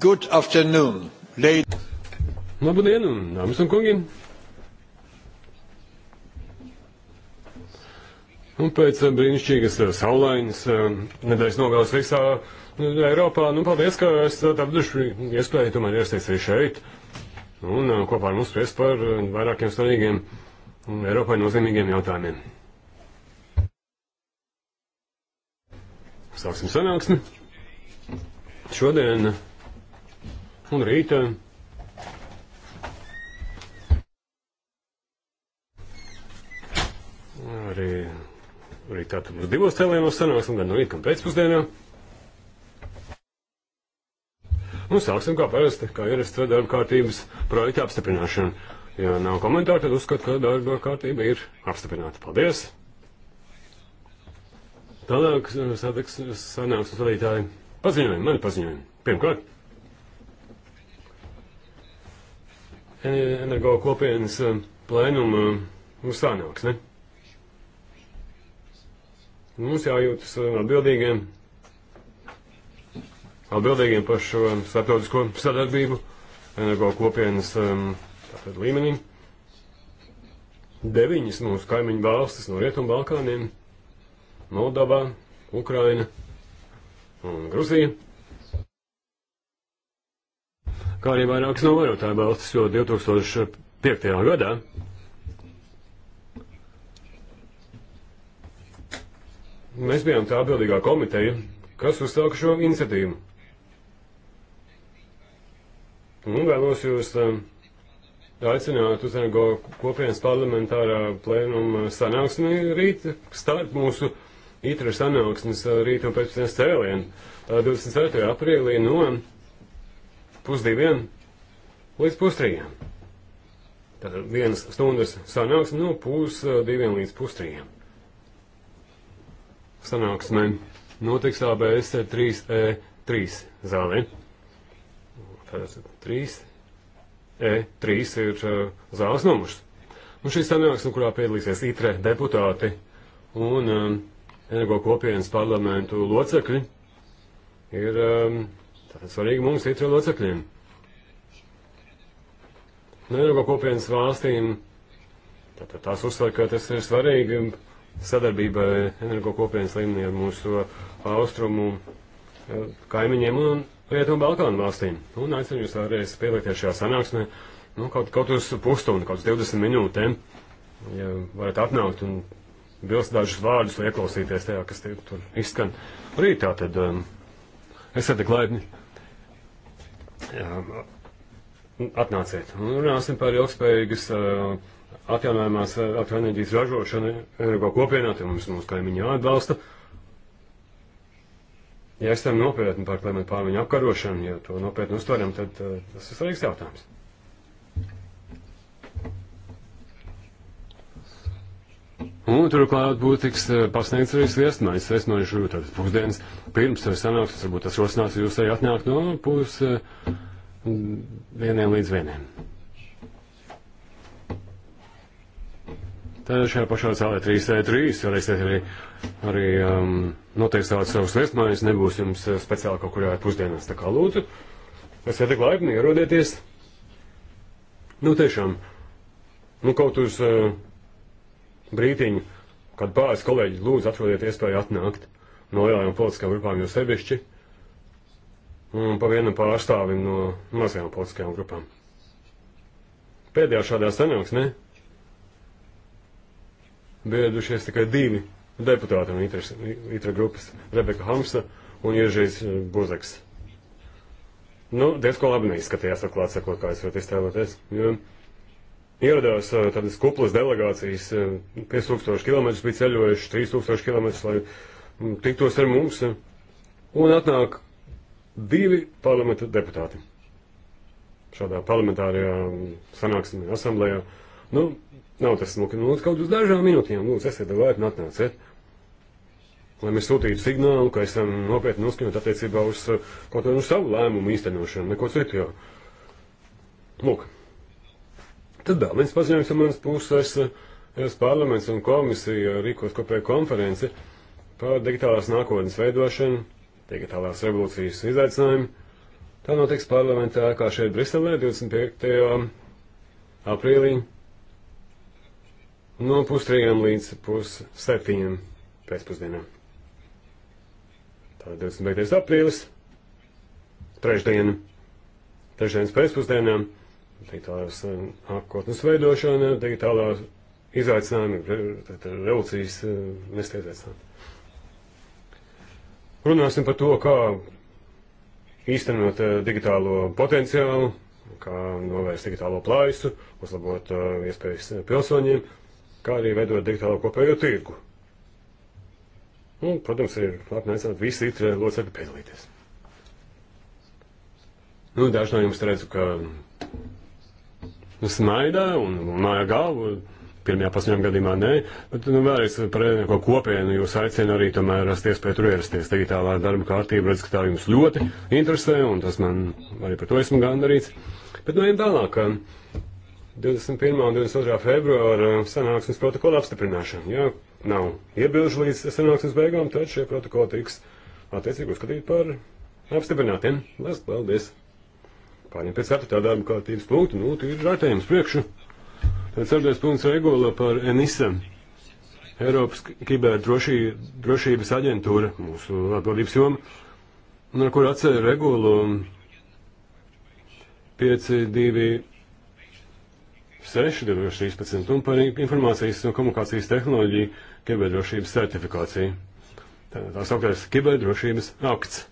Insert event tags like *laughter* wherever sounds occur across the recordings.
Good afternoon, ladies. Labdien, un dāmas un kungi. Un nu, pēc eh, brīnišķīgas eh, saulainas eh, nedēļas nogalas visā Eiropā, nu paldies, ka esat apduši iespēju tomēr ierasties arī šeit. Un kopā ar mums spriest par vairākiem svarīgiem Eiropai nozīmīgiem jautājumiem. Sāksim sanāksmi. Šodien un rīt. Arī, arī tātad mums divos cēlienos sanāksim, gan no rīta, gan pēcpusdienā. Nu, sāksim kā parasti, kā ierasts darba kārtības projekta apstiprināšana. Ja nav komentāru, tad uzskatu, ka darba kārtība ir apstiprināta. Paldies! Tālāk eh, sanāks uzvadītāji paziņojumi, mani paziņojumi. Pirmkārt. energo kopienas eh, plēnuma mums eh, sanāks, ne? Mums jājūtas eh, atbildīgiem, atbildīgiem par šo starptautisko sadarbību energo kopienas tātad, līmenī. Deviņas mūsu kaimiņu valstis no Rietumu Balkāniem - Moldavā, Ukraina un Gruzija kā arī vairākas novērotāju valstis, jo 2005. gadā mēs bijām tā atbildīgā komiteja, kas uzsāka šo iniciatīvu. Un vēlos jūs um, aicināt uz NGO kopienas parlamentārā plēnuma sanāksmi rīt starp mūsu itra sanāksmes uh, rīt un pēcpusdienas cēlienu 24. Uh, aprīlī no pusdiviem līdz pustrījiem. Tad vienas stundas sanāksme no nu, pusdiviem līdz pustrījiem. Sanāksme notiks ABS 3E3 zālē. Tātad 3E3 ir uh, zāles numurs. Un šī sanāksme, kurā piedalīsies ITRE deputāti un um, energo kopienas parlamentu locekļi, ir um, Tātad svarīgi mums ir locekļiem. Nedarba nu, nu kopienas valstīm, tātad tās uzsver, ka tas ir svarīgi sadarbībai energo kopienas līmenī ar mūsu austrumu eh, kaimiņiem un Rietumu Balkānu valstīm. Un aicinu jūs vēlreiz pielikties šajā sanāksmē, nu, kaut, kaut uz pusstundu, kaut uz 20 minūtēm, ja varat atnākt un bilst dažus vārdus, lai ieklausīties tajā, kas tiek tur izskan. Rītā tad um, esat tik laipni atnāciet. Runāsim par ilgspējīgas atjaunojumās elektroenerģijas ražošanu energo kopienā, tie mums mūsu kaimiņi jāatbalsta. Ja esam nopietni par klimatu pārmaiņu apkarošanu, ja to nopietni uztveram, tad tas ir svarīgs jautājums. Un turklāt būtu tiks eh, pasniegts arī sviestmaiņas, sviestmaiņas jūtas pusdienas pirms sanāksmes, varbūt tas rosinās jūs arī atnākt no pus eh, vieniem līdz vieniem. Tad šajā pašā zālē 3C3 e varēsiet arī, arī um, noteicāt savus sviestmaiņas, nebūs jums eh, speciāli kaut kur jāiet pusdienās, tā kā lūdzu. Esiet tik laipni, ierodieties. Nu tiešām, nu kaut uz. Uh, brītiņu, kad pāris kolēģi lūdzu atrodiet iespēju atnākt no lielajām politiskajām grupām, jo sevišķi, un pa vienam pārstāvim no mazajām politiskajām grupām. Pēdējā šādā sanāksmē bija dušies tikai divi deputāti no itra, itra grupas - Rebeka Hamsa un Iežīs eh, Buzeks. Nu, diezko labi neizskatījās, atklāt sakot, kā es varu iztēloties. Jo, ja ieradās tādas kuplas delegācijas, 5000 km bija ceļojuši, 3000 km, lai mm, tiktos ar mums, un atnāk divi parlamenta deputāti šādā parlamentārajā mm, sanāksmē, asamblējā. Nu, nav tas smuki, nu, nu kaut uz dažām minūtēm, lūdzu, esiet laipni atnāciet. Lai mēs sūtītu signālu, ka esam nopietni uzskņot attiecībā uz kaut kādu savu lēmumu īstenošanu, neko citu jau. Lūk, Tad vēl viens paziņojums no manas puses. Eiropas parlaments un komisija rīkos kopēju konferenci par digitālās nākotnes veidošanu, digitālās revolūcijas izaicinājumu. Tā notiks parlamentā kā šeit Briselē 25. aprīlī no pustrījiem līdz pusseptiņiem pēcpusdienā. Tā 25. aprīlis, trešdiena, trešdienas pēcpusdienām digitālās apkotnes veidošana, digitālā izaicinājumi, revolūcijas e, nestiedzēcinājumi. Runāsim par to, kā īstenot e, digitālo potenciālu, kā novērst digitālo plaisu, uzlabot e, iespējas pilsoņiem, kā arī veidot digitālo kopējo tirgu. Un, protams, ir labi aicināt visi itri locekļi piedalīties. Nu, daži no jums redzu, ka smaida un, un māja galvu. Pirmajā pasaņojuma gadījumā nē, bet nu, vēlreiz par ēdnieko kopienu jūs aicinu arī tomēr rasties pie tur ierasties. Digitālā darba kārtība redz, ka tā jums ļoti interesē, un tas man arī par to esmu gandarīts. Bet nu ejam tālāk. 21. un 22. februāra sanāksmes protokola apstiprināšana. Jā, nav iebilžu līdz sanāksmes beigām, tad šie protokoli tiks attiecīgi uzskatīt par apstiprinātiem. Lielas paldies! Pārņem pēc ceturtā darba kārtības punktu, nu, tie ir rātējums priekšu. Tad ceturtais punkts regula par ENISEM. Eiropas kiberdrošības aģentūra, mūsu atbildības joma, no kur atceļ regulu 526 2013 un par informācijas un komunikācijas tehnoloģiju kiberdrošības certifikāciju. Tā, tā sauktais kiberdrošības akts.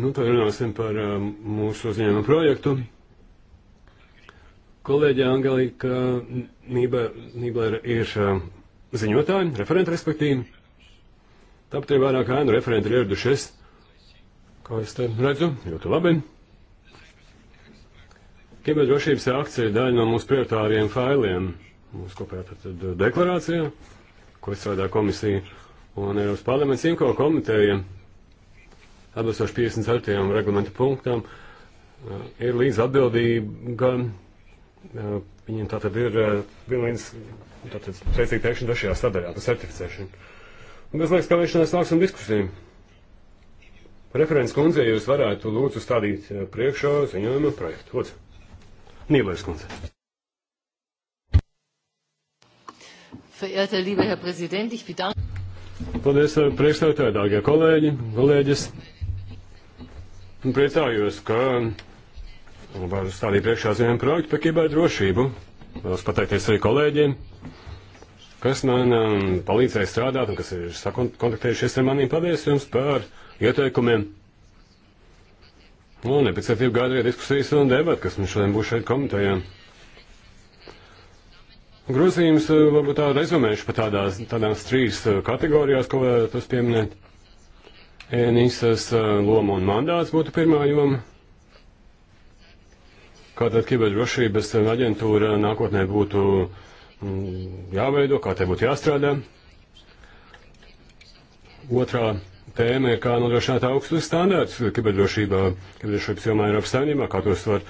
Nu, tad runāsim par um, mūsu uzņēmumu projektu. Kolēģi Angelika Nībler ir um, ziņotāji, referenti respektīvi. Tāpat ir vairāk ēnu referenti ir ieradušies. Kā es te redzu, ļoti labi. Kiberdrošības akcija ir daļa no mūsu prioritāriem failiem. Mūsu kopējā tad, tad deklarācijā, ko izstrādā komisija un Eiropas parlaments Inko komiteja atbilstoši 54. reglamenta punktam, eh, ir līdz atbildība gan eh, viņiem tātad ir eh, vienlīdz tātad saistīta teikšana trešajā sadaļā par certificēšanu. Un bez liekas kavēšanās nāksim diskusijām. Referents kundze, jūs varētu lūdzu stādīt priekšā ziņojuma projektu. Lūdzu. Nīlēs kundze. Verehrter lieber Herr Präsident, ich bedanke. Paldies, priekšstādātāji, dārgie kolēģi, kolēģis. Un priecājos, ka var stādīt priekšā zinām projektu par kiberdrošību. Vēlos pateikties arī kolēģiem, kas man um, palīdzēja strādāt un kas ir kontaktējušies ar maniem. Paldies jums par ieteikumiem. Un nepacietību gādīja diskusijas un debatu, kas mums šodien būs šeit komitejā. Grozījums uh, varbūt tā rezumēšu pa tādās, tādās trīs uh, kategorijās, ko varētu pieminēt. Enīsas eh, loma un mandāts būtu pirmā joma. Kāda kiberdrošības aģentūra nākotnē būtu mm, jāveido, kā tai būtu jāstrādā. Otrā tēma ir, kā nodrošināt augstus standārtus kiberdrošībā, kiberdrošības jomā Eiropas saimnībā, kā tos var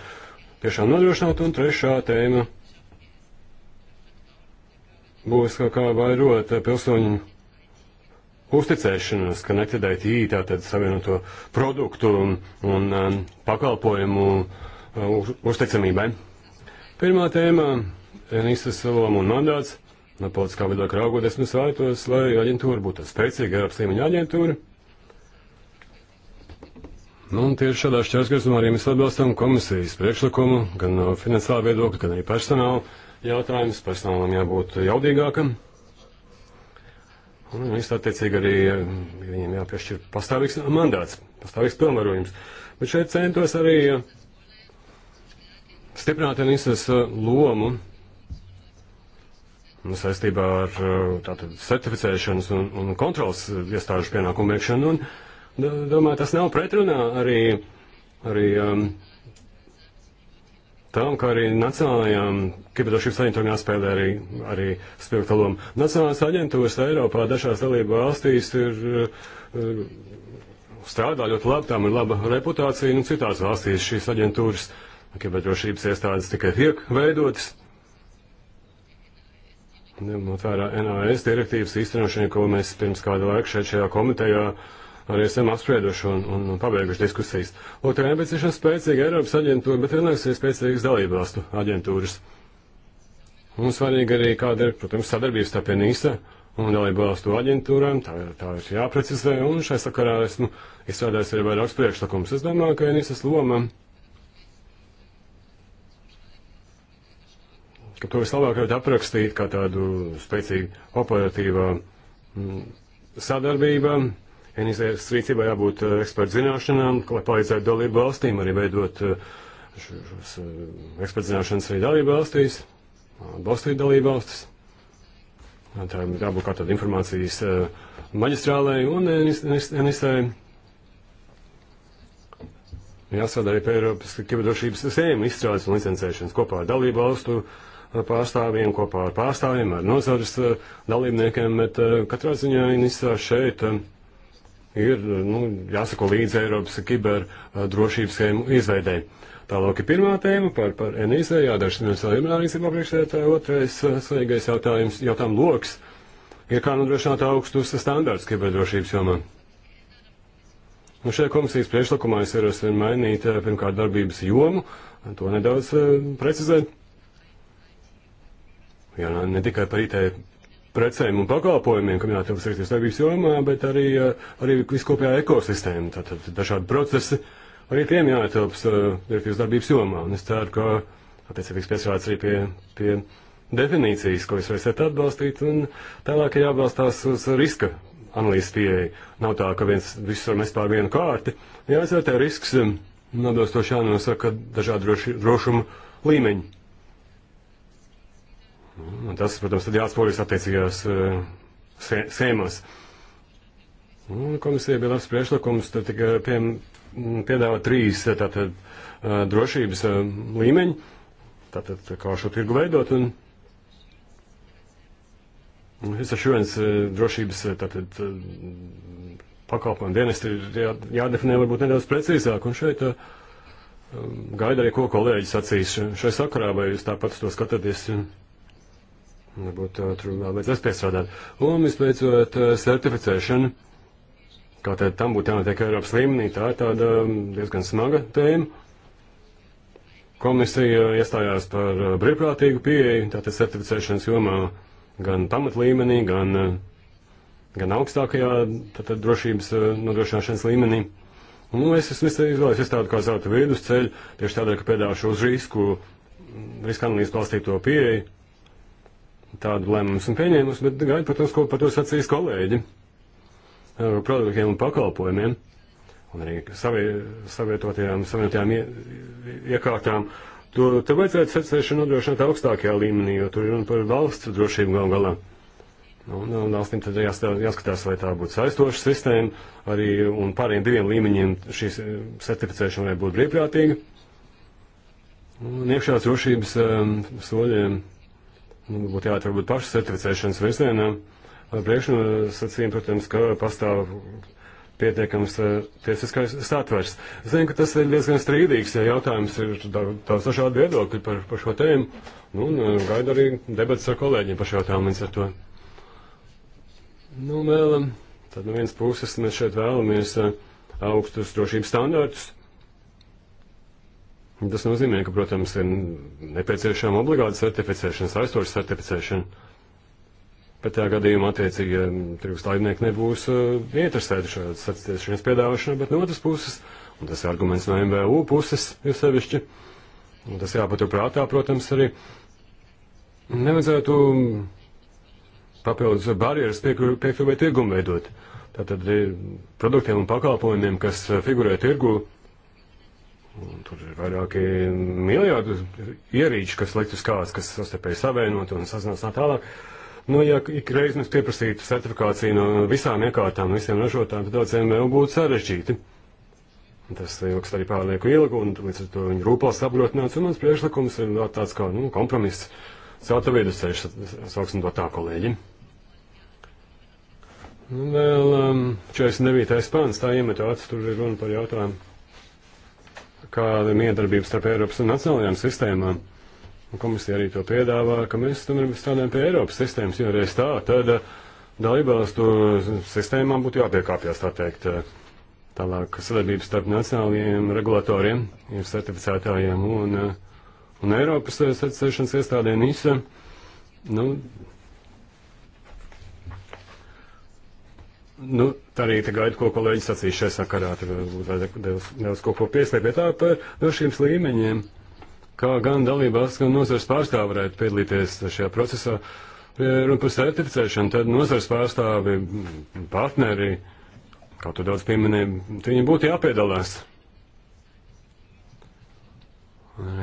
tiešām nodrošināt. Un trešā tēma būs, kā, kā vairot eh, pilsoņu uzticēšanos Connected IT, tātad savienoto produktu un, un um, pakalpojumu uh, uzticamībai. Pirmā tēma - Enīsas loma un mandāts. No politiskā viedokļa raugoties, mēs vēlētos, lai aģentūra būtu spēcīga Eiropas līmeņa aģentūra. Nu, un tieši šādā šķērsgrozumā arī mēs atbalstam komisijas priekšlikumu, gan no finansiālā viedokļa, gan arī personāla jautājums. Personālam jābūt jaudīgākam. Un viņus attiecīgi arī eh, viņiem jāpiešķir pastāvīgs mandāts, pastāvīgs pilnvarojums. Bet šeit centos arī eh, stiprināt Enisas eh, lomu nu, saistībā ar tātad certificēšanas un, un kontrolas iestāžu pienākumu veikšanu. Un, domāju, tas nav pretrunā arī, arī um, tam, ka arī nacionālajām kiberdrošības aģentūrām jāspēlē arī, arī spilgta loma. Nacionālās aģentūras Eiropā dažās dalību valstīs ir, ir eh, strādā ļoti labi, tām ir laba reputācija, un nu, citās valstīs šīs aģentūras kiberdrošības iestādes tikai tiek veidotas. Ņemot vērā NAS direktīvas īstenošanu, ko mēs pirms kāda laika šeit šajā komitejā uh, arī esam apsprieduši un, un, un pabeiguši diskusijas. Lūk, tā ir nepieciešama spēcīga Eiropas aģentūra, bet vienlaikus ir spēcīgas dalībvalstu aģentūras. Un svarīgi arī, kāda ir, protams, sadarbības starp NISA un dalībvalstu aģentūrām, tā, tā ir jāprecizē, un šai sakarā esmu izstrādājis arī vairākus priekšlikumus. Es domāju, ka NISAs loma, ka to vislabāk varētu aprakstīt kā tādu spēcīgu operatīvā mm, sadarbību Vienīgais rīcībā jābūt eh, ekspertu zināšanām, lai palīdzētu dalību valstīm arī veidot eh, šos eh, ekspertu zināšanas arī dalību valstīs, balstīt dalību valstis. Tā ir jābūt kā tāda informācijas maģistrālei un NSA. Jāstrādā arī pie Eiropas kiberdrošības sēmu izstrādes un licencēšanas kopā ar dalību valstu pārstāvjiem, kopā ar pārstāvjiem, ar nozares dalībniekiem, bet katrā ziņā NSA šeit. Uh, ir nu, jāsako līdz Eiropas kiberdrošības schēmu izveidē. Tālāk ir pirmā tēma par, par NISA, jādažas minūtes vēl imunārijas ir priekšsēdētāji, otrais svarīgais jautājums, jautājumu loks, ir kā nodrošināt augstus standārts kiberdrošības jomā. Nu, šajā komisijas priekšlikumā es ierosinu mainīt pirmkārt darbības jomu, to nedaudz uh, precizēt. Jā, ne tikai par IT precēm un pakalpojumiem, kam jātilpst rīcības darbības jomā, bet arī, eh, arī viskopējā ekosistēma, tātad dažādi procesi, arī tiem jātilpst eh, rīcības darbības jomā. Un es ceru, ka attiecīgs piesvērts arī pie, pie definīcijas, ko jūs varat atbalstīt, un tālāk ir jābalstās uz riska analīzes pieeja. Nav tā, ka viens viss var mest pār vienu kārti. Jāizvērtē risks, eh, nodostoši jānosaka dažādi droši, drošuma līmeņi. Nu, un tas, protams, tad jāatspoguļas attiecīgajās uh, sēmās. Nu, un komisija bija labs priekšlikums, tad tika pie, piedāvā trīs eh, tātad uh, drošības uh, līmeņi, tātad kā šo tirgu veidot. Un, Es ar šo viens drošības tātad, pakalpojumu dienestu ir jā, jādefinē varbūt nedaudz precīzāk, un šeit uh, gaida arī, ko kolēģis sacīs šai sakarā, vai jūs tāpat to skatāties. Un, Varbūt tur vēl vajadzēs piestrādāt. Un visbeidzot, certificēšana. Kā tad tam būtu jānotiek Eiropas līmenī, tā ir tāda diezgan smaga tēma. Komisija iestājās par brīvprātīgu pieeju, tātad certificēšanas jomā gan pamatlīmenī, gan, gan augstākajā tātad drošības nodrošināšanas līmenī. Nu, es esmu izvēlējies tādu kā zelta vidusceļu, tieši tādēļ, ka pēdāšu uz risku, riska analīzes balstīto pieeju tādu lēmumu esmu pieņēmusi, bet gaidu par tos, ko par to sacīs kolēģi ar produktiem un pakalpojumiem un arī savie, savietotajām, savienotajām ie, iekārtām. To, te vajadzētu secēšanu nodrošināt augstākajā līmenī, jo tur ir runa par valsts drošību gal galā. Un, un valstīm tad jāstā, jāskatās, vai tā būtu saistoša sistēma arī un pārējiem diviem līmeņiem šī certificēšana varētu būt brīvprātīga. Un iekšās drošības um, soļiem Nu, būtu jāiet varbūt pašu certificēšanas virzienā. Priekšnosacījumi, protams, ka pastāv pietiekams eh, tiesiskais satvers. Zinu, ka tas ir diezgan strīdīgs, ja jautājums ir tāds dažādi viedokļi par, par šo tēmu. Nu, un eh, gaidu arī debats ar kolēģiem par šo jautājumu līdz ar to. Nu, vēl, eh, tad no nu, vienas puses mēs šeit vēlamies augstus drošības standārtus, Tas nozīmē, ka, protams, ir nepieciešama obligāta certificēšana, aizstoša certificēšana. Bet tajā gadījumā, attiecīgi, ja tirgus laidnieki nebūs uh, eh, interesēti šādā certificēšanas piedāvāšanā, bet no otras puses, un tas ir arguments no MVU puses, ir sevišķi, un tas jāpatur prātā, protams, arī nevajadzētu papildus barjeras piekļuvēt tirgumu veidot. Tātad eh, produktiem un pakalpojumiem, kas eh, figurē tirgu, Un tur ir vairāki miljardi ierīču, kas likt uz kāds, kas sastarpēji savienot un sazinās tā tālāk. Nu, ja ik reiz mēs pieprasītu certifikāciju no visām iekārtām, no visiem ražotājiem, tad daudziem vēl būtu sarežģīti. Tas ilgst arī pārlieku ilgi, un līdz ar to viņi rūpās apgrotināts, un mans priekšlikums ir tāds kā, nu, kompromiss. Celta vidusceļš, sauksim to tā, kolēģi. Nu, vēl um, 49. pāns, tā iemetāts, tur ir runa par jautājumu kāda miedarbība starp Eiropas un nacionālajām sistēmām. Komisija arī to piedāvā, ka mēs tomēr strādājam pie Eiropas sistēmas, jo reiz tā, tad eh, dalībvalstu sistēmām būtu jāpiekāpjas, tā teikt. Eh, tālāk sadarbības starp nacionālajiem regulatoriem, jeb certificētājiem un, eh, un Eiropas certificēšanas iestādēm īsa. Nu, Nu, tā arī te gaida, ko kolēģis sacīs šajā sakarā, tad nevis kaut ko pieslēgt, bet tā par drošības līmeņiem, kā gan dalībās, gan nozars pārstāvi varētu piedalīties šajā procesā. Runa par certificēšanu, tad nozars pārstāvi, partneri, kaut to daudz pieminēja, viņiem būtu jāpiedalās.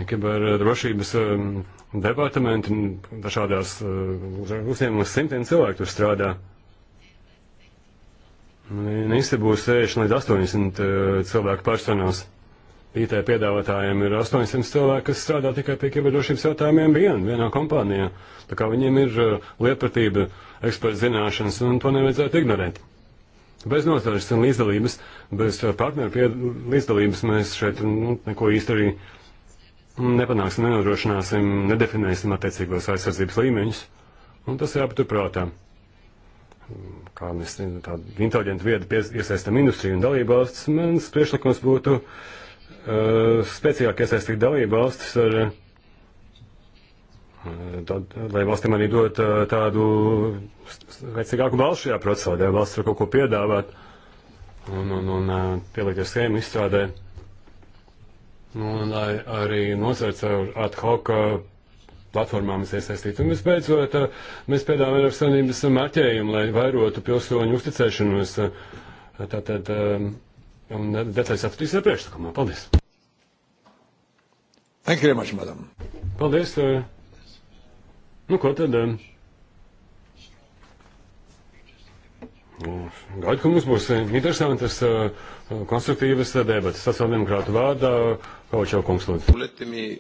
Kiberdrošības um, departamenti dažādās uh, uzņēmumos simtiem cilvēku tur strādā. Istabūs sēž līdz 800 eh, cilvēku personās. IT piedāvātājiem ir 800 cilvēki, kas strādā tikai pie kiberdrošības jautājumiem vien, vienā kompānijā. Tā kā viņiem ir eh, lietpratība, eksperta zināšanas, un to nevajadzētu ignorēt. Bez nozares un līdzdalības, bez eh, partneru līdzdalības mēs šeit nu, neko īsti arī nepanāksim, nenodrošināsim, nedefinēsim attiecīgos aizsardzības līmeņus. Un tas jāpaturprātā. prātā kā mēs tādu inteliģentu viedu iesaistam industriju un dalību valsts, mans priešlikums būtu uh, spēcīgāk iesaistīt dalību valstis ar, uh, eh, tād, lai valstīm arī dot uh, tādu vecīgāku balsu šajā procesā, lai valsts var kaut ko piedāvāt un, un, un uh, pielikties schēmu izstrādē. Nu, un, lai arī nosvērts ar ad hoc platformā mēs iesaistītu. Un visbeidzot, eh, mēs piedāvājam Eiropas Savienības marķējumu, lai vairotu pilsoņu uzticēšanos. Eh, tātad, eh, un detaļas atradīsies priekšlikumā. Paldies! Thank you very much, madam. Paldies. Nu, ko tad? Nu, Gaidu, ka mums būs interesantas, konstruktīvas debatas. Sociāldemokrātu vārdā Kaučau kungs lūdzu.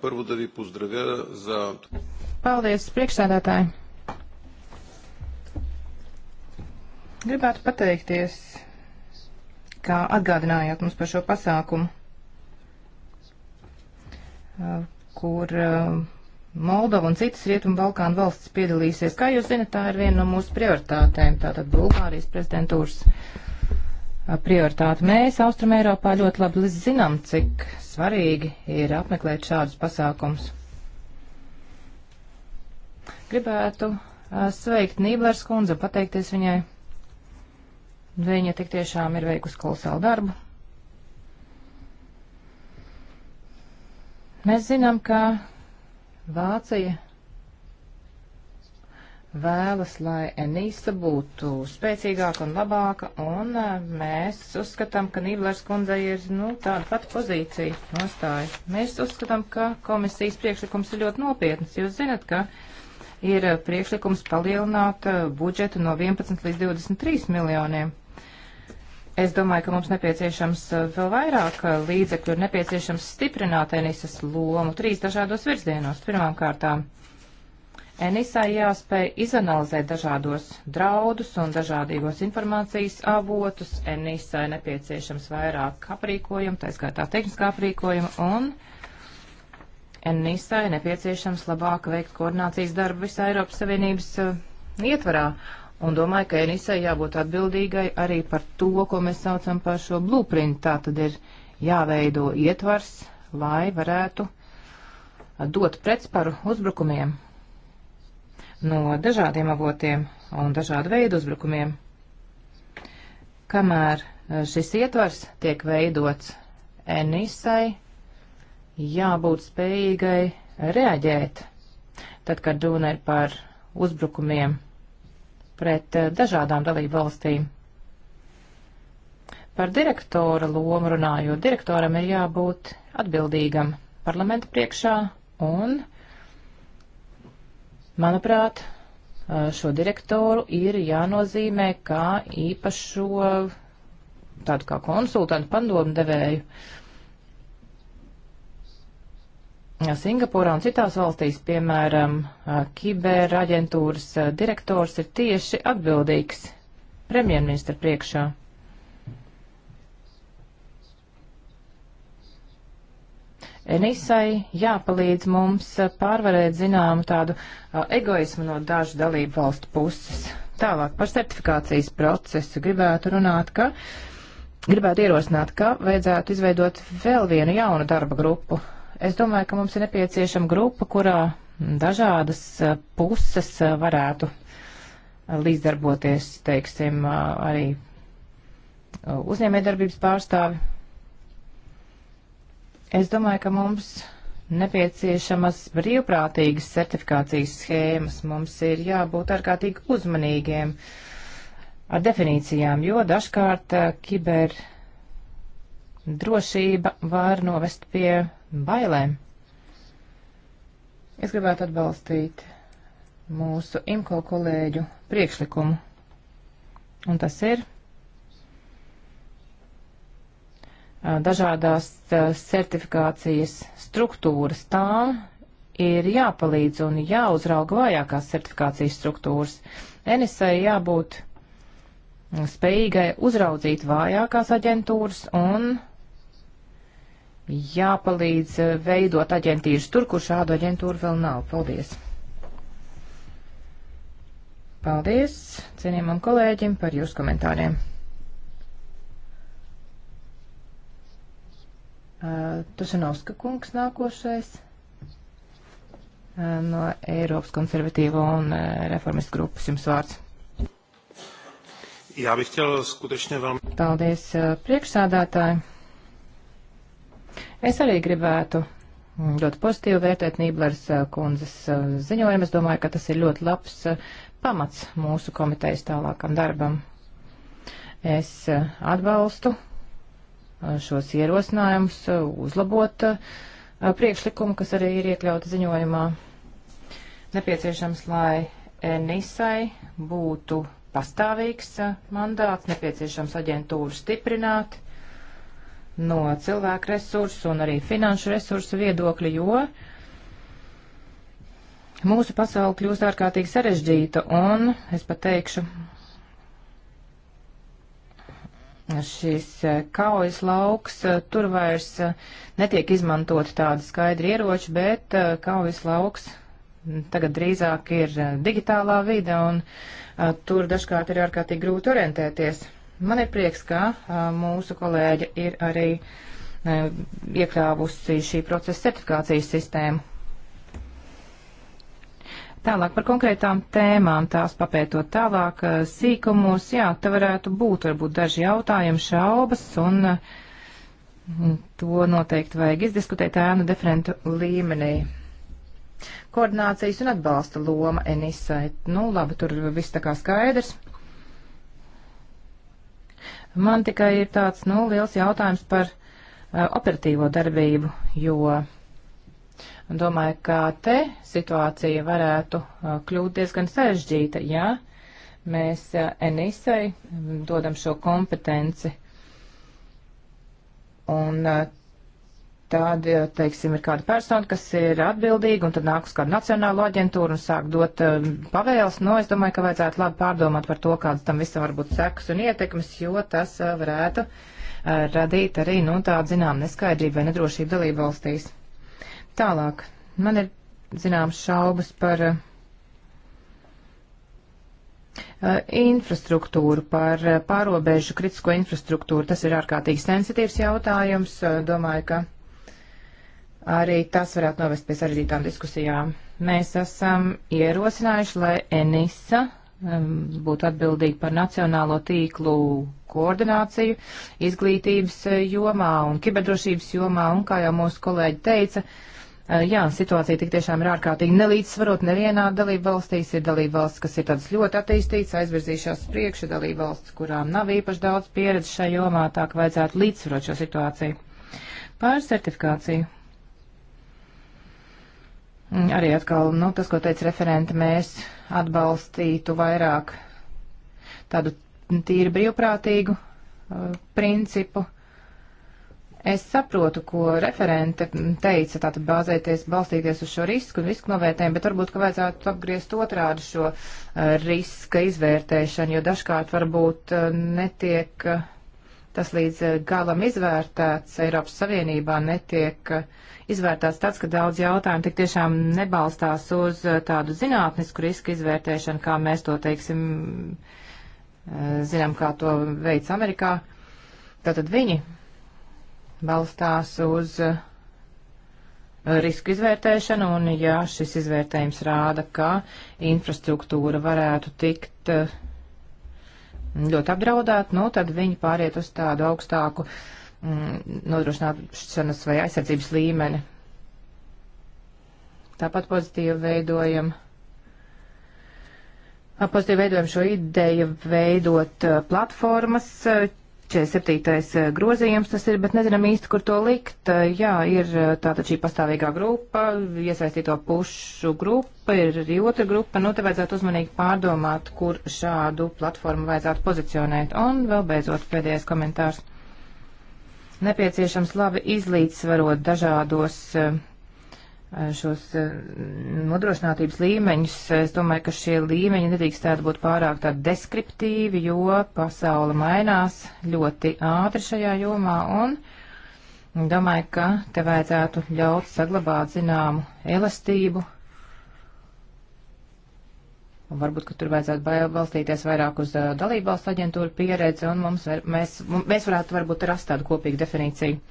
Първо да ви поздравя за... Paldies, priekšsēdētāji! Gribētu pateikties, kā atgādinājāt mums par šo pasākumu, kur Moldova un citas Rietumu Balkānu valstis piedalīsies. Kā jūs zinat, tā ir viena no mūsu prioritātēm, tātad Bulgārijas prezidentūras prioritāte. Mēs Austrum Eiropā ļoti labi zinām, cik svarīgi ir apmeklēt šādus pasākums. Gribētu sveikt Nīblers kundze, pateikties viņai. Viņa tik tiešām ir veikusi kolosālu darbu. Mēs zinām, ka Vācija vēlas, lai Enisa būtu spēcīgāka un labāka, un eh, mēs uzskatām, ka Nīblers kundze ir, nu, tāda pati pozīcija nostāja. Mēs uzskatām, ka komisijas priekšlikums ir ļoti nopietnas. Jūs zinat, ka ir eh, priekšlikums palielināt eh, budžetu no 11 līdz 23 miljoniem. Es domāju, ka mums nepieciešams vēl vairāk līdzekļu, ir nepieciešams stiprināt Enisas lomu trīs dažādos virzienos. Pirmām kārtām Enisai jāspēj izanalizēt dažādos draudus un dažādīgos informācijas avotus. Enisai nepieciešams vairāk aprīkojuma, tā skaitā tehniskā aprīkojuma, un Enisai nepieciešams labāk veikt koordinācijas darbu visā Eiropas Savienības uh, ietvarā. Un domāju, ka Enisai jābūt atbildīgai arī par to, ko mēs saucam par šo blueprint. Tā tad ir jāveido ietvars, lai varētu eh, dot pretsparu uzbrukumiem no dažādiem avotiem un dažādu veidu uzbrukumiem. Kamēr e, šis ietvars tiek veidots Enisai, jābūt spējīgai reaģēt, tad, kad runa ir par uzbrukumiem pret e, dažādām dalību valstīm. Par direktora lomu runājot, direktoram ir jābūt atbildīgam parlamenta priekšā un uh, Manuprāt, šo direktoru ir jānozīmē kā īpašo tādu kā konsultantu padomu devēju. Singapūrā un citās valstīs, piemēram, kiberaģentūras direktors ir tieši atbildīgs premjerministra priekšā. Enisai jāpalīdz mums pārvarēt zināmu tādu egoismu no dažu dalību valstu puses. Tālāk par certifikācijas procesu gribētu runāt, ka gribētu ierosināt, ka vajadzētu izveidot vēl vienu jaunu darba grupu. Es domāju, ka mums ir nepieciešama grupa, kurā dažādas puses varētu līdzdarboties, teiksim, arī uzņēmējdarbības pārstāvi, Es domāju, ka mums nepieciešamas brīvprātīgas certifikācijas schēmas. Mums ir jābūt ārkārtīgi uzmanīgiem ar definīcijām, jo dažkārt eh, kiber drošība var novest pie bailēm. Es gribētu atbalstīt mūsu imko kolēģu priekšlikumu. Un tas ir dažādās certifikācijas struktūras, tām ir jāpalīdz un jāuzrauga vājākās certifikācijas struktūras. Enisai jābūt spējīgai uzraudzīt vājākās aģentūras un jāpalīdz veidot aģentīrus tur, kur šādu aģentūru vēl nav. Paldies! Paldies cienījumam kolēģim par jūsu komentāriem! Uh, Tušanovska kungs nākošais uh, no Eiropas konservatīvo un uh, reformistu grupas jums vārds. Jā, bych ķel skutečne vēl. Paldies, uh, priekšsādātāji. Es arī gribētu ļoti pozitīvi vērtēt Nīblers uh, kundzes uh, ziņojumu. Es domāju, ka tas ir ļoti labs pamats mūsu komitejas tālākam darbam. Es atbalstu Uh, šos ierosinājumus, uh, uzlabot uh, priekšlikumu, kas arī ir iekļauta ziņojumā. Nepieciešams, lai NISai būtu pastāvīgs mandāts, nepieciešams aģentūru stiprināt no cilvēku resursu un arī finanšu resursu viedokļa, jo mūsu pasauli kļūst ārkārtīgi sarežģīta un, es pat teikšu, šis eh, kaujas lauks, eh, tur vairs eh, netiek izmantot tādi skaidri ieroči, bet kaujas lauks mm, tagad drīzāk ir digitālā vide, un tur dažkārt ir ārkārtīgi grūti orientēties. Man ir prieks, ka mūsu kolēģa ir arī iekļāvusi šī procesa certifikācijas sistēmu. Tālāk par konkrētām tēmām, tās papētot tālāk eh, sīkumos, jā, te varētu būt varbūt daži jautājumi, šaubas, un eh, to noteikti vajag izdiskutēt ēnu deferentu līmenī. Koordinācijas un atbalsta loma Enisai. Nu, labi, tur viss tā kā skaidrs. Man tikai ir tāds, nu, liels jautājums par uh, operatīvo darbību, jo. Uh, Domāju, ka te situācija varētu uh, kļūt diezgan sarežģīta, ja mēs uh, Enisai mm, dodam šo kompetenci. Un uh, tad, teiksim, ir kāda persona, kas ir atbildīga, un tad nāk uz kādu nacionālu aģentūru un sāk dot uh, pavēles. No, nu, es domāju, ka vajadzētu labi pārdomāt par to, kādas tam visam var būt sekas un ietekmes, jo tas uh, varētu uh, radīt arī, nu, tādu, zinām, neskaidrību vai nedrošību dalību valstīs. Tālāk, man ir zināmas šaubas par uh, infrastruktūru, par uh, pārobežu kritisko infrastruktūru. Tas ir ārkārtīgi sensitīvs jautājums. Uh, domāju, ka arī tas varētu novest pie sarežģītām diskusijām. Mēs esam ierosinājuši, lai ENISA um, būtu atbildīga par nacionālo tīklu koordināciju izglītības jomā un kiberdrošības jomā, un kā jau mūsu kolēģi teica, uh, Jā, situācija tik tiešām ir ārkārtīgi nelīdzsvarot nevienā dalība valstīs. Ir dalība valsts, kas ir tādas ļoti attīstītas, aizvirzījušās priekšu, dalība valsts, kurām nav īpaši daudz pieredzes šajā jomā, tā ka vajadzētu līdzsvarot šo situāciju. Pār certifikāciju. Arī atkal, nu, tas, ko teica referenta, mēs atbalstītu vairāk tādu tīri brīvprātīgu uh, principu. Uh, Es saprotu, ko referente teica, tātad bāzēties, balstīties uz šo risku un risku novērtējumu, bet varbūt, ka vajadzētu apgriezt otrādi šo uh, riska izvērtēšanu, jo dažkārt varbūt uh, netiek uh, tas līdz galam izvērtēts Eiropas Savienībā, netiek izvērtēts tāds, ka daudz jautājumu tik tiešām nebalstās uz tādu zinātnisku risku izvērtēšanu, kā mēs to, teiksim, zinām, kā to veids Amerikā. Tātad viņi balstās uz uh, risku izvērtēšanu, un ja šis izvērtējums rāda, ka infrastruktūra varētu tikt uh, ļoti apdraudēt, nu, tad viņi pāriet uz tādu augstāku mm, nodrošināšanas vai aizsardzības līmeni. Tāpat pozitīvi veidojam, pozitīvi veidojam šo ideju veidot platformas 47. Eh, grozījums tas ir, bet nezinām īsti, kur to likt. Eh, jā, ir eh, tātad šī pastāvīgā grupa, iesaistīto pušu grupa, ir arī otra grupa. Nu, te vajadzētu uzmanīgi pārdomāt, kur šādu platformu vajadzētu pozicionēt. Un vēl beidzot pēdējais komentārs. Nepieciešams labi izlīdzsvarot dažādos Eh, šos eh, nodrošinātības līmeņus. Es domāju, ka šie līmeņi nedrīkstētu būt pārāk tādi deskriptīvi, jo pasaule mainās ļoti ātri šajā jomā un domāju, ka te vajadzētu ļaut saglabāt zināmu elastību. Un varbūt, ka tur vajadzētu balstīties vairāk uz eh, dalībvalstu aģentūru pieredzi un mums, var, mēs, mēs varētu varbūt rast tādu kopīgu definīciju.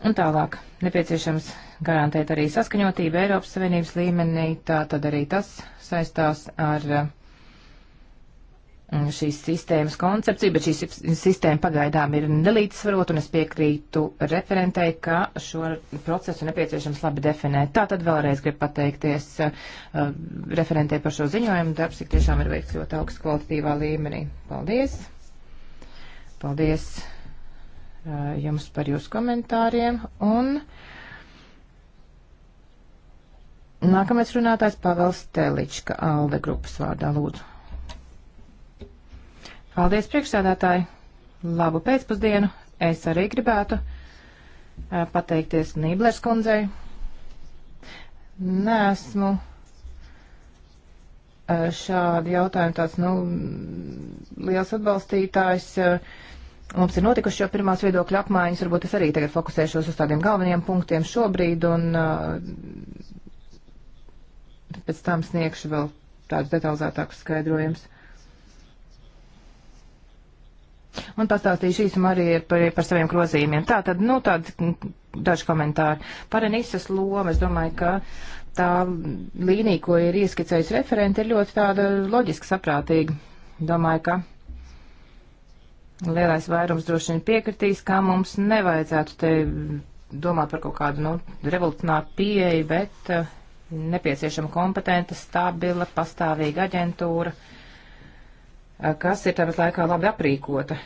Un tālāk nepieciešams garantēt arī saskaņotību Eiropas Savienības līmenī, tā tad arī tas saistās ar mm, šīs sistēmas koncepciju, bet šī sistēma pagaidām ir nelīdzsvarot, un es piekrītu referentei, ka šo procesu nepieciešams labi definēt. Tā tad vēlreiz gribu pateikties eh, referentei par šo ziņojumu. Darbs tik tiešām ir veikts ļoti augsts kvalitatīvā līmenī. Paldies! Paldies! Eh, jums par jūsu komentāriem. Un nākamais runātājs Pavels Telička, Alde grupas vārdā, lūdzu. Paldies, priekšsēdētāji! Labu pēcpusdienu! Es arī gribētu eh, pateikties Nīblers kundzei. Nesmu eh, šādi jautājumi tāds, nu, liels atbalstītājs. Uh, Mums ir notikuši jau pirmās viedokļu apmaiņas, varbūt es arī tagad fokusēšos uz tādiem galveniem punktiem šobrīd un uh, pēc tam sniegšu vēl tādus detalizētākus skaidrojumus. Un pastāstīšu īsumā arī par, par saviem grozījumiem. Tā tad, nu, tādi daži komentāri. Par Enisas lomu, es domāju, ka tā līnija, ko ir ieskicējis referenti, ir ļoti tāda loģiski saprātīga. Domāju, ka Lielais vairums droši vien piekritīs, kā mums nevajadzētu te domāt par kaut kādu nu, revolucionāru pieeju, bet uh, nepieciešama kompetenta, stabila, pastāvīga aģentūra, uh, kas ir tāpat laikā labi aprīkota.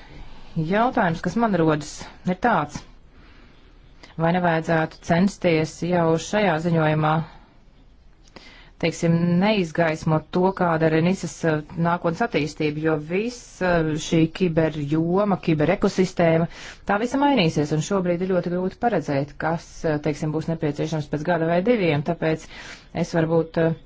Jautājums, kas man rodas, ir tāds, vai nevajadzētu censties jau šajā ziņojumā teiksim, neizgaismo to, kāda ir Nisas eh, nākotnes attīstība, jo viss eh, šī kiber joma, kiber ekosistēma, tā visa mainīsies, un šobrīd ir ļoti grūti paredzēt, kas, eh, teiksim, būs nepieciešams pēc gada vai diviem, tāpēc es varbūt uh,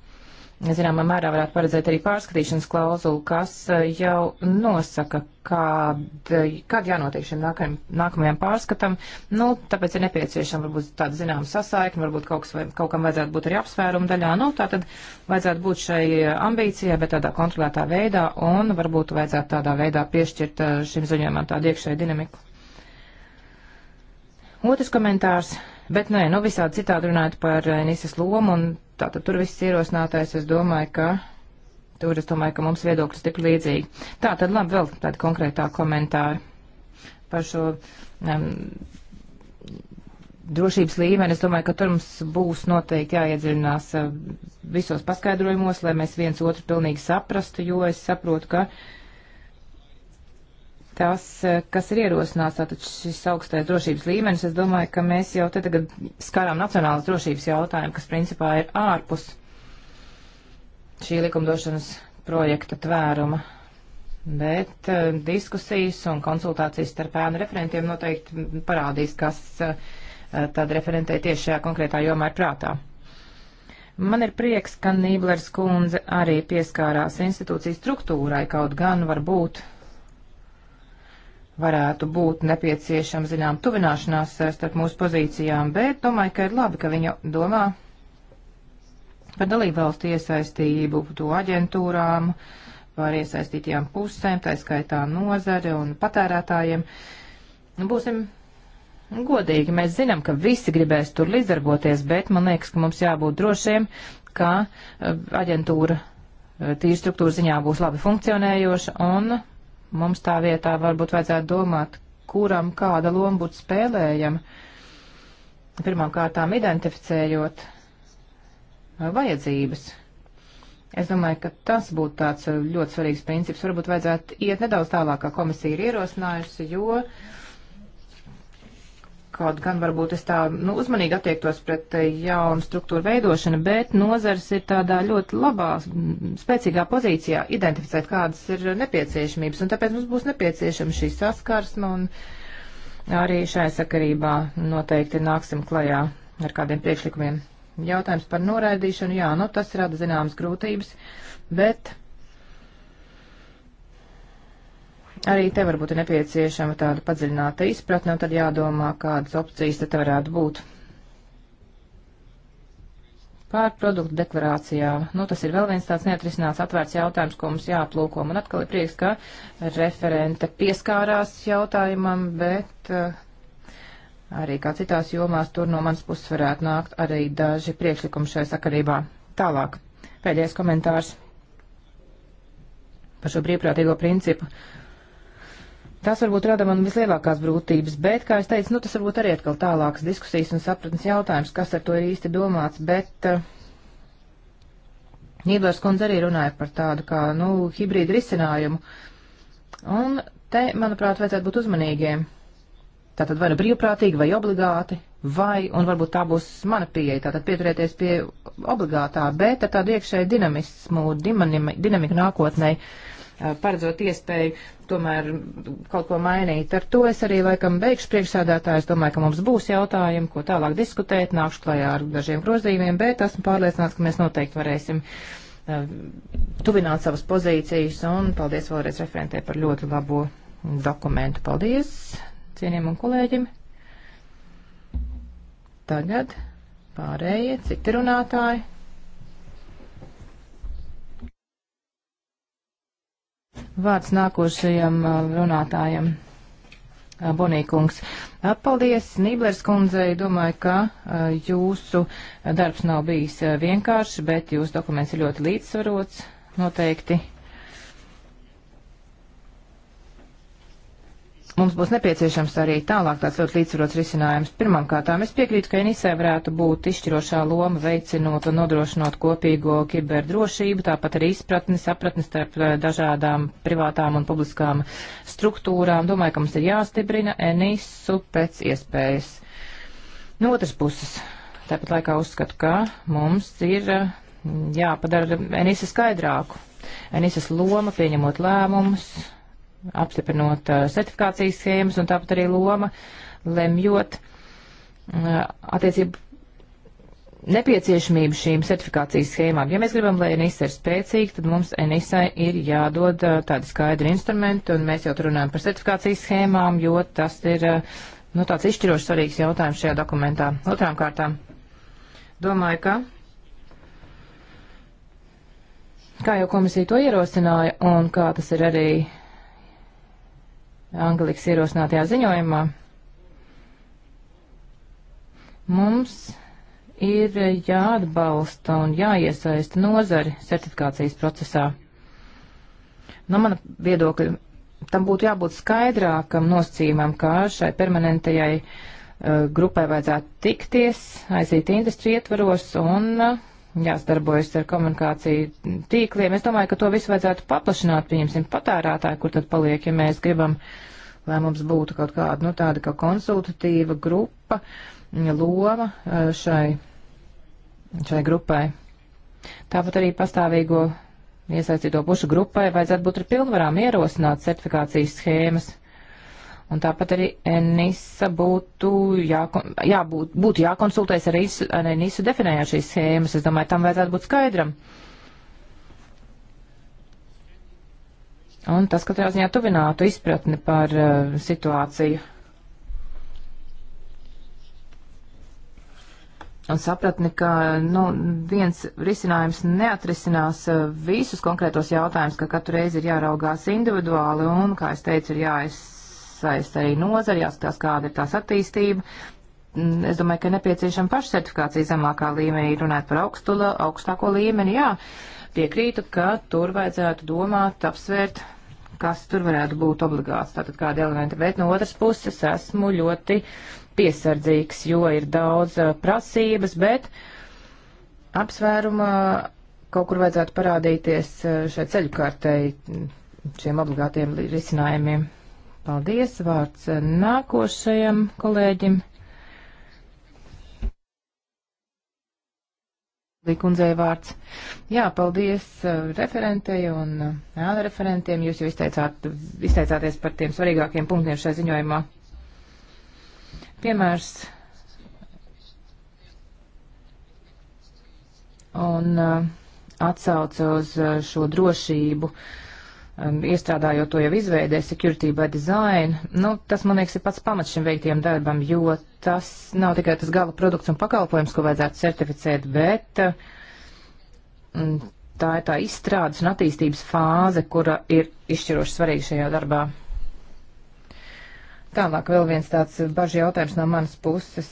zināmā mērā varētu paredzēt arī pārskatīšanas klauzulu, kas eh, jau nosaka, kād, kad jānotiek šim nākajam, nākamajam pārskatam. Nu, tāpēc ir nepieciešama varbūt tāda zināma sasaikne, varbūt kaut, kas, vai, kaut kam vajadzētu būt arī apsvērumu daļā. Nu, tā tad vajadzētu būt šai ambīcijai, bet tādā kontrolētā veidā, un varbūt vajadzētu tādā veidā piešķirt eh, šim ziņojumam tādu iekšēju dinamiku. Otrs komentārs Bet nē, nu, nu visādi citādi runājot par eh, Nisas lomu, un tātad tur viss ierosinātais, es domāju, ka tur es domāju, ka mums viedokļus tik līdzīgi. Tā tad labi, vēl tāda konkrētā komentāra par šo um, drošības līmeni. Es domāju, ka tur mums būs noteikti jāiedziļinās uh, visos paskaidrojumos, lai mēs viens otru pilnīgi saprastu, jo es saprotu, ka uh, tas, eh, kas ir ierosināts, tātad šis augstais drošības līmenis, es domāju, ka mēs jau te tagad skarām nacionālas drošības jautājumu, kas principā ir ārpus šī likumdošanas projekta tvēruma. Bet uh, diskusijas un konsultācijas starp ēnu referentiem noteikti parādīs, kas uh, tad referentē tieši šajā konkrētā jomā ir prātā. Man ir prieks, ka Nīblers kundze arī pieskārās institūciju struktūrai, kaut gan varbūt varētu būt nepieciešama, zinām, tuvināšanās eh, starp mūsu pozīcijām, bet domāju, ka ir labi, ka viņa domā par dalībvalstu iesaistību, to aģentūrām, par iesaistītajām pusēm, tā skaitā nozare un patērētājiem. Nu, būsim godīgi, mēs zinām, ka visi gribēs tur līdzdarboties, bet man liekas, ka mums jābūt drošiem, ka eh, aģentūra eh, tīri struktūra ziņā būs labi funkcionējoša un Mums tā vietā varbūt vajadzētu domāt, kuram kāda loma būtu spēlējama. Pirmām kārtām identificējot uh, vajadzības. Es domāju, ka tas būtu tāds uh, ļoti svarīgs princips. Varbūt vajadzētu iet nedaudz tālāk, kā komisija ir ierosinājusi, jo uh, Kaut gan varbūt es tā nu, uzmanīgi attiektos pret eh, jaunu struktūru veidošanu, bet nozars ir tādā ļoti labā, mm, spēcīgā pozīcijā identificēt, kādas ir nepieciešamības. Un tāpēc mums būs nepieciešama šī saskarsme un arī šai sakarībā noteikti nāksim klajā ar kādiem priekšlikumiem. Jautājums par noraidīšanu, jā, nu tas rada zināmas grūtības, bet Arī te varbūt ir nepieciešama tāda padziļināta izpratne, un tad jādomā, kādas opcijas te varētu būt. Pār produktu deklarācijām. Nu, tas ir vēl viens tāds neatrisināts atvērts jautājums, ko mums jāplūko. Man atkal ir prieks, ka referente pieskārās jautājumam, bet uh, arī kā citās jomās tur no manas puses varētu nākt arī daži priekšlikumi šai sakarībā. Tālāk. Pēdējais komentārs par šo brīvprātīgo principu. Uh, Tas varbūt rada man vislielākās grūtības, bet, kā es teicu, nu, tas varbūt arī atkal tālākas diskusijas un sapratnes jautājums, kas ar to ir īsti domāts, bet uh, eh, Nībārs kundze arī runāja par tādu kā, nu, hibrīdu risinājumu. Un te, manuprāt, vajadzētu būt uzmanīgiem. Tātad vai nu brīvprātīgi, vai obligāti, vai, un varbūt tā būs mana pieeja, tātad pieturēties pie obligātā, bet ar tādu iekšēju dinamismu, dinamika nākotnē, eh, paredzot iespēju tomēr kaut ko mainīt. Ar to es arī laikam beigšu priekšsādātāju. Es domāju, ka mums būs jautājumi, ko tālāk diskutēt, nākšu klajā ar dažiem grozījumiem, bet esmu pārliecināts, ka mēs noteikti varēsim uh, tuvināt savas pozīcijas un paldies vēlreiz referentē par ļoti labo dokumentu. Paldies cieniem un kolēģim. Tagad pārējie citi runātāji. Vārds nākošajam uh, runātājam. Uh, Bonīkungs. Uh, paldies, Nīblers kundzei. Domāju, ka jūsu darbs nav bijis vienkāršs, bet jūsu dokuments ir ļoti līdzsvarots. Noteikti Mums būs nepieciešams arī tālāk tāds ļoti līdzsvarots risinājums. Pirmkārtām es piekrītu, ka NISē varētu būt izšķirošā loma veicinot un nodrošinot kopīgo kiberdrošību, tāpat arī izpratni, sapratni starp eh, dažādām privātām un publiskām struktūrām. Domāju, ka mums ir jāstiprina NISU pēc iespējas. No otras puses, tāpat laikā uzskatu, ka mums ir eh, jāpadara Enisa skaidrāku. Enisas loma pieņemot lēmumus, apstiprinot uh, certifikācijas schēmas un tāpat arī loma lemjot uh, attiecību nepieciešamību šīm certifikācijas schēmām. Ja mēs gribam, lai NISA ir spēcīga, tad mums NISA ir jādod uh, tādi skaidri instrumenti, un mēs jau tur runājam par certifikācijas schēmām, jo tas ir nu, tāds izšķiroši svarīgs jautājums šajā dokumentā. Otrām kārtām, domāju, ka. Kā jau komisija to ierosināja, un kā tas ir arī Angelikas ierosinātajā ziņojumā, mums ir jāatbalsta un jāiesaista nozari certifikācijas procesā. No mana viedokļa tam būtu jābūt skaidrākam nosacījumam, kā šai permanentajai uh, grupai vajadzētu tikties, aiziet industriju ietvaros un uh, jāsadarbojas ar komunikāciju tīkliem. Es domāju, ka to visu vajadzētu paplašināt, pieņemsim, patērētāji, kur tad paliek, ja mēs gribam, lai mums būtu kaut kāda, nu, tāda kā konsultatīva grupa, loma eh, šai, šai grupai. Tāpat arī pastāvīgo iesaistīto pušu grupai vajadzētu būt ar pilnvarām ierosināt certifikācijas schēmas. Uh, Un tāpat arī NISA būtu, jākon, jā, būt, būtu jākonsultējas ar, ISU, ar NISA definējot šīs schēmas. Es domāju, tam vajadzētu būt skaidram. Un tas katrā ziņā tuvinātu izpratni par uh, situāciju. Un sapratni, ka nu, viens risinājums neatrisinās uh, visus konkrētos jautājumus, ka katru reizi ir jāraugās individuāli un, kā es teicu, ir jāiz jāiesaist arī nozari, jāskatās, kāda ir tās attīstība. Mm, es domāju, ka nepieciešama pašsertifikācija zemākā līmenī, runāt par augstu, augstāko līmeni, jā, piekrītu, ka tur vajadzētu domāt, apsvērt, kas tur varētu būt obligāts, tātad kādi elementi, bet no otras puses esmu ļoti piesardzīgs, jo ir daudz prasības, bet apsvērumā kaut kur vajadzētu parādīties šai ceļu kārtai šiem obligātiem risinājumiem. Paldies, vārds nākošajam kolēģim. Likundzei vārds. Jā, paldies uh, referentei un uh, ēna uh, referentiem. Jūs jau izteicāt, izteicāties par tiem svarīgākiem punktiem šajā ziņojumā. Piemērs. Un uh, atsauca uz uh, šo drošību. Uh, um, iestrādājot to jau izveidē, security by design, nu, tas, man liekas, ir pats pamats šim veiktiem darbam, jo tas nav tikai tas gala produkts un pakalpojums, ko vajadzētu certificēt, bet um, tā ir tā izstrādes un attīstības fāze, kura ir izšķiroši svarīga šajā darbā. Tālāk vēl viens tāds baži jautājums no manas puses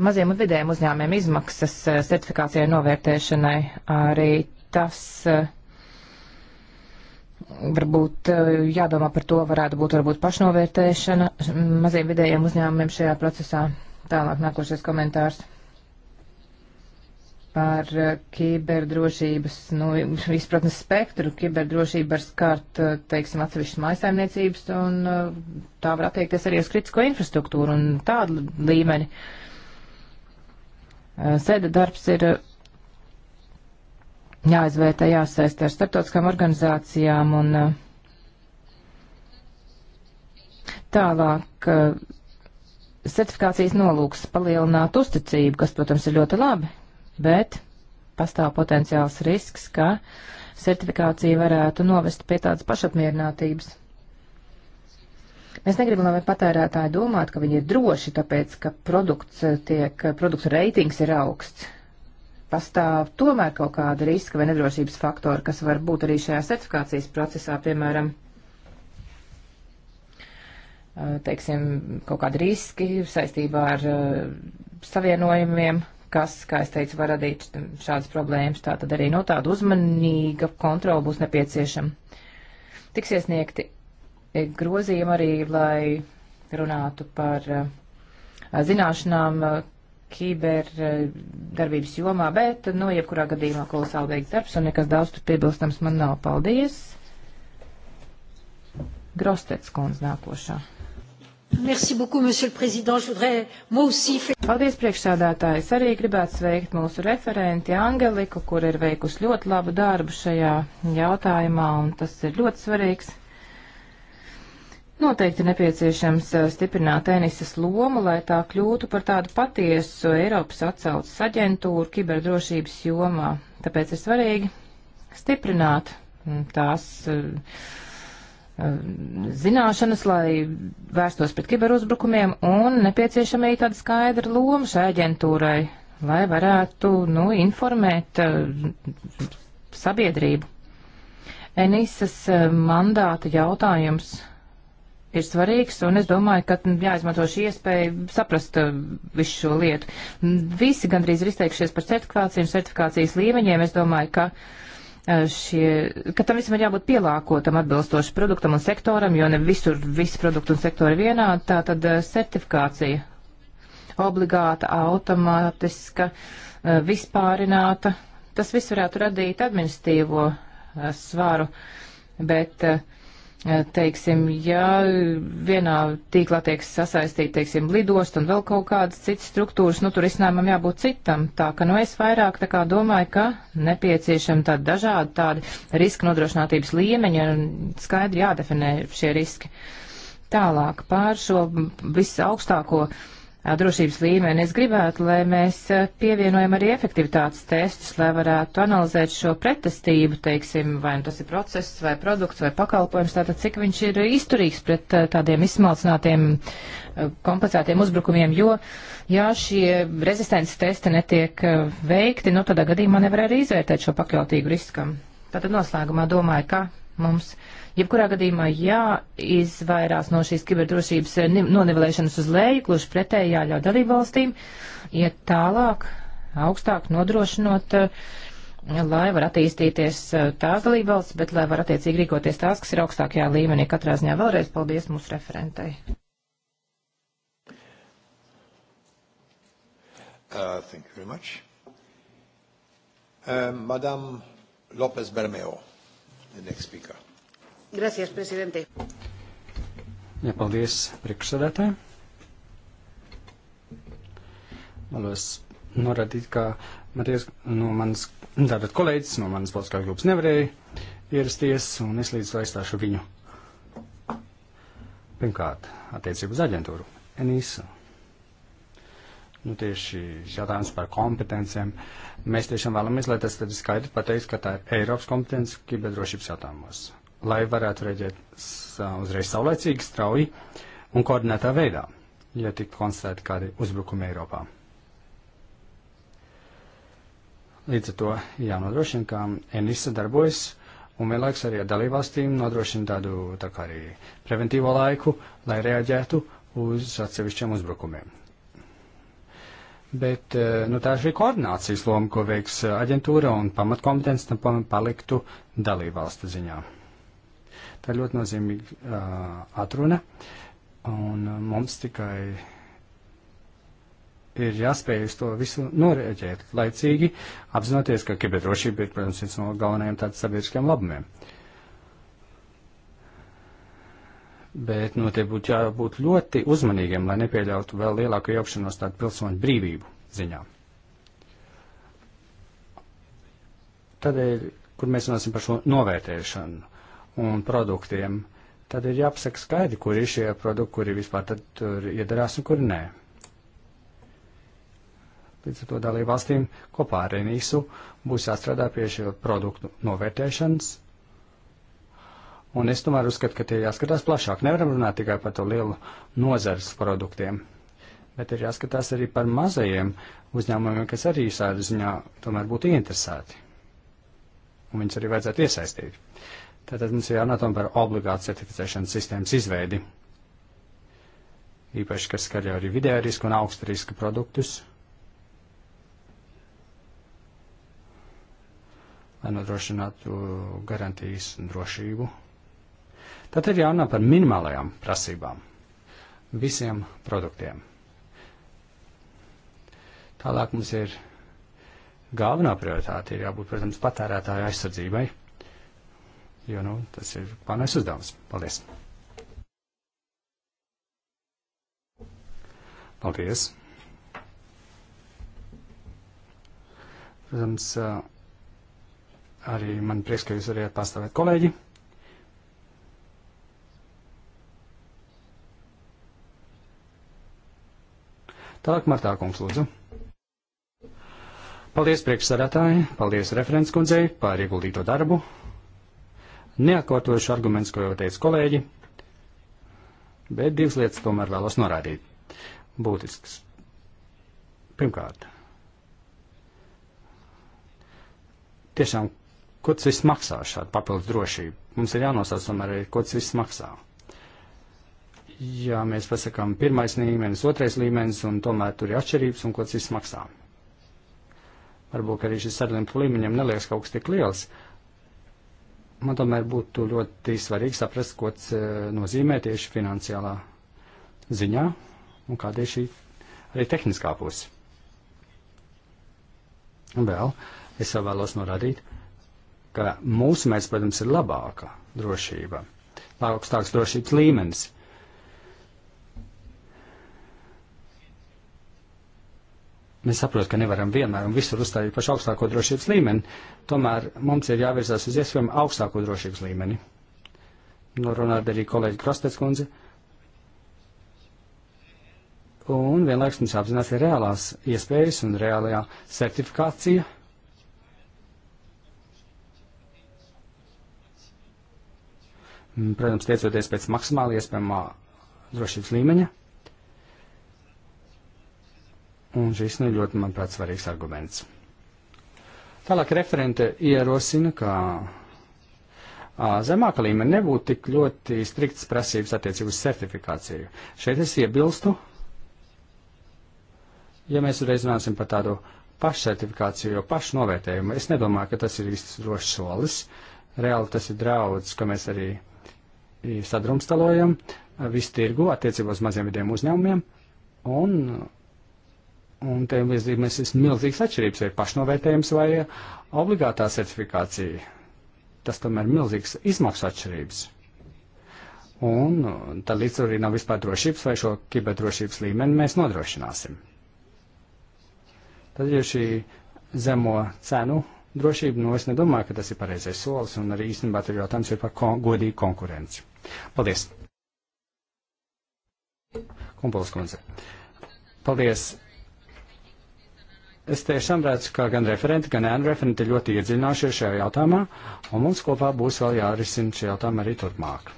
maziem un vidējiem uzņēmiem izmaksas uh, certifikācijai novērtēšanai arī tas uh, varbūt eh, jādomā par to, varētu būt varbūt pašnovērtēšana maziem vidējiem uzņēmumiem šajā procesā. Tālāk nākošais komentārs par eh, kiberdrošības, nu, izpratnes spektru. Kiberdrošība var skart, eh, teiksim, atsevišķas maisaimniecības, un tā var attiekties arī uz kritisko infrastruktūru un tādu līmeni. Sēda darbs ir jāizvērtē, jāsaistē ar starptautiskām organizācijām un eh, tālāk eh, certifikācijas nolūks palielināt uzticību, kas, protams, ir ļoti labi, bet pastāv potenciāls risks, ka certifikācija varētu novest pie tādas pašapmierinātības. Mēs negribam, lai patērētāji domātu, ka viņi ir droši, tāpēc, ka produkts eh, tiek, produktu reitings ir augsts pastāv tomēr kaut kāda riska vai nedrošības faktori, kas var būt arī šajā certifikācijas procesā, piemēram, teiksim, kaut kādi riski saistībā ar savienojumiem, kas, kā es teicu, var radīt šādas problēmas. Tā tad arī no nu, tāda uzmanīga kontrola būs nepieciešama. Tiks iesniegti grozījumi arī, lai runātu par zināšanām, kiberdarbības eh, jomā, bet, nu, jebkurā gadījumā kolosāli veikts darbs un nekas daudz tur piebilstams man nav. Paldies! Grostets kundz nākošā. Merci beaucoup, monsieur le président. Je voudrais moi aussi. Paldies, priekšsādātāji. Es arī gribētu sveikt mūsu referenti Angeliku, kur ir veikusi ļoti labu darbu šajā jautājumā, un tas ir ļoti svarīgs. Noteikti nepieciešams stiprināt Enisas lomu, lai tā kļūtu par tādu patiesu Eiropas atsaucas aģentūru kiberdrošības jomā. Tāpēc ir svarīgi stiprināt tās zināšanas, lai vērstos pret kiberuzbrukumiem un nepieciešama arī tāda skaidra loma šai aģentūrai, lai varētu nu, informēt sabiedrību. Enisas mandāta jautājums ir svarīgs, un es domāju, ka jāizmanto šī iespēja saprast uh, visu šo lietu. Visi gandrīz ir izteikšies par certifikāciju un certifikācijas līmeņiem. Es domāju, ka, uh, šie, ka tam visam ir jābūt pielāgotam atbilstoši produktam un sektoram, jo ne visur visi produkti un sektori ir vienādi. Tā tad uh, certifikācija obligāta, automātiska, uh, vispārināta. Tas viss varētu radīt administīvo uh, svāru, bet uh, Eh, teiksim, ja vienā tīklā tiek sasaistīta, teiksim, lidost un vēl kaut kādas citas struktūras, nu, tur izņēmumam jābūt citam. Tā ka, nu, es vairāk tā kā domāju, ka nepieciešami tādi dažādi tādi riska nodrošinātības līmeņi un skaidri jādefinē šie riski. Tālāk pār šo visaugstāko augstāko drošības līmeni. Es gribētu, lai mēs pievienojam arī efektivitātes testus, lai varētu analizēt šo pretestību, teiksim, vai nu tas ir process, vai produkts, vai pakalpojums, tātad cik viņš ir izturīgs pret tādiem izsmalcinātiem kompensētiem uzbrukumiem, jo, ja šie rezistences testi netiek veikti, nu tādā gadījumā nevar arī izvērtēt šo pakļautību riskam. Tātad noslēgumā domāju, ka mums Jebkurā gadījumā jāizvairās no šīs kiberdrošības eh, nonivelēšanas uz leju, kurš pretēji jāļauj dalībvalstīm iet tālāk, augstāk nodrošinot, eh, lai var attīstīties eh, tās dalībvalsts, bet lai var attiecīgi rīkoties tās, kas ir augstākajā līmenī. Katrā ziņā vēlreiz paldies mūsu referentai. Uh, thank you very much. Uh, Madame López Bermeo, the next speaker. Gracias, prezidente. Jā, paldies priekšsēdētāji. Vēlos norādīt, ka Matijas, no nu, manas, tātad kolēģis no manas politiskās grupas nevarēja ierasties, un es līdz aizstāšu viņu. Pirmkārt, attiecību uz aģentūru ENISA. Nu, tieši jautājums par kompetencijām. Mēs tiešām vēlamies, lai tas ir skaidri pateikts, ka tā ir Eiropas kompetence kiberdrošības jautājumos lai varētu rēģēt uzreiz saulēcīgi, strauji un koordinētā veidā, ja tiktu konstatēti kādi uzbrukumi Eiropā. Līdz ar to jānodrošina, ka ENISA darbojas un vienlaiks arī ar dalībvalstīm nodrošina tādu tā kā arī preventīvo laiku, lai reaģētu uz atsevišķiem uzbrukumiem. Bet eh, nu, tā ir šī koordinācijas loma, ko veiks eh, aģentūra un pamatkompetence tam paliktu dalībvalstu ziņā. Tā ir ļoti nozīmīga uh, atruna, un mums tikai ir jāspēj uz to visu norēģēt laicīgi, apzinoties, ka kiberdrošība ir, protams, viens no galvenajiem tādiem sabiedriskiem labumiem. Bet no nu, tie būtu jābūt ļoti uzmanīgiem, lai nepieļautu vēl lielāku iekšanos tādu pilsoņu brīvību ziņā. Tādēļ, kur mēs runāsim par šo novērtēšanu, un produktiem, tad ir jāpasaka skaidri, kuri ir šie produkti, kuri vispār tad tur iedarās un kuri nē. Līdz ar to dalību valstīm kopā ar Enīsu būs jāstrādā pie šī produktu novērtēšanas. Un es tomēr uzskatu, ka tie jāskatās plašāk. Nevaram runāt tikai par to lielu nozares produktiem, bet ir jāskatās arī par mazajiem uzņēmumiem, kas arī šādu ziņā tomēr būtu interesēti. Un viņus arī vajadzētu iesaistīt. Tātad mums ir jānotom par obligātu certificēšanas sistēmas izveidi. Īpaši, kas skar jau arī vidē risku un augsta riska produktus. Lai nodrošinātu garantijas un drošību. Tad ir jārunā par minimālajām prasībām visiem produktiem. Tālāk mums ir galvenā prioritāte ir jābūt, protams, patērētāju aizsardzībai jo nu, tas ir pārnais uzdevums. Paldies! Paldies! Protams, arī man prieks, ka jūs varējāt pārstāvēt kolēģi. Tālāk Martā kungs lūdzu. Paldies priekšsarātāji, paldies referents kundzei par ieguldīto darbu neatkārtojuši argumentus, ko jau teica kolēģi, bet divas lietas tomēr vēlos norādīt. Būtisks. Pirmkārt, tiešām, ko tas viss maksā šāda papildus drošība? Mums ir jānosauc tomēr, ko tas viss maksā. Jā, mēs pasakām pirmais līmenis, otrais līmenis, un tomēr tur ir atšķirības, un ko tas viss maksā. Varbūt arī šis sadalījums līmeņiem neliekas kaut kas tik liels, uh, man tomēr būtu ļoti svarīgi saprast, ko tas eh, nozīmē tieši finansiālā ziņā un kāda ir šī arī tehniskā puse. Un vēl es jau vēlos norādīt, ka mūsu mērķis, protams, ir labāka drošība, augstāks drošības līmenis. Mēs saprotam, ka nevaram vienmēr un visur uzstādīt pašu augstāko drošības līmeni, tomēr mums ir jāvirzās uz iespējami augstāko drošības līmeni. No nu, Ronalda arī kolēģi Krastec kundze. Un vienlaiks mums jāapzinās ir reālās iespējas un reālajā certifikācija. Protams, tiecoties pēc maksimāli iespējamā drošības līmeņa. Un šis ir nu, ļoti, manuprāt, svarīgs arguments. Tālāk referente ierosina, ka a, zemāka līmenī nebūtu tik ļoti strikts prasības attiecībā uz certifikāciju. Šeit es iebilstu, ja mēs reiz runāsim par tādu pašcertifikāciju, jo pašnovērtējumu, es nedomāju, ka tas ir īsts drošs solis. Reāli tas ir draudz, ka mēs arī sadrumstalojam visu tirgu attiecībā uz maziem vidiem uzņēmumiem. Un Un te mēs esam milzīgas atšķirības, vai pašnovērtējums vai obligātā certifikācija. Tas tomēr ir milzīgs izmaksu atšķirības. Un uh, tad līdz arī nav vispār drošības, vai šo kiberdrošības līmeni mēs nodrošināsim. Tad ir šī zemo cenu drošība, nu es nedomāju, ka tas ir pareizais solis, un arī īstenībā tur jautājums ir par kon godīgu konkurenci. Paldies! Kumpulis kundze. Paldies! Es tiešām redzu, ka gan referenti, gan ēnu referenti ļoti iedziļinājušies šajā jautājumā, un mums kopā būs vēl jārisina šie jautājumi arī turpmāk.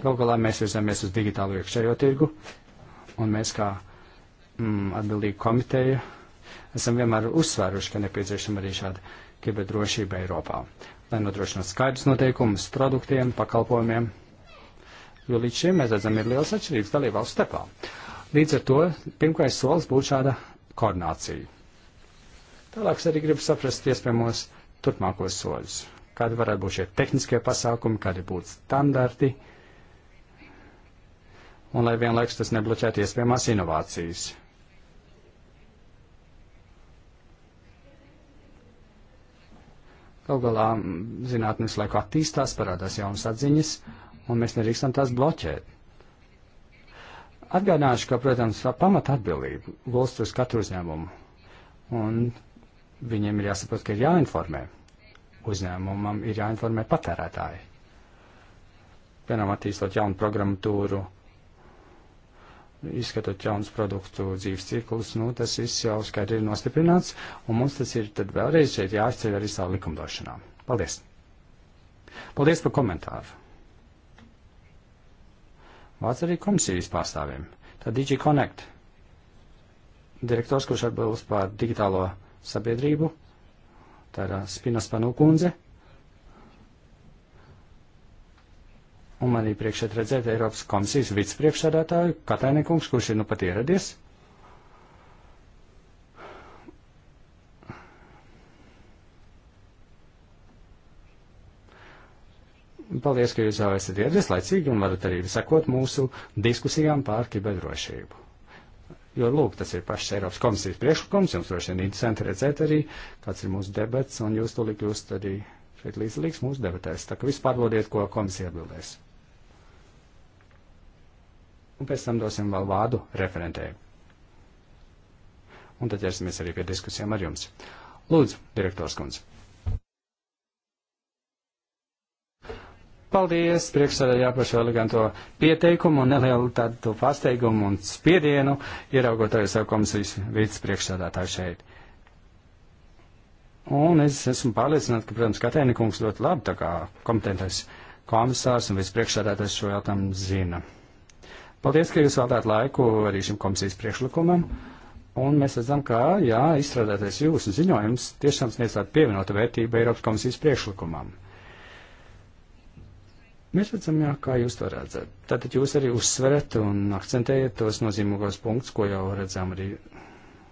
Galu galā mēs virzamies uz digitālo iekšējo tirgu, un mēs kā mm, atbildīga komiteja esam vienmēr uzsvēruši, ka nepieciešama arī šāda kiberdrošība Eiropā, lai nodrošinātu skaidrus noteikumus produktiem, pakalpojumiem, jo līdz šim mēs redzam ir liels atšķirības dalībvalstu starpā. Līdz ar to pirmais solis būtu šāda koordināciju. Tālāk es arī gribu saprast iespējamos turpmākos soļus. Kādi varētu būt šie tehniskie pasākumi, kādi būtu standarti, un lai vienlaikus tas nebloķētu iespējamās inovācijas. Galu galā mm, zinātnē visu laiku attīstās, parādās jaunas atziņas, un mēs nedrīkstam tās bloķēt. Atgādināšu, ka, protams, pamata atbildība gulst uz katru uzņēmumu. Un viņiem ir jāsaprot, ka ir jāinformē. Uzņēmumam ir jāinformē patērētāji. Piemēram, attīstot jaunu programmatūru, izskatot jaunus produktu dzīves ciklus, nu, tas viss jau skaidri ir nostiprināts, un mums tas ir tad vēlreiz šeit jāizceļ arī savā likumdošanā. Paldies! Paldies par komentāru! Vārds arī komisijas pārstāvjiem. Tad DG Connect, direktors, kurš atbilst par digitālo sabiedrību, tā ir uh, Spinas Panukundze. Un man ir priekšēt redzēt Eiropas komisijas vicepriekšsēdētāju Katēnikungs, kurš ir nu pat ieradies. Paldies, ka jūs jau esat ieradies laicīgi un varat arī sakot mūsu diskusijām par kiberdrošību. Jo, lūk, tas ir pašs Eiropas komisijas priekšlikums, jums droši vien interesanti redzēt arī, kāds ir mūsu debats, un jūs tulīt kļūst arī šeit līdzīgs mūsu debatēs. Tā ka vispār lodiet, ko komisija atbildēs. Un pēc tam dosim vēl vārdu referentēju. Un tad ķersimies arī pie diskusijām ar jums. Lūdzu, direktors kundze. Paldies, priekšsēdētāji, par šo eleganto pieteikumu un nelielu tādu pārsteigumu un spiedienu, ieraugoties jau komisijas vicepriekšsēdētāju šeit. Un es esmu pārliecināts, ka, protams, Katēnikums ļoti labi tā kā kompetentais komisārs un vicepriekšsēdētājs šo jautājumu zina. Paldies, ka jūs veltāt laiku arī šim komisijas priekšlikumam. Un mēs redzam, ka, jā, izstrādātais jūsu ziņojums tiešām sniedz tādu pievienotu vērtību Eiropas komisijas priekšlikumam. Mēs redzam, jā, kā jūs to redzat. Tātad jūs arī uzsverat un akcentējat tos nozīmīgos punktus, ko jau redzam arī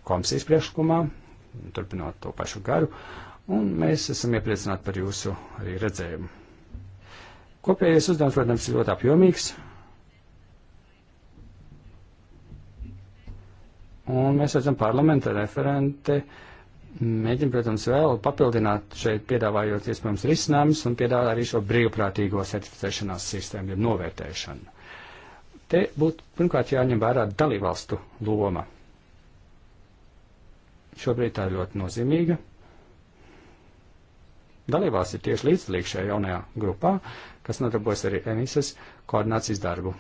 komisijas priekšlikumā, turpinot to pašu garu, un mēs esam iepriecināti par jūsu arī redzējumu. Kopējais uzdevums, protams, ir ļoti apjomīgs, un mēs redzam parlamenta referente. Uh, Mēģinam, protams, vēl papildināt šeit piedāvājot iespējams risinājumus un piedāvā arī šo brīvprātīgo certificēšanās sistēmu, jeb novērtēšanu. Te būtu pirmkārt jāņem vērā dalībvalstu loma. Šobrīd tā ir ļoti nozīmīga. Dalībās ir tieši līdzdalīgi šajā jaunajā grupā, kas nodarbojas arī emisijas koordinācijas darbu.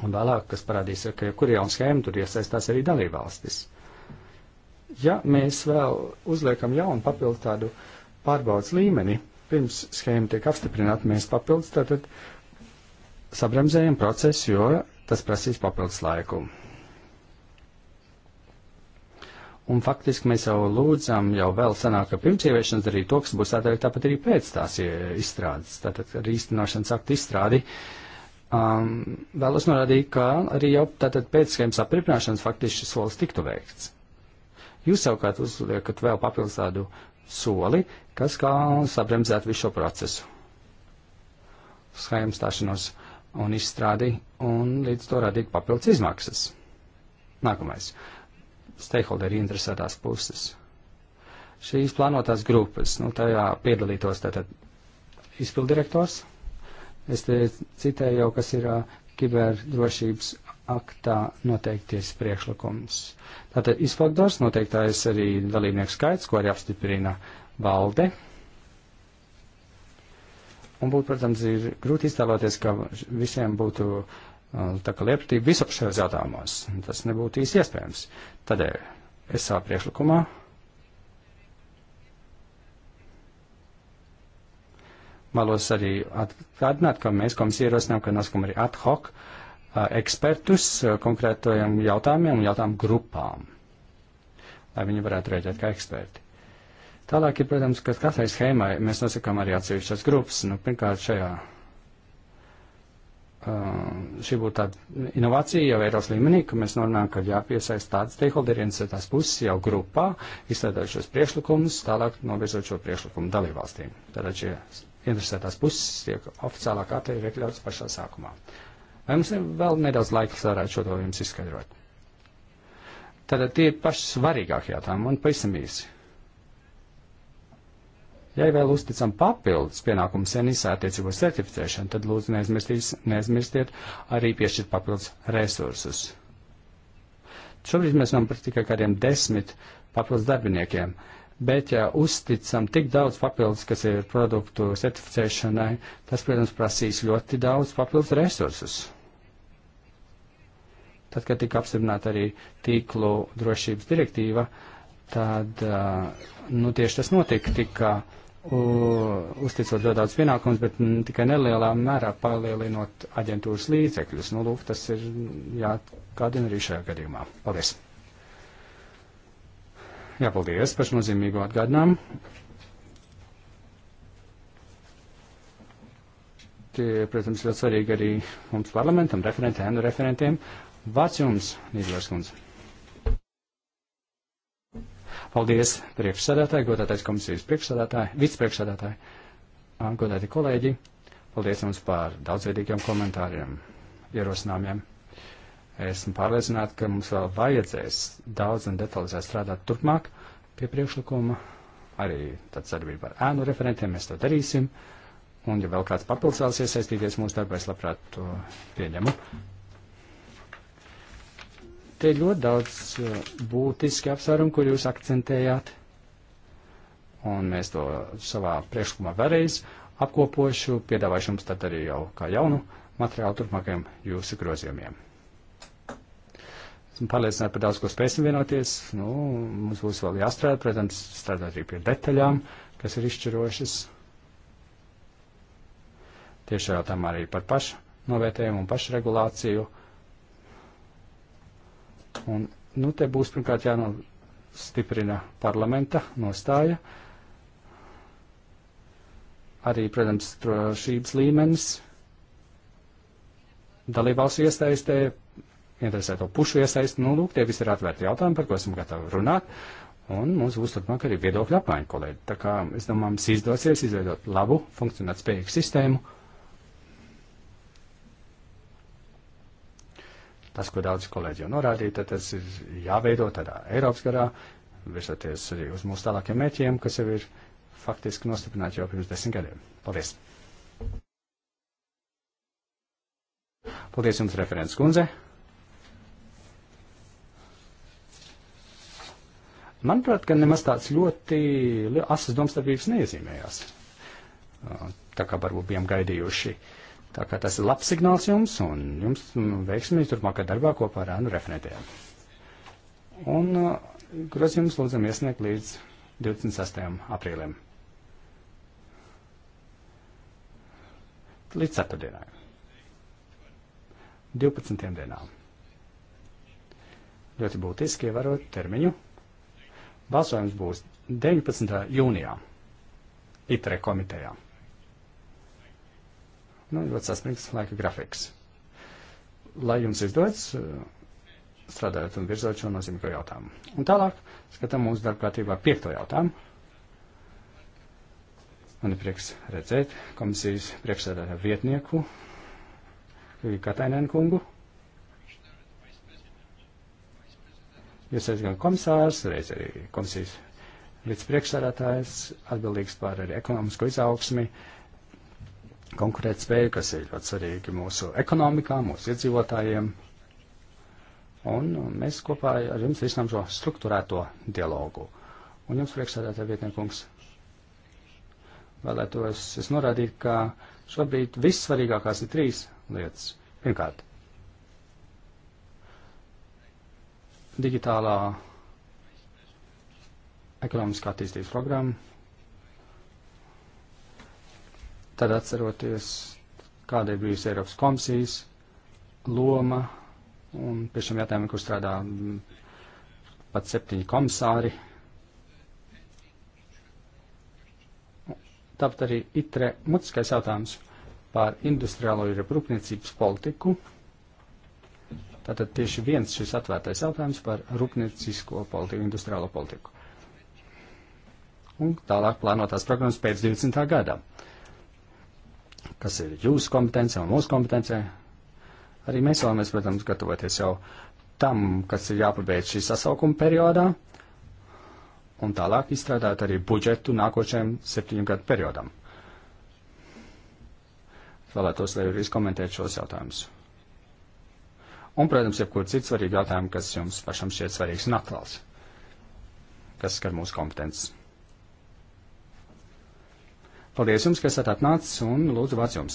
Un vēlāk, kas parādīs, ka jebkur jauna schēma tur iesaistās arī dalībvalstis ja mēs vēl uzliekam jaunu papildu tādu pārbaudas līmeni, pirms schēma tiek apstiprināta, mēs papildus tātad sabremzējam procesu, jo tas prasīs papildus laiku. Un faktiski mēs jau lūdzam, jau vēl sanāk, ka pirms ieviešanas darīt to, kas būs tādēļ tāpat arī pēc tās izstrādes, tātad ar īstenošanas aktu izstrādi. Um, vēlos norādīt, ka arī jau tātad pēc schēmas apriprināšanas faktiski šis solis tiktu veikts. Jūs savukārt uzliekat vēl papildus tādu soli, kas kā sabremzētu visu šo procesu. Schēmu stāšanos un izstrādi un līdz to radīt papildus izmaksas. Nākamais. Stakeholderi interesētās puses. Šīs plānotās grupas, nu tajā piedalītos tātad izpildirektors. Es te citēju jau, kas ir uh, kiberdrošības aktā noteikties priekšlikums. Tātad izfaktors noteiktais arī dalībnieku skaits, ko arī apstiprina valde. Un būtu, protams, ir grūti iztēloties, ka visiem būtu uh, tā kā lieptība visos šajos jautājumos. Tas nebūtu īsti iespējams. Tādēļ es savā priekšlikumā vēlos arī atgādināt, ka mēs komisija ierosinām, ka noskuma arī ad hoc uh, ekspertus konkrētajiem jautājumiem un jautājumu grupām, lai viņi varētu rēģēt kā eksperti. Tālāk ir, protams, ka katrai schēmai mēs nosakām arī atsevišķas grupas. Nu, pirmkārt, šajā šī būtu tāda inovācija jau Eiropas līmenī, ka mēs norunājam, ka jāpiesaist tāds stakeholderi, viens ir tās puses jau grupā, izstrādājot šos priekšlikumus, tālāk novirzot šo priekšlikumu dalībvalstīm. Tātad šie interesētās puses tiek oficiālā kārtē iekļauts pašā sākumā. Uh, Vai mums vēl nedaudz laiks varētu šo to jums izskaidrot? Tātad tie ir paši svarīgākie jautājumi un pavisam īsi. Ja vēl uzticam papildus pienākumu senīs attiecīgo certificēšanu, tad lūdzu neaizmirstiet arī piešķirt papildus resursus. Šobrīd mēs runājam par tikai kādiem desmit papildus darbiniekiem, bet ja uzticam tik daudz papildus, kas ir produktu certificēšanai, tas, protams, prasīs ļoti daudz papildus resursus. Tad, kad tika apstiprināta arī tīklu drošības direktīva, tad nu, tieši tas notika, tika uzticot ļoti daudz pienākums, bet mm, tikai nelielā mērā palielinot aģentūras līdzekļus. Nu, lūk, tas ir jāatgādina arī šajā gadījumā. Paldies! Jā, paldies par šo nozīmīgo atgādinājumu. Tie, protams, ļoti svarīgi arī mums parlamentam, referentiem, referentiem Vārds jums, Nīderlandes kundze. Paldies priekšsādātāji, godātais komisijas priekšsādātāji, vicepriekšsādātāji, godāti kolēģi. Paldies jums par daudzveidīgiem komentāriem, ierosinājumiem. Esmu pārliecināta, ka mums vēl vajadzēs daudz un detalizēt strādāt turpmāk pie priekšlikuma. Arī tad sadarbībā ar ēnu referentiem mēs to darīsim. Un, ja vēl kāds papildus vēlas iesaistīties mūsu darbā, es labprāt to pieņemu. Te ir ļoti daudz uh, būtiski apsvērumi, kur jūs akcentējāt, un mēs to savā priekšlikumā vēlreiz apkopošu, piedāvāšu jums tad arī jau kā jaunu materiālu turpmākajiem jūsu grozījumiem. Esmu pārliecināta, ka daudz ko spēsim vienoties. Nu, mums būs vēl jāstrādā, protams, strādāt arī pie detaļām, kas ir izšķirošas. Tieši jautājumā arī par pašu novērtējumu un pašregulāciju. regulāciju Un, nu, te būs pirmkārt jānostiprina parlamenta nostāja. Arī, protams, drošības līmenis, dalībvalstu iesaistē, interesēto pušu iesaistē. Nu, lūk, tie visi ir atvērti jautājumi, par ko esam gatavi runāt. Un mums būs turpmāk arī viedokļa apmaiņa, kolēģi. Tā kā, es domāju, mums izdosies izveidot labu, funkcionēt spējīgu sistēmu Tas, ko daudz kolēģi jau norādīja, tad tas ir jāveido tādā Eiropas garā, virsoties arī uz mūsu tālākiem mēķiem, kas jau ir faktiski nostiprināti jau pirms desmit gadiem. Paldies! Paldies jums, referents kundze! Manuprāt, ka nemaz tāds ļoti asas domstarpības neiezīmējās. Uh, tā kā varbūt bijām gaidījuši. Uh, Tā kā tas ir labs signāls jums un jums nu, mm, veiksmīgi turpmākā darbā kopā ar ēnu referentiem. Un uh, grozījums lūdzam iesniegt līdz 26. aprīlim. Līdz ceturtdienai. 12. dienām. Ļoti būtiski ievērot termiņu. Balsojums būs 19. jūnijā. ITRE komitejā. Nu, ļoti saspringts laika grafiks. Lai jums izdodas eh, strādājot un virzot šo nozīmīgo jautājumu. Un tālāk skatām mūsu darbkārtībā piekto jautājumu. Man ir prieks redzēt komisijas priekšsēdētāju vietnieku Katainēnu kungu. Jūs esat gan komisārs, reiz arī komisijas vicepriekšsēdētājs, atbildīgs par arī ekonomisko izaugsmi, uh, konkurētspēju, kas ir ļoti svarīgi mūsu ekonomikā, mūsu iedzīvotājiem. Un mēs kopā ar jums risinām šo struktūrēto dialogu. Un jums priekšsēdētāja vietniekums vēlētos es norādīt, ka šobrīd vissvarīgākās ir trīs lietas. Pirmkārt, digitālā ekonomiskā attīstības programma, tad atceroties, kāda ir bijusi Eiropas komisijas loma un pie šiem jautājumiem, kur strādā mm, pat septiņi komisāri. Tāpat arī itre mutiskais jautājums par industriālo ir rūpniecības politiku. Tātad tieši viens šis atvērtais jautājums par rūpniecisko politiku, industriālo politiku. Un tālāk plānotās programmas pēc 20. gadā kas ir jūsu kompetencija un mūsu kompetencija. Arī mēs vēlamies, protams, gatavoties jau tam, kas ir jāpabeidz šī sasaukuma periodā, un tālāk izstrādāt arī budžetu nākošajam septiņu gadu periodam. Vēlētos, lai jūs komentētu šos jautājumus. Un, protams, jebkur cits svarīgi jautājumi, kas jums pašam šķiet svarīgs un aktuāls, kas skar mūsu kompetences. Paldies jums, ka esat atnācis un lūdzu vārds jums.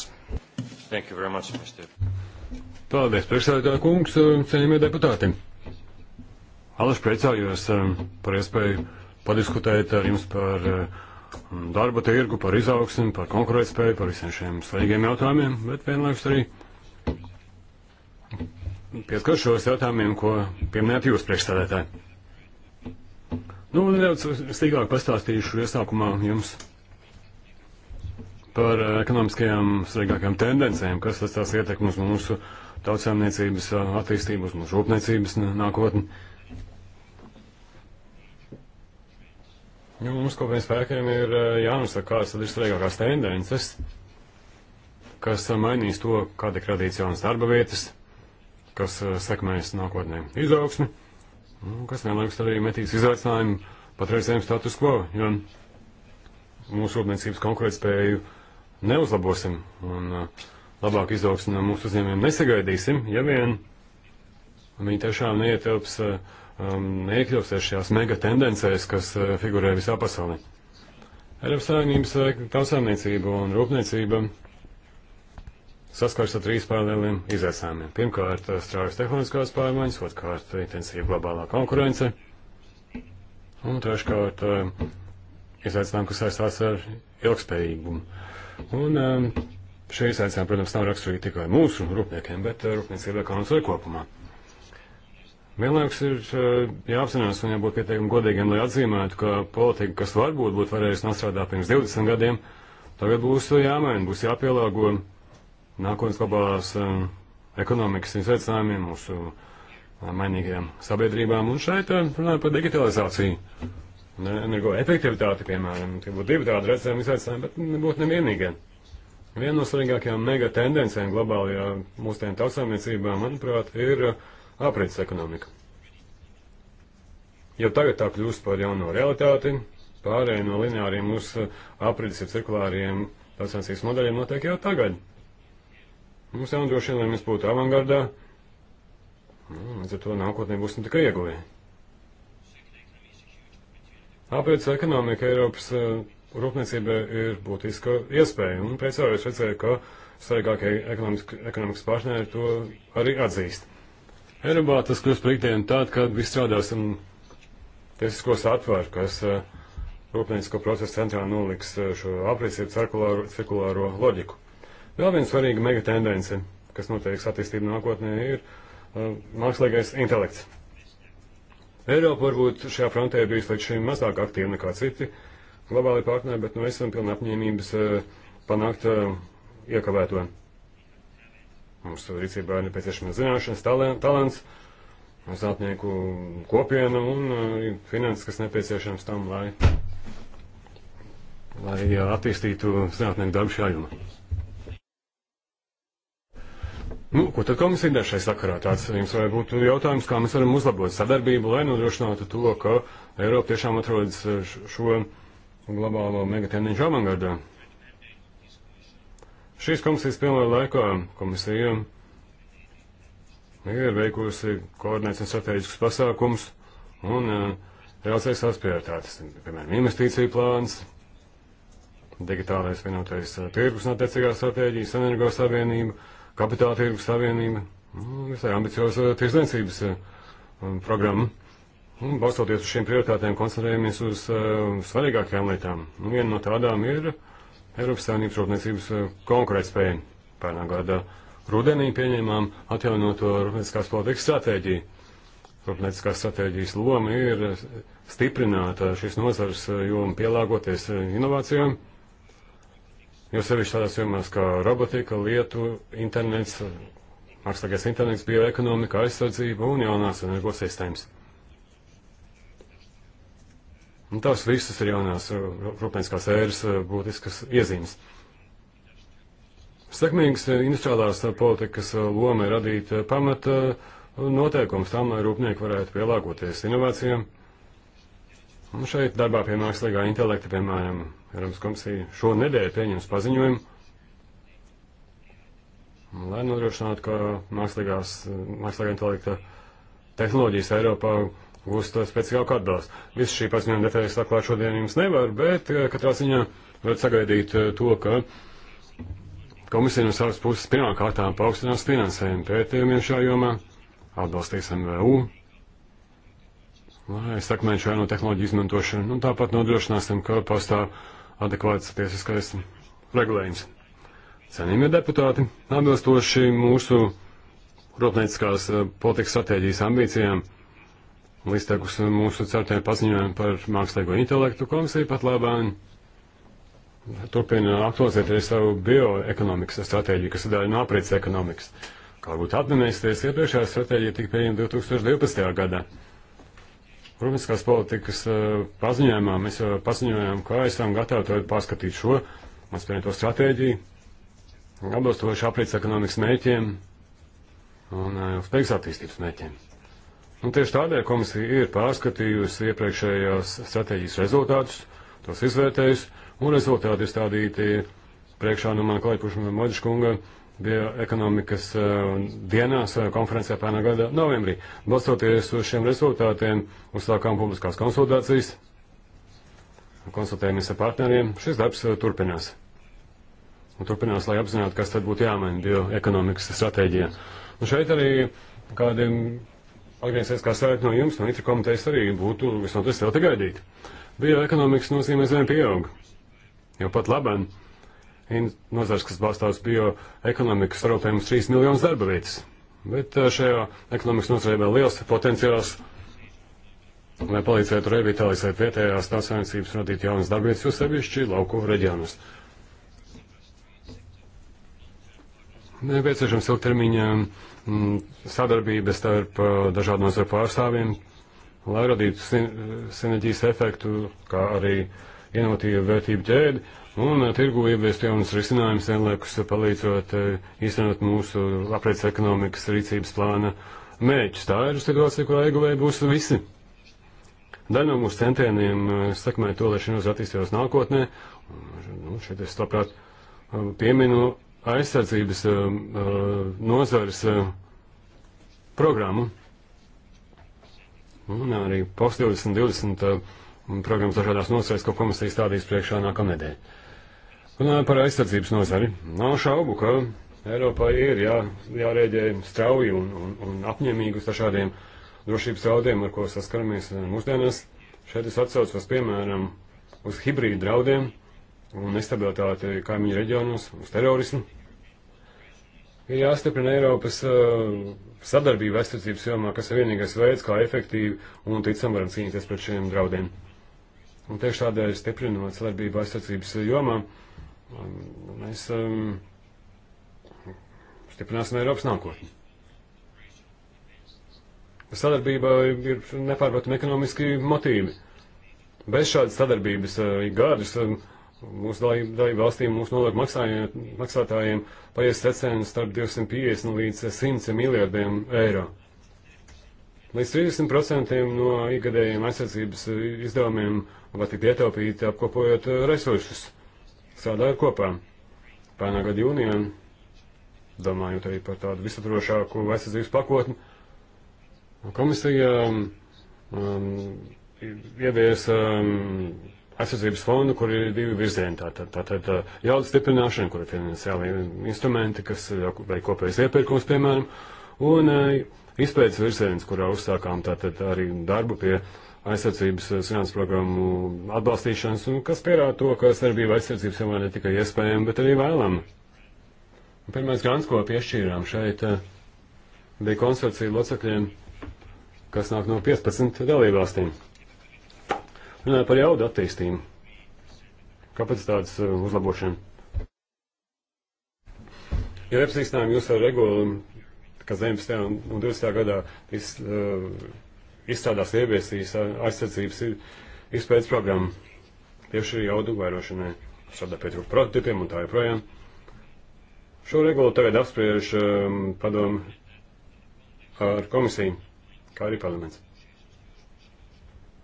Thank you very much, Mr. Paldies, priekšsēdētāj kungs, ceņamie deputāti. Alaši priecājos um, par iespēju padiskutēt ar jums par um, darba tirgu, par izaugsmu, par konkurētspēju, par visiem šiem svarīgiem jautājumiem, bet vienlaikus arī pieskaršos jautājumiem, ko pieminējāt jūs priekšstādētāji. Nu, nedaudz sīkāk pastāstīšu iesākumā jums par eh, ekonomiskajām svarīgākajām tendencēm, kas tas tās ietekmi uz mūsu tautsēmniecības eh, attīstību, uz mūsu rūpniecības nākotni. Jo mums kopējiem spēkiem ir eh, jānosaka, kādas tad ir svarīgākās tendences, kas mainīs to, kā tiek radīts jaunas darba vietas, kas sekmēs nākotnē izaugsmi, kas vienlaikus arī metīs izaicinājumu patreizējiem status quo, jo mūsu rūpniecības konkurētspēju spēju neuzlabosim un uh, labāk izaugsmi no mūsu uzņēmumiem nesagaidīsim, ja vien viņi tiešām neietilps, uh, um, neiekļausies šajās mega tendencēs, kas uh, figurē visā pasaulē. Eiropas Savienības tautsāniecība un rūpniecība saskars ar trīs paralēliem izaicinājumiem. Pirmkārt, straujas tehnoloģiskās pārmaiņas, otrkārt, intensīva globālā konkurence, un treškārt, izaicinājumi, kas saistās ar ilgspējīgumu. Un um, šie izaicinājumi, protams, nav raksturīgi tikai mūsu rūpniekiem, bet uh, rūpniecībai kā mums ir kopumā. Vienlaikus ir uh, jāapzinās un jābūt pietiekami godīgiem, lai atzīmētu, ka politika, kas varbūt būtu varējusi nostrādāt pirms 20 gadiem, tagad būs jāmaina, būs jāpielāgo nākotnes globālās um, ekonomikas izaicinājumiem, mūsu uh, mainīgajām sabiedrībām. Un šeit runājot par digitalizāciju energoefektivitāti, piemēram. Tie būtu divi tādi redzējumi izaicinājumi, bet nebūtu nevienīgie. Viena no svarīgākajām mega tendencēm globālajā mūsdienu tautsāmniecībā, manuprāt, ir uh, aprits ekonomika. Jau tagad tā kļūst par jauno realitāti, pārējai no lineāriem uz uh, aprits ir cirkulāriem tautsāmniecības modeļiem notiek jau tagad. Mums jānodrošina, lai mēs būtu avangardā, nu, līdz ar to nākotnē būsim tikai ieguvēji. Tāpēc ekonomika Eiropas eh, rūpniecībai ir būtiska iespēja, un priecājos redzēju, ka svarīgākie ekonomikas partneri to arī atzīst. Eiropā tas kļūst par ikdienu tād, kad visi strādāsim tiesisko satvaru, kas eh, rūpniecisko procesu centrā noliks eh, šo aprīcību cirkulāro, cirkulāro loģiku. Vēl viena svarīga mega tendence, kas noteiks attīstību nākotnē, ir mākslīgais intelekts. Eiropa varbūt šajā frontē ir bijusi līdz šim mazāk aktīva nekā citi globāli partneri, bet nu, mēs esam pilni apņēmības eh, panākt eh, iekavēto. Mums rīcībā ir nepieciešama zināšanas, talants, zinātnieku kopiena un eh, finanses, kas nepieciešams tam, lai, lai attīstītu zinātnieku darbu šajā jomā. Nu, ko tad komisija dara šai sakarā? Tāds jums varētu būt jautājums, kā mēs varam uzlabot sadarbību, lai nodrošinātu to, ka Eiropa tiešām atrodas e, šo globālo megatendenci avangardā. Šīs komisijas pilnā laikā komisija ir veikusi koordinēts un strateģiskus pasākums un uh, e, realizēs tās prioritātes, piemēram, investīciju plāns, digitālais vienotais e, tirgus un attiecīgā stratēģijas, energo savienība kapitāla tirgus savienība, nu, visai ambicioza tirdzniecības eh, um, programma. Un, balstoties uz šīm prioritātēm, koncentrējamies uz uh, svarīgākajām lietām. Un nu, viena no tādām ir Eiropas Savienības rūpniecības uh, konkurētspēja. Pērnā gada rudenī pieņēmām atjaunoto rūpnieciskās politikas stratēģiju. Rūpnieciskās stratēģijas loma ir stiprināt šīs nozares jomu pielāgoties inovācijām Jo sevišķi tādās jomās kā robotika, lietu, internets, mākslīgais internets, bioekonomika, aizsardzība un jaunās energosistēmas. Un tās visas ir jaunās rūpnieciskās ēras būtiskas iezīmes. Sekmīgas industriālās politikas loma ir radīt pamata noteikums tam, lai rūpnieki varētu pielāgoties inovācijām Un šeit darbā pie mākslīgā intelekta, piemēram, Eiropas komisija šonedēļ pieņems paziņojumu, lai nodrošinātu, ka mākslīgās, mākslīgā intelekta tehnoloģijas Eiropā gūst speciālāku atbalstu. Visu šī paziņojuma detaļas atklāt šodien jums nevar, bet eh, katrā ziņā varat sagaidīt eh, to, ka komisija no savas puses pirmā kārtā paaugstinās finansējumu pētījumiem šajā jomā, atbalstīs MVU, lai sekmētu šo jaunu tehnoloģiju izmantošanu. Un nu, tāpat nodrošināsim, ka pastāv adekvāts tiesiskais regulējums. Cenījumie deputāti, atbilstoši mūsu rūpnieciskās eh, politikas stratēģijas ambīcijām, līdztekus mūsu certiem paziņojumiem par mākslīgo intelektu komisiju pat labāk. Turpina aktualizēt arī savu bioekonomikas stratēģiju, kas ir daļa no aprīces ekonomikas. Kā būtu atminēsies, iepriekšējā stratēģija tika pieņemta 2012. gadā. Rūpnieciskās politikas eh, paziņojumā mēs jau eh, paziņojām, ka esam gatavi tagad pārskatīt šo mums pieņemto stratēģiju, atbilstoši aprīts ekonomikas mērķiem un spēks eh, attīstības mērķiem. Un tieši tādēļ komisija ir pārskatījusi iepriekšējās stratēģijas rezultātus, tos izvērtējusi, un rezultāti ir stādīti priekšā no mana klaipuša Modiškunga. No bioekonomikas eh, dienās eh, konferencē pērnā gada novembrī. Balstoties uz šiem rezultātiem, uzsākām publiskās konsultācijas, konsultējamies ar partneriem. Šis darbs eh, turpinās. Un turpinās, lai apzinātu, kas tad būtu jāmaina bioekonomikas stratēģijā. Un šeit arī kādiem atgriezies kā sēdēt no jums, no itra komitejas arī būtu visnotaļ sev te gaidīt. Bioekonomikas nozīmē zem pieaug. Jo pat labam nozars, kas balstās bioekonomikas, sarūpējums 3 miljonus darba vietas. Bet eh, šajā ekonomikas nozarē vēl liels potenciāls, lai palīdzētu revitalizēt vietējās tās saimniecības, radīt jaunas darbvietas, jo sevišķi lauku reģionus. Nepieciešams ilgtermiņa mm, sadarbības starp eh, dažādu nozaru pārstāvjiem, lai radītu sin sinerģijas efektu, kā arī inovatīvu vērtību ķēdi, Un eh, tirgu ieviest jaunas risinājumus vienlaikus eh, palīdzot eh, īstenot mūsu aprēc ekonomikas rīcības plāna mērķus. Tā ir situācija, kurā ieguvēji būs visi. Daļa no mūsu centieniem sekmē to, lai šī nozara attīstītos nākotnē. Nu, šeit es labprāt pieminu aizsardzības nozares programmu. Un arī POS 2020 programmas dažādās nozarēs, ko komisija stādīs priekšā nākamnedēļ. Runājot par aizsardzības nozari, nav šaubu, ka Eiropai ir jā, jārēģē strauji un, un, un apņemīgi uz šādiem drošības draudiem, ar ko saskaramies eh, mūsdienās. Šeit es atsaucos, piemēram, uz hibrīdu draudiem un nestabilitāti kaimiņu reģionos, uz terorismu. Ir jāstiprina Eiropas uh, sadarbība aizsardzības jomā, kas ir vienīgais veids, kā efektīvi un ticam varam cīnīties pret šiem draudiem. Un tieši tādēļ stiprinot sadarbību aizsardzības jomā, uh, Mēs um, stiprināsim Eiropas nākotni. Sadarbība ir nepārprotami ekonomiski motīvi. Bez šādas sadarbības uh, ik gadus um, mūsu dalību valstīm, mūsu nodokļu maksātājiem paies secēni starp 250 līdz 100 miljardiem eiro. Līdz 30% no ikgadējiem aizsardzības izdevumiem var tikt ietaupīti apkopojot uh, resursus strādājot kopā. Pērnā gada jūnijā, domājot arī par tādu visaptrošāku aizsardzības pakotni, komisija um, um, ievies um, aizsardzības fondu, kur ir divi virzieni. Tātad tā, tā, uh, tā, jaudas stiprināšana, kur ir finansiāli instrumenti, kas uh, vai kopējais iepirkums, piemēram, un uh, izpētes virziens, kurā uzsākām tātad arī darbu pie uh, aizsardzības eh, finanses programmu atbalstīšanas, un kas pierāda to, ka sadarbība aizsardzības jomā ne tikai iespējama, bet arī vēlama. Un pirmais grants, ko piešķīrām šeit, eh, bija konsorcija locekļiem, kas nāk no 15 dalībvalstīm. Runāja par jaudu attīstību, kapacitātes eh, uzlabošanu. Ja iepazīstinājām jūs ar regulu, kas 19. un 20. gadā tiks uh, izstrādās ieviesīs aizsardzības izpētes programmu tieši jaudu vairošanai šāda pietrūka prototipiem un tā joprojām. Šo regulu tagad apspriež um, padomu ar komisiju, kā arī parlaments.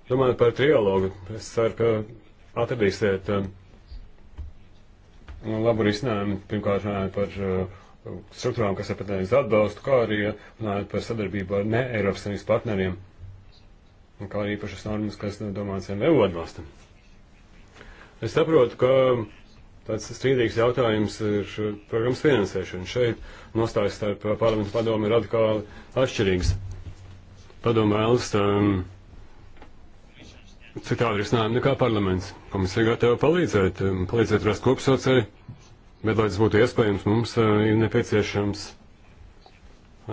Domājot par trialogu, es ceru, ka atradīsiet um, labu risinājumu, pirmkārt runājot par uh, struktūrām, kas ir patērējis atbalstu, kā arī uh, runājot par sadarbību ar ne Eiropas Savienības partneriem kā arī īpašas normas, kas nu, domāts MVU atbalstam. Es saprotu, ka tāds strīdīgs jautājums ir programmas finansēšana. Šeit nostājas starp parlamentu padomu ir radikāli atšķirīgs. Padomu vēlas um, citādi risinājumu nekā parlaments. Komisija gatava palīdzēt, um, palīdzēt rast kopsaucēju, bet, lai tas būtu iespējams, mums uh, ir nepieciešams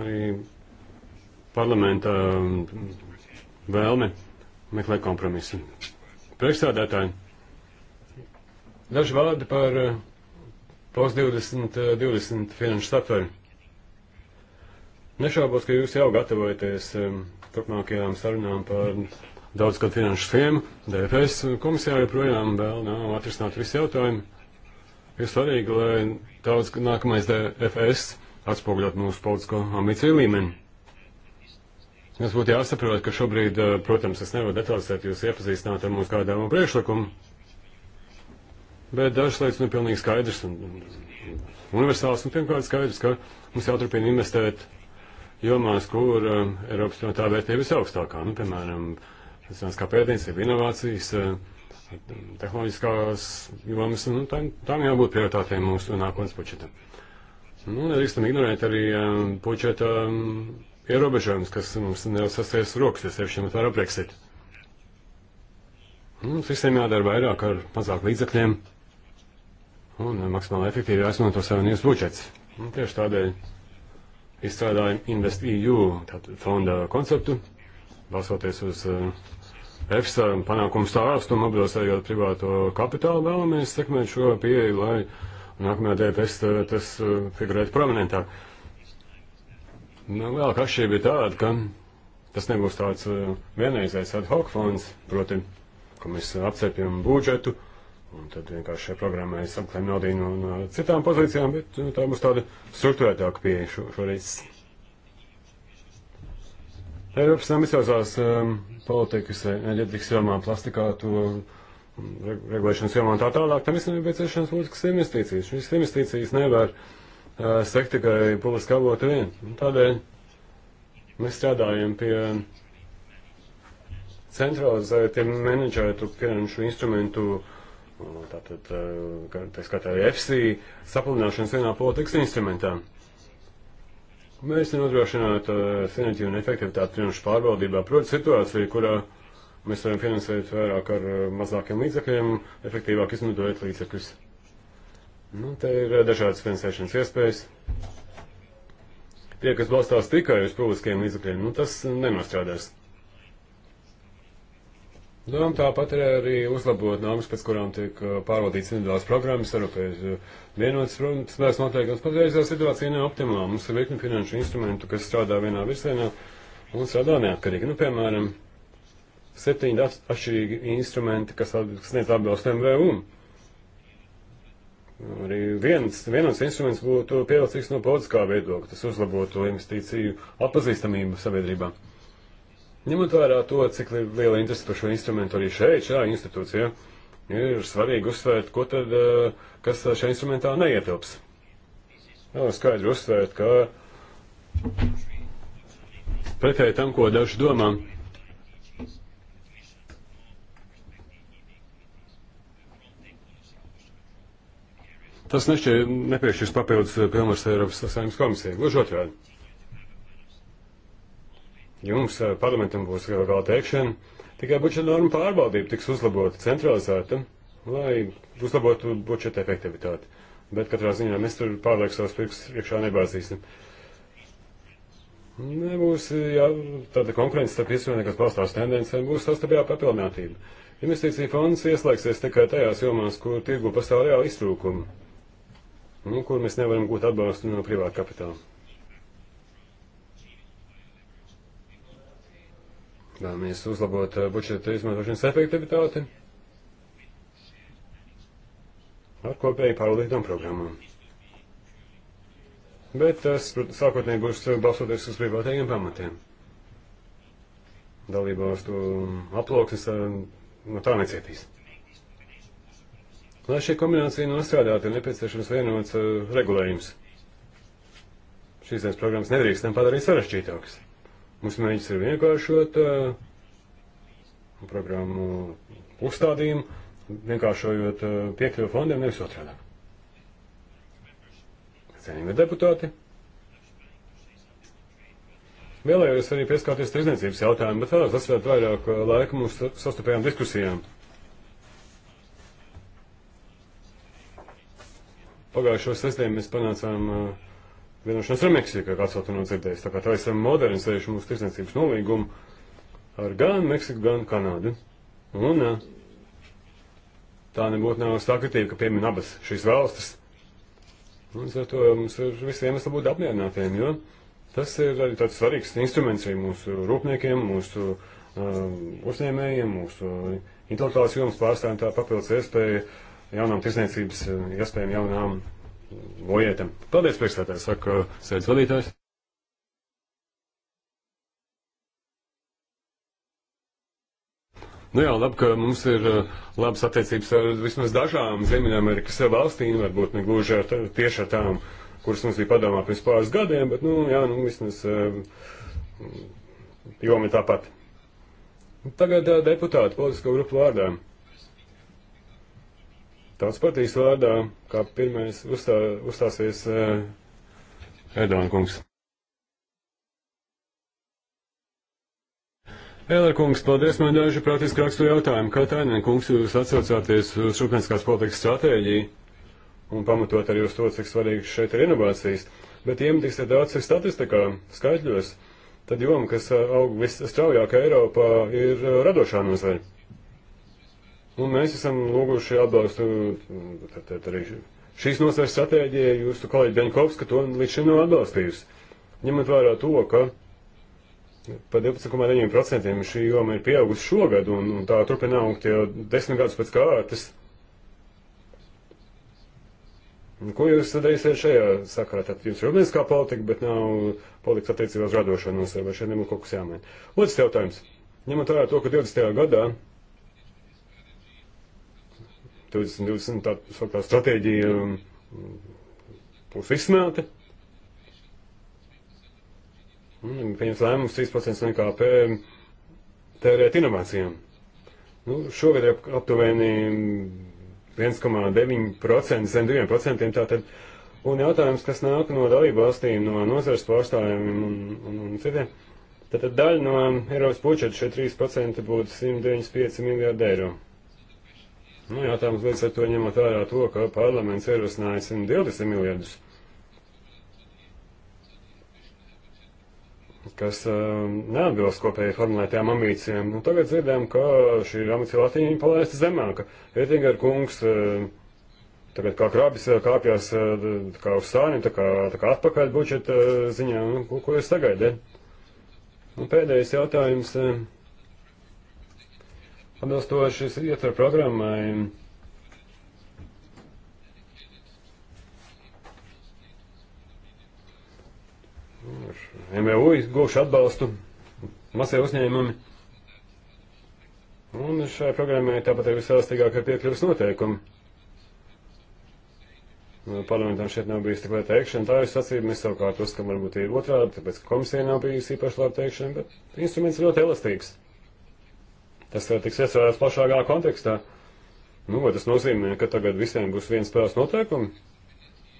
arī parlamenta um, vēlme meklēt kompromisu. Priekšsādātāji, daži vārdi par eh, POS 2020 eh, finanšu satveru. Nešaubos, ka jūs jau gatavojaties eh, turpmākajām sarunām par daudzgad finanšu schēmu. DFS komisijā joprojām vēl nav atrisināt visi jautājumi. Ir svarīgi, lai daudz nākamais DFS atspoguļot mūsu politisko ambīciju līmeni. Mums būtu jāsaprot, ka šobrīd, eh, protams, es nevaru detalizēt jūs iepazīstināt ar mums kādu priekšlikumu, bet dažas lietas nu pilnīgi skaidrs un universāls un nu pirmkārt skaidrs, ka mums jāturpina investēt jomās, kur uh, Eiropas tā vērtība visaugstākā, nu, piemēram, zinātniskā pētniecība, inovācijas, uh, tehnoloģiskās jomas, nu, tām, tām jābūt prioritātēm mūsu nākotnes budžetam. Nu, nedrīkstam ignorēt arī uh, budžeta um, mm, ierobežojums, kas mums nevis sasties rokas, ja sevišķi mums vērā Brexit. Mums nu, visiem jādara vairāk ar mazāk līdzekļiem un maksimāli efektīvi jāizmanto savienības budžets. Un tieši tādēļ izstrādāja InvestEU fonda konceptu, balsoties uz eh, EFSA panākumu stāstu un mobilizējot privāto kapitālu, vēlamies sekmēt šo pieeju, lai nākamajā DPS tas eh, figurētu prominentāk. Nu, vēl kašķība ir tāda, ka tas nebūs tāds uh, vienreizais ad hoc fonds, proti, ka mēs apcepjam budžetu, un tad vienkārši šajā programmā es apklēju naudu no, no citām pozīcijām, bet uh, tā būs tāda struktūrētāka pieeja šo, šoreiz. Eiropas ambiciozās um, politikas e, enerģetikas jomā, plastikā, to um, regulēšanas jomā un tā tālāk, tam ir nepieciešams būtiskas investīcijas. Šīs investīcijas nevar uh, sekt tikai publiski avota vien. Un tādēļ mēs strādājam pie centralizētiem menedžētu finanšu instrumentu, tātad, tā skatā FC, sapludināšanas vienā politikas instrumentā. Mēs nodrošināt sinerģiju un efektivitāti finanšu pārvaldībā. Protams, situācija, kurā mēs varam finansēt vairāk ar mazākiem līdzekļiem, efektīvāk izmantojot līdzekļus. Nu, te ir eh, dažādas finansēšanas iespējas. Tie, kas balstās tikai uz publiskiem līdzekļiem, nu, tas nenostrādās. Domām nu, tāpat ir arī uzlabot normas, pēc kurām tiek eh, pārvaldīts individuāls programmas, Eiropējas eh, vienotas spēles noteikums. Patreizā situācija nav optimāla. Mums ir virkni finanšu instrumentu, kas strādā vienā virsienā un strādā neatkarīgi. Nu, piemēram, septiņi atšķirīgi instrumenti, kas sniedz atbilstu MVU arī viens, viens instruments būtu pievilcīgs no politiskā viedokļa. Tas uzlabotu investīciju atpazīstamību sabiedrībā. Ņemot vērā to, cik liela interese par šo instrumentu arī šeit, šajā institūcijā, ir svarīgi uzsvērt, ko tad, eh, kas šajā instrumentā neietilps. Nav skaidri uzsvērt, ka pretēji tam, ko daži domā, Tas nešķiet nepiešķirs papildus eh, pilnvars Eiropas Savienības komisijai. Gluži otrādi. Jums eh, parlamentam būs vēl teikšana, tikai budžeta norma pārbaudība tiks uzlabota, centralizēta, lai uzlabotu budžeta efektivitāti. Bet katrā ziņā mēs tur pārlieku savus pirkstus iekšā nebāzīsim. Nebūs eh, jā, tāda konkurence starp iesvienīgās valstās tendencēm, būs sastāvjā papilnātība. Investīcija fonds ieslēgsies tikai tajās jomās, kur tirgu pastāv reāli iztrūkumi nu, kur mēs nevaram gūt atbalstu no privāta kapitāla. Vēlamies uzlabot uh, budžeta izmantošanas efektivitāti ar kopēju pārvaldītām programmām. Bet tas sākotnēji būs balsoties uz privātajiem pamatiem. Dalībvalstu aploksnes uh, no tā necietīs. Lai šī kombinācija nostrādātu, ir nepieciešams vienots uh, regulējums. Šīs dienas programmas nedrīkstam padarīt sarežģītākas. Mums mēģis ir vienkāršot uh, programmu uzstādījumu, vienkāršojot uh, piekļuvu fondiem, nevis otrādā. Cienījami deputāti. Vēlējos arī pieskārties tirdzniecības jautājumu, bet vēlos atstāt vairāk uh, laika mūsu sastopējām diskusijām. Pagājušo sestdienu mēs panācām uh, vienošanos ar Meksiku, kā kāds vēl to nav dzirdējis. Tā kā tā esam modernizējuši mūsu tirsniecības nolīgumu ar gan Meksiku, gan Kanādu. Un uh, tā nebūtu nav sakritība, ka piemin abas šīs valstis. Un ar to mums ir visiem jābūt būt apmierinātiem, jo tas ir arī tāds svarīgs instruments arī mūsu rūpniekiem, mūsu uh, uzņēmējiem, mūsu intelektuālās jomas pārstāvjiem tā papildus iespēja jaunām tirsniecības eh, iespējām, jaunām vojietām. Paldies, priekšstādājs, saka eh, sēdz vadītājs. Nu jā, labi, ka mums ir eh, labas attiecības ar vismaz dažām Ziemeļamerikas valstīm, varbūt ne gluži ar tā, tieši ar tām, kuras mums bija padomā pirms pāris gadiem, bet, nu, jā, nu, vismaz jomi tāpat. Tagad deputāti politisko grupu vārdā. Tāds partijas vārdā, kā pirmais uzstā, uzstāsies eh, Erdogana kungs. Ēlera kungs, paldies man daži praktiski rakstu jautājumi. Kā Tainen kungs jūs atsaucāties uz šūpenskās politikas stratēģiju un pamatot arī uz to, cik svarīgi šeit ir inovācijas, bet iemetiksiet daudz cik statistikā, skaitļos, tad joma, kas eh, aug visstraujāk Eiropā, ir eh, radošā nozara. Un nu, mēs esam lūguši atbalstu tad, tad arī šīs nozares stratēģijai. Jūsu kolēģi Daņkovska to līdz šim nav atbalstījusi. Ņemot vērā to, ka pa 12,9% šī joma ir pieaugusi šogad un, un tā turpina augt jau desmit gadus pēc kārtas. Nu, ko jūs darīsiet šajā sakarā? Tad jums ir rūpnieciskā politika, bet nav politikas attiecībās radošā nosara, vai šeit nebūtu kaut kas jāmaina. Otrs jautājums. Ņemot vērā to, ka 20. gadā 2020 tā, tā stratēģija um, būs izsmelta. Pieņems lēmums 3% NKP tērēt inovācijām. Nu, šogad ir aptuveni 1,9% zem 2%. Tātad, un jautājums, kas nāk no dalību valstīm, no nozares pārstāvjiem un, un, un citiem. Tātad daļa no Eiropas budžeta šie 3% būtu 195 miljārdi eiro. Nu, jautājums līdz ar to ņemot vērā to, ka parlaments ierosināja 120 miljardus, kas uh, neatbilst kopēji formulētajām ambīcijām. Un nu, tagad dzirdējām, ka šī ambīcija Latīņa palaista zemāka. Ētingar kungs uh, tagad kā krāpjas, kāpjās uh, kā uz sāniem, tā kā, tā kā atpakaļ budžeta uh, ziņā. Nu, ko, ko jūs sagaidat? Eh? Un nu, pēdējais jautājums. Uh, atbilstoši ietver programmai. MVU gūšu atbalstu, masie uzņēmumi. Un šai programmai tāpat ir visvēlstīgākie piekļuvas noteikumi. Nu, parlamentam šeit nav bijis tik liela teikšana, tā ir sacība. Mēs savukārt uzskatām, varbūt ir otrādi, tāpēc komisija nav bijusi īpaši laba teikšana, bet instruments ļoti elastīgs tas tiks iesaistīts plašākā kontekstā. Nu, vai tas nozīmē, ka tagad visiem būs viens spēles noteikumi?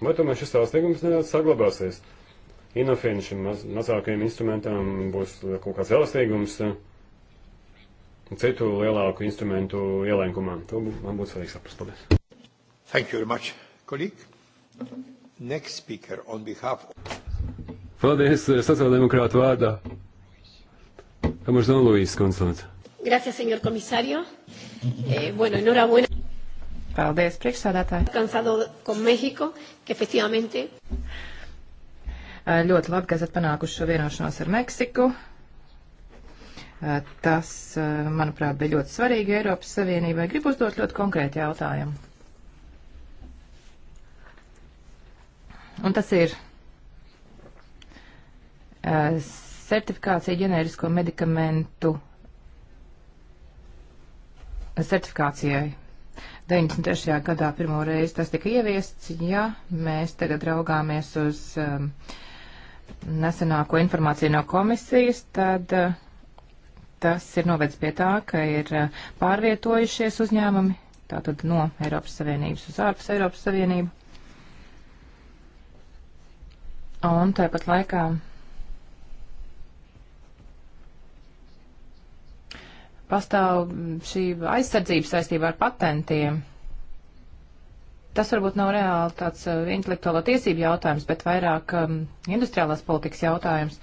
Vai tomēr šis tās līgums nedaudz saglabāsies? Inofīna šim maz, mazākajiem instrumentām būs kaut kāds elastīgums eh, citu lielāku instrumentu ielēkumā. To man būtu svarīgi saprast. Paldies. Thank you very much, kolīgi. Next speaker on behalf of... Paldies, eh, sociāldemokrātu vārdā. Kamuš Zonu Luīs, konsultants. Gracias, señor comisario. Eh, bueno, enhorabuena. Paldies, priekšsādātāji. Cansado con México, que efectivamente. Eh, ļoti labi, ka esat panākuši šo vienošanos ar Meksiku. Eh, tas, eh, manuprāt, bija ļoti svarīgi Eiropas Savienībai. Gribu uzdot ļoti konkrēti jautājumu. Un tas ir certifikācija ģenerisko medikamentu certifikācijai. 93. gadā pirmo reizi tas tika ieviests, ja mēs tagad raugāmies uz um, nesenāko informāciju no komisijas, tad uh, tas ir novedis pie tā, ka ir uh, pārvietojušies uzņēmumi, tātad no Eiropas Savienības uz ārpus Eiropas Savienību. Un tāpat laikā pastāv mm, šī aizsardzība saistībā ar patentiem. Tas varbūt nav reāli tāds uh, intelektuālo tiesību jautājums, bet vairāk um, industriālās politikas jautājums.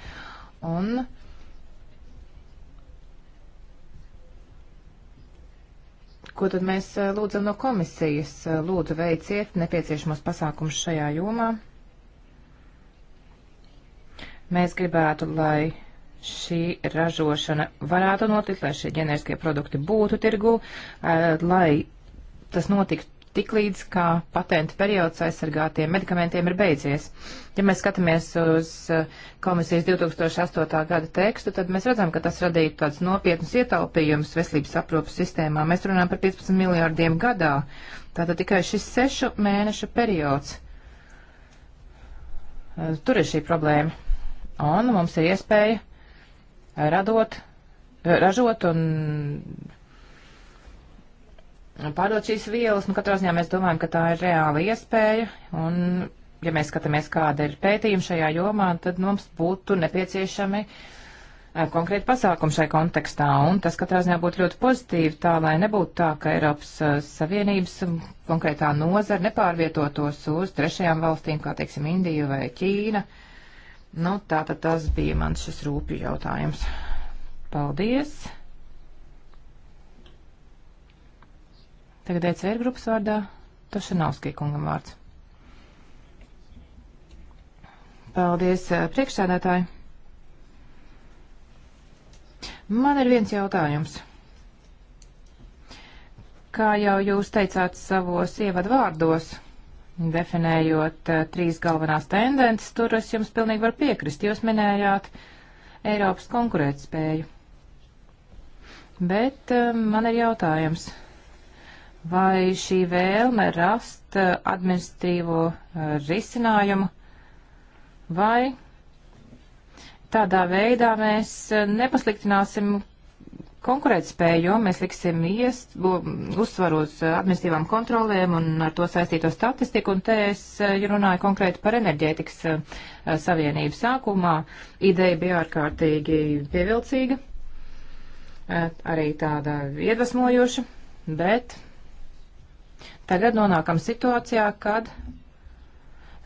Un ko tad mēs uh, lūdzam no komisijas? Uh, lūdzu, veiciet nepieciešamos pasākumus šajā jomā. Mēs gribētu, lai šī ražošana varētu notikt, lai šie ģenēriskie produkti būtu tirgu, eh, lai tas notiktu tik līdz, kā patenta periods aizsargātiem medikamentiem ir beidzies. Ja mēs skatāmies uz eh, komisijas 2008. gada tekstu, tad mēs redzam, ka tas radītu tāds nopietnus ietaupījumus veselības aprūpas sistēmā. Mēs runājam par 15 miljārdiem gadā. Tātad tikai šis sešu mēnešu periods. Eh, tur ir šī problēma. Un mums ir iespēja radot, ražot un pārdot šīs vielas. Nu, katrā ziņā mēs domājam, ka tā ir reāla iespēja. Un, ja mēs skatāmies, kāda ir pētījuma šajā jomā, tad mums būtu nepieciešami eh, konkrēti pasākumi šai kontekstā. Un tas katrā ziņā būtu ļoti pozitīvi, tā lai nebūtu tā, ka Eiropas eh, Savienības konkrētā nozara nepārvietotos uz trešajām valstīm, kā teiksim Indiju vai Ķīna. Uh, Nu, tā tad tas bija mans šis rūpju jautājums. Paldies! Tagad ECR grupas vārdā Tošanovskija kungam vārds. Paldies, eh, priekšsēdētāji. Man ir viens jautājums. Kā jau jūs teicāt savos ievadvārdos, vārdos, definējot eh, trīs galvenās tendences, tur es jums pilnīgi varu piekrist. Jūs minējāt Eiropas konkurētspēju. Bet eh, man ir jautājums, vai šī vēlme rast eh, administrīvo risinājumu, vai tādā veidā mēs nepasliktināsim konkurētspēju, jo mēs liksim iest, uzsvaru uz eh, administratīvām kontrolēm un ar to saistīto statistiku, un te es eh, runāju konkrēti par enerģētikas eh, savienību sākumā. Ideja bija ārkārtīgi pievilcīga, arī tāda iedvesmojoša, bet tagad nonākam situācijā, kad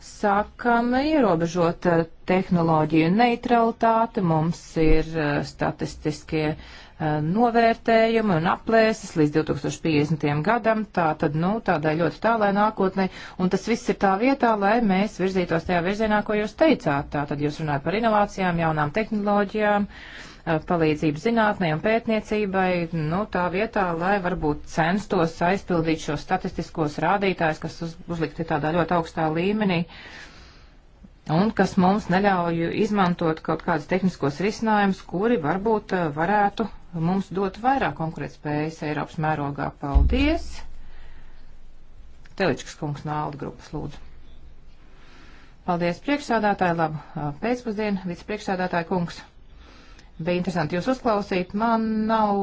sākam ierobežot tehnoloģiju neutralitāti, mums ir statistiskie uh, Eh, novērtējumi un aplēses līdz 2050. gadam, tā tad, nu, tādai ļoti tālai nākotnē, un tas viss ir tā vietā, lai mēs virzītos tajā virzienā, ko jūs teicāt. Tā tad jūs runājat par inovācijām, jaunām tehnoloģijām, eh, palīdzību zinātnē un pētniecībai, nu, tā vietā, lai varbūt censtos aizpildīt šos statistiskos rādītājus, kas uz, uzlikti tādā ļoti augstā līmenī. Un kas mums neļauj izmantot kaut kādus tehniskos risinājumus, kuri varbūt eh, varētu mums dotu vairāk konkurētspējas Eiropas mērogā. Paldies! Teličkas kungs no Alda grupas lūdzu. Paldies priekšsādātāji, labu pēcpusdienu, vicepriekšsādātāji kungs. Bija interesanti jūs uzklausīt. Man nav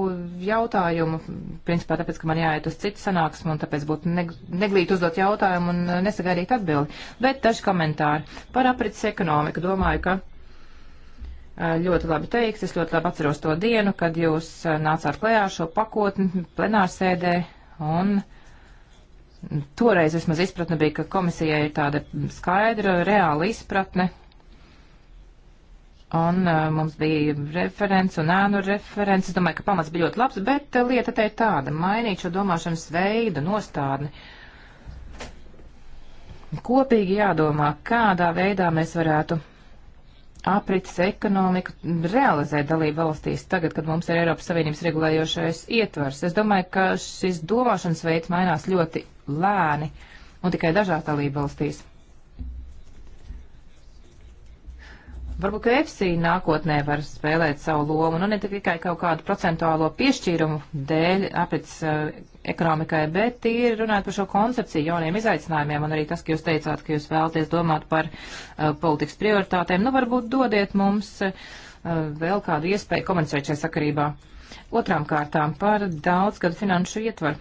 jautājumu, principā tāpēc, ka man jāiet uz citu sanāksmu, un tāpēc būtu neglīt uzdot jautājumu un nesagaidīt atbildi. Bet daži komentāri par aprits ekonomiku. Domāju, ka Eh, ļoti labi teiks. Es ļoti labi atceros to dienu, kad jūs eh, nācāt klajā šo pakotni plenārsēdē un toreiz vismaz izpratne bija, ka komisijai ir tāda skaidra, reāla izpratne. Un uh, mums bija referents un ēnu referents. Es domāju, ka pamats bija ļoti labs, bet lieta te ir tāda - mainīt šo domāšanas veidu, nostādni. Kopīgi jādomā, kādā veidā mēs varētu aprits ekonomiku realizē dalību valstīs tagad, kad mums ir Eiropas Savienības regulējošais ietvars. Es domāju, ka šis domāšanas veids mainās ļoti lēni un tikai dažās dalību valstīs. Varbūt, ka EFSI nākotnē var spēlēt savu lomu, nu ne tikai kaut kādu procentuālo piešķīrumu dēļ aprits uh, ekonomikai, bet tīri runāt par šo koncepciju jauniem izaicinājumiem un arī tas, ka jūs teicāt, ka jūs vēlaties domāt par uh, politikas prioritātēm. Nu, varbūt dodiet mums uh, vēl kādu iespēju komunicēt šajā sakarībā. Otrām kārtām par daudzgadu finanšu ietvaru,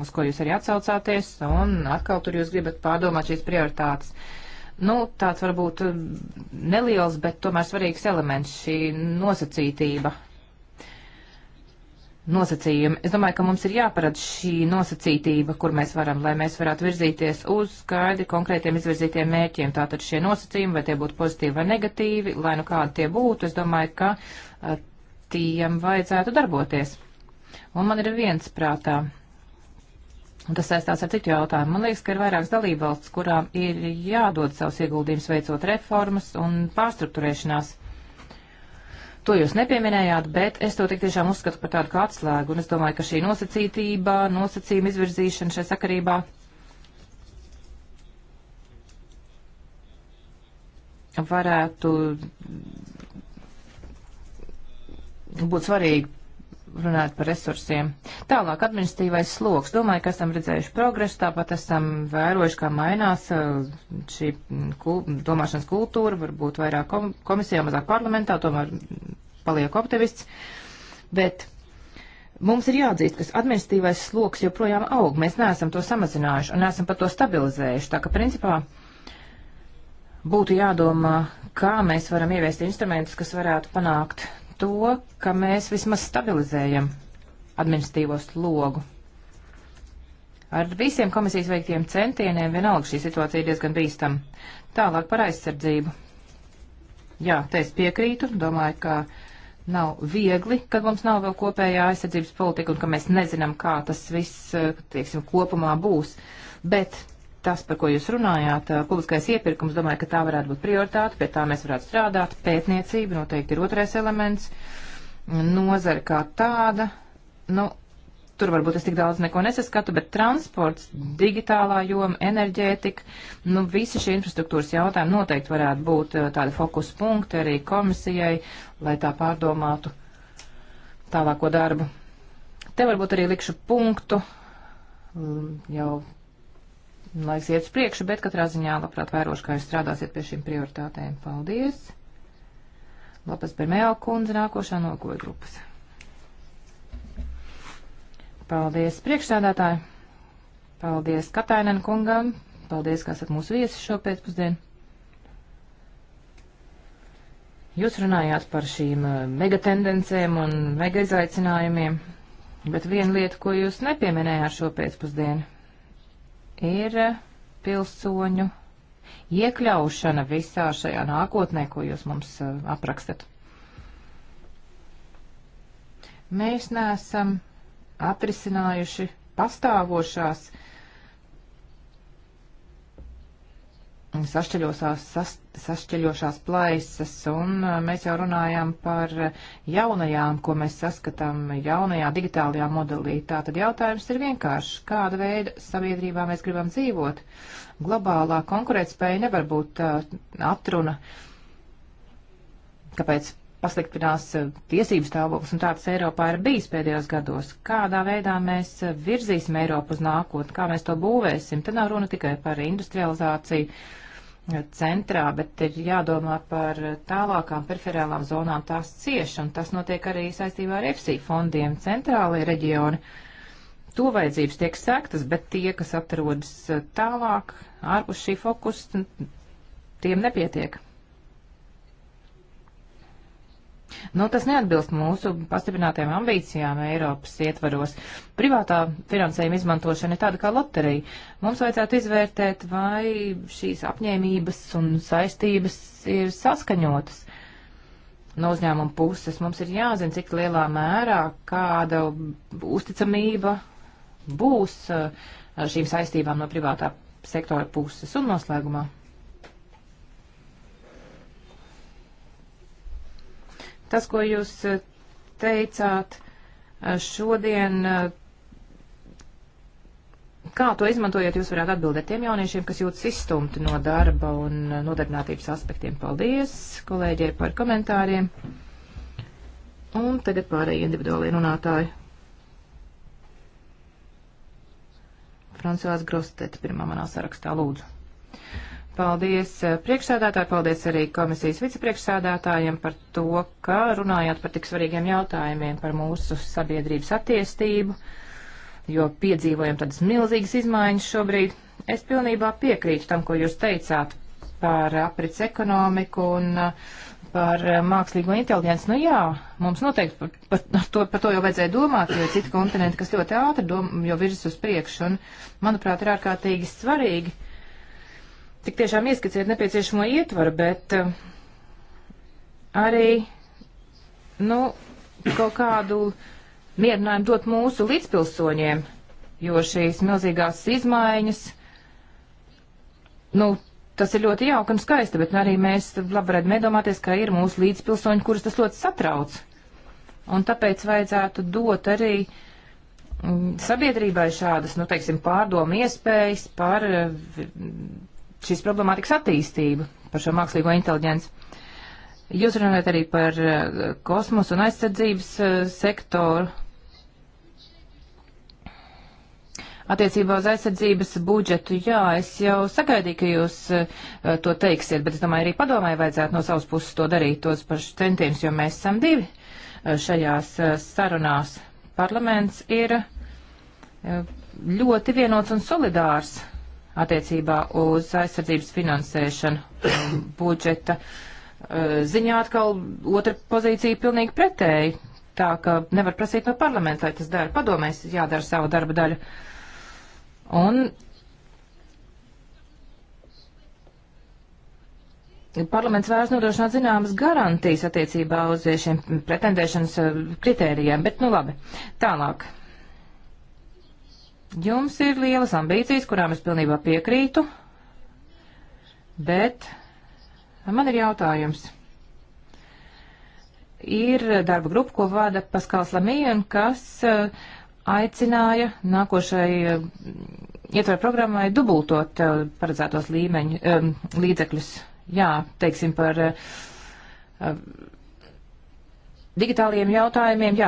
uz ko jūs arī atsaucāties, un atkal tur jūs gribat pārdomāt šīs prioritātes. Uh, nu, tāds varbūt uh, neliels, bet tomēr svarīgs elements šī nosacītība nosacījumi. Es domāju, ka mums ir jāparad šī nosacītība, kur mēs varam, lai mēs varētu virzīties uz skaidri konkrētiem izvirzītiem mērķiem. Tātad šie nosacījumi, vai tie būtu pozitīvi vai negatīvi, lai nu kādi tie būtu, es domāju, ka eh, tiem vajadzētu darboties. Un man ir viens prātā. Un tas saistās ar citu jautājumu. Man liekas, ka ir vairākas dalībvalsts, kurām ir jādod savus ieguldījumus veicot reformas un pārstruktūrēšanās. To jūs nepieminējāt, bet es to tik tiešām uzskatu par tādu kā atslēgu, un es domāju, ka šī nosacītība, nosacījuma izvirzīšana šai sakarībā varētu būt svarīgi runājot par resursiem. Tālāk administratīvais sloks. Domāju, ka esam redzējuši progresu, tāpat esam vērojuši, kā mainās uh, šī mm, domāšanas kultūra, varbūt vairāk komisijā, mazāk parlamentā, tomēr palieku optimists. Bet mums ir jāatzīst, ka administratīvais sloks joprojām aug. Mēs neesam to samazinājuši un neesam pat to stabilizējuši. Tā ka principā būtu jādomā, kā mēs varam ieviest instrumentus, kas varētu panākt to, ka mēs vismaz stabilizējam administratīvo slogu. Ar visiem komisijas veiktiem centieniem vienalga šī situācija ir diezgan bīstama. Tālāk par aizsardzību. Jā, te es piekrītu, domāju, ka nav viegli, kad mums nav vēl kopējā aizsardzības politika un ka mēs nezinām, kā tas viss, eh, teiksim, kopumā būs. Bet tas, par ko jūs runājāt, publiskais iepirkums, domāju, ka tā varētu būt prioritāte, pie tā mēs varētu strādāt. Pētniecība noteikti ir otrais elements, nozara kā tāda. Nu, tur varbūt es tik daudz neko nesaskatu, bet transports, digitālā joma, enerģētika, nu, visi šie infrastruktūras jautājumi noteikti varētu būt tādi fokus punkti arī komisijai, lai tā pārdomātu tālāko darbu. Te varbūt arī likšu punktu jau laiks iet uz priekšu, bet katrā ziņā labprāt vērošu, kā jūs strādāsiet pie šīm prioritātēm. Paldies! Lapas Bermēla kundze nākošā no goja grupas. Paldies priekšsēdētāji! Paldies Katainen kungam! Paldies, ka esat mūsu viesi šo pēcpusdienu! Jūs runājāt par šīm eh, megatendencēm un mega izaicinājumiem, bet viena lieta, ko jūs nepieminējāt šo pēcpusdienu, ir pilsoņu iekļaušana visā šajā nākotnē, ko jūs mums eh, aprakstat. Mēs neesam atrisinājuši pastāvošās uh, sašķeļosās, sas, sašķeļošās plaisas, un uh, mēs jau runājām par uh, jaunajām, ko mēs saskatām jaunajā digitālajā modelī. Tātad jautājums ir vienkāršs, kāda veida sabiedrībā mēs gribam dzīvot. Globālā konkurētspēja nevar būt uh, atruna. Kāpēc pasliktinās eh, tiesību stāvoklis, un tāds Eiropā ir bijis pēdējos gados. Kādā veidā mēs eh, virzīsim Eiropu uz nākotni, kā mēs to būvēsim, te nav runa tikai par industrializāciju eh, centrā, bet ir jādomā par tālākām periferālām zonām, tās cieš, un tas notiek arī saistībā ar EFSI fondiem centrālajie reģioni. To vajadzības tiek sektas, bet tie, kas atrodas tālāk, ārpus šī fokusa, tiem nepietiek. Nu, tas neatbilst mūsu pastiprinātajām ambīcijām Eiropas ietvaros. Privātā finansējuma izmantošana ir tāda kā loterija. Mums vajadzētu izvērtēt, vai šīs apņēmības un saistības ir saskaņotas. No uzņēmuma puses mums ir jāzina, cik lielā mērā kāda uzticamība būs uh, šīm saistībām no privātā sektora puses un noslēgumā Tas, ko jūs eh, teicāt eh, šodien, eh, kā to izmantojot, jūs varētu atbildēt tiem jauniešiem, kas jūtas izstumti no darba un nodarbinātības aspektiem. Paldies kolēģiem par komentāriem. Un tagad pārējie individuālie runātāji. Francijās Grostete pirmā manā sarakstā lūdzu. Paldies eh, priekšsādātāji, paldies arī komisijas vicepriekšsādātājiem par to, ka runājāt par tik svarīgiem jautājumiem par mūsu sabiedrības attīstību, jo piedzīvojam tādas milzīgas izmaiņas šobrīd. Es pilnībā piekrītu tam, ko jūs teicāt par aprits ekonomiku un eh, par eh, mākslīgo inteligenci. Nu jā, mums noteikti par, par, to, par to jau vajadzēja domāt, jo ir citi kontinenti, kas ļoti ātri dom, jau virzas uz priekšu, un manuprāt, ir ārkārtīgi svarīgi tik tiešām ieskicēt nepieciešamo ietvaru, bet eh, arī, nu, kaut kādu mierinājumu dot mūsu līdzpilsoņiem, jo šīs milzīgās izmaiņas, nu, tas ir ļoti jauki un skaisti, bet nu, arī mēs labi varētu nedomāties, ka ir mūsu līdzpilsoņi, kurus tas ļoti satrauc. Un tāpēc vajadzētu dot arī mm, sabiedrībai šādas, nu, teiksim, pārdomu iespējas par eh, šīs problemātikas attīstību, par šo mākslīgo inteliģenci. Jūs runājat arī par uh, kosmosu un aizsardzības uh, sektoru. Attiecībā uz aizsardzības budžetu, jā, es jau sagaidīju, ka jūs uh, to teiksiet, bet es domāju, arī padomai vajadzētu no savas puses to darīt, tos pašus centienus, jo mēs esam divi šajās sarunās. Parlaments ir ļoti vienots un solidārs attiecībā uz aizsardzības finansēšanu budžeta eh, ziņā atkal otra pozīcija pilnīgi pretēji. Tā ka nevar prasīt no parlamenta, lai tas dara. Padomēs jādara savu darba daļu. Un Parlaments vēlas nodrošināt zināmas garantijas attiecībā uz šiem pretendēšanas eh, kritērijiem, bet nu labi, tālāk. Jums ir lielas ambīcijas, kurām es pilnībā piekrītu, bet man ir jautājums. Ir darba grupa, ko vada Paskals Lamijam, kas eh, aicināja nākošai eh, ietver programmai dubultot eh, paredzētos līmeņu, līdzekļus, jā, teiksim par digitāliem jautājumiem, jā,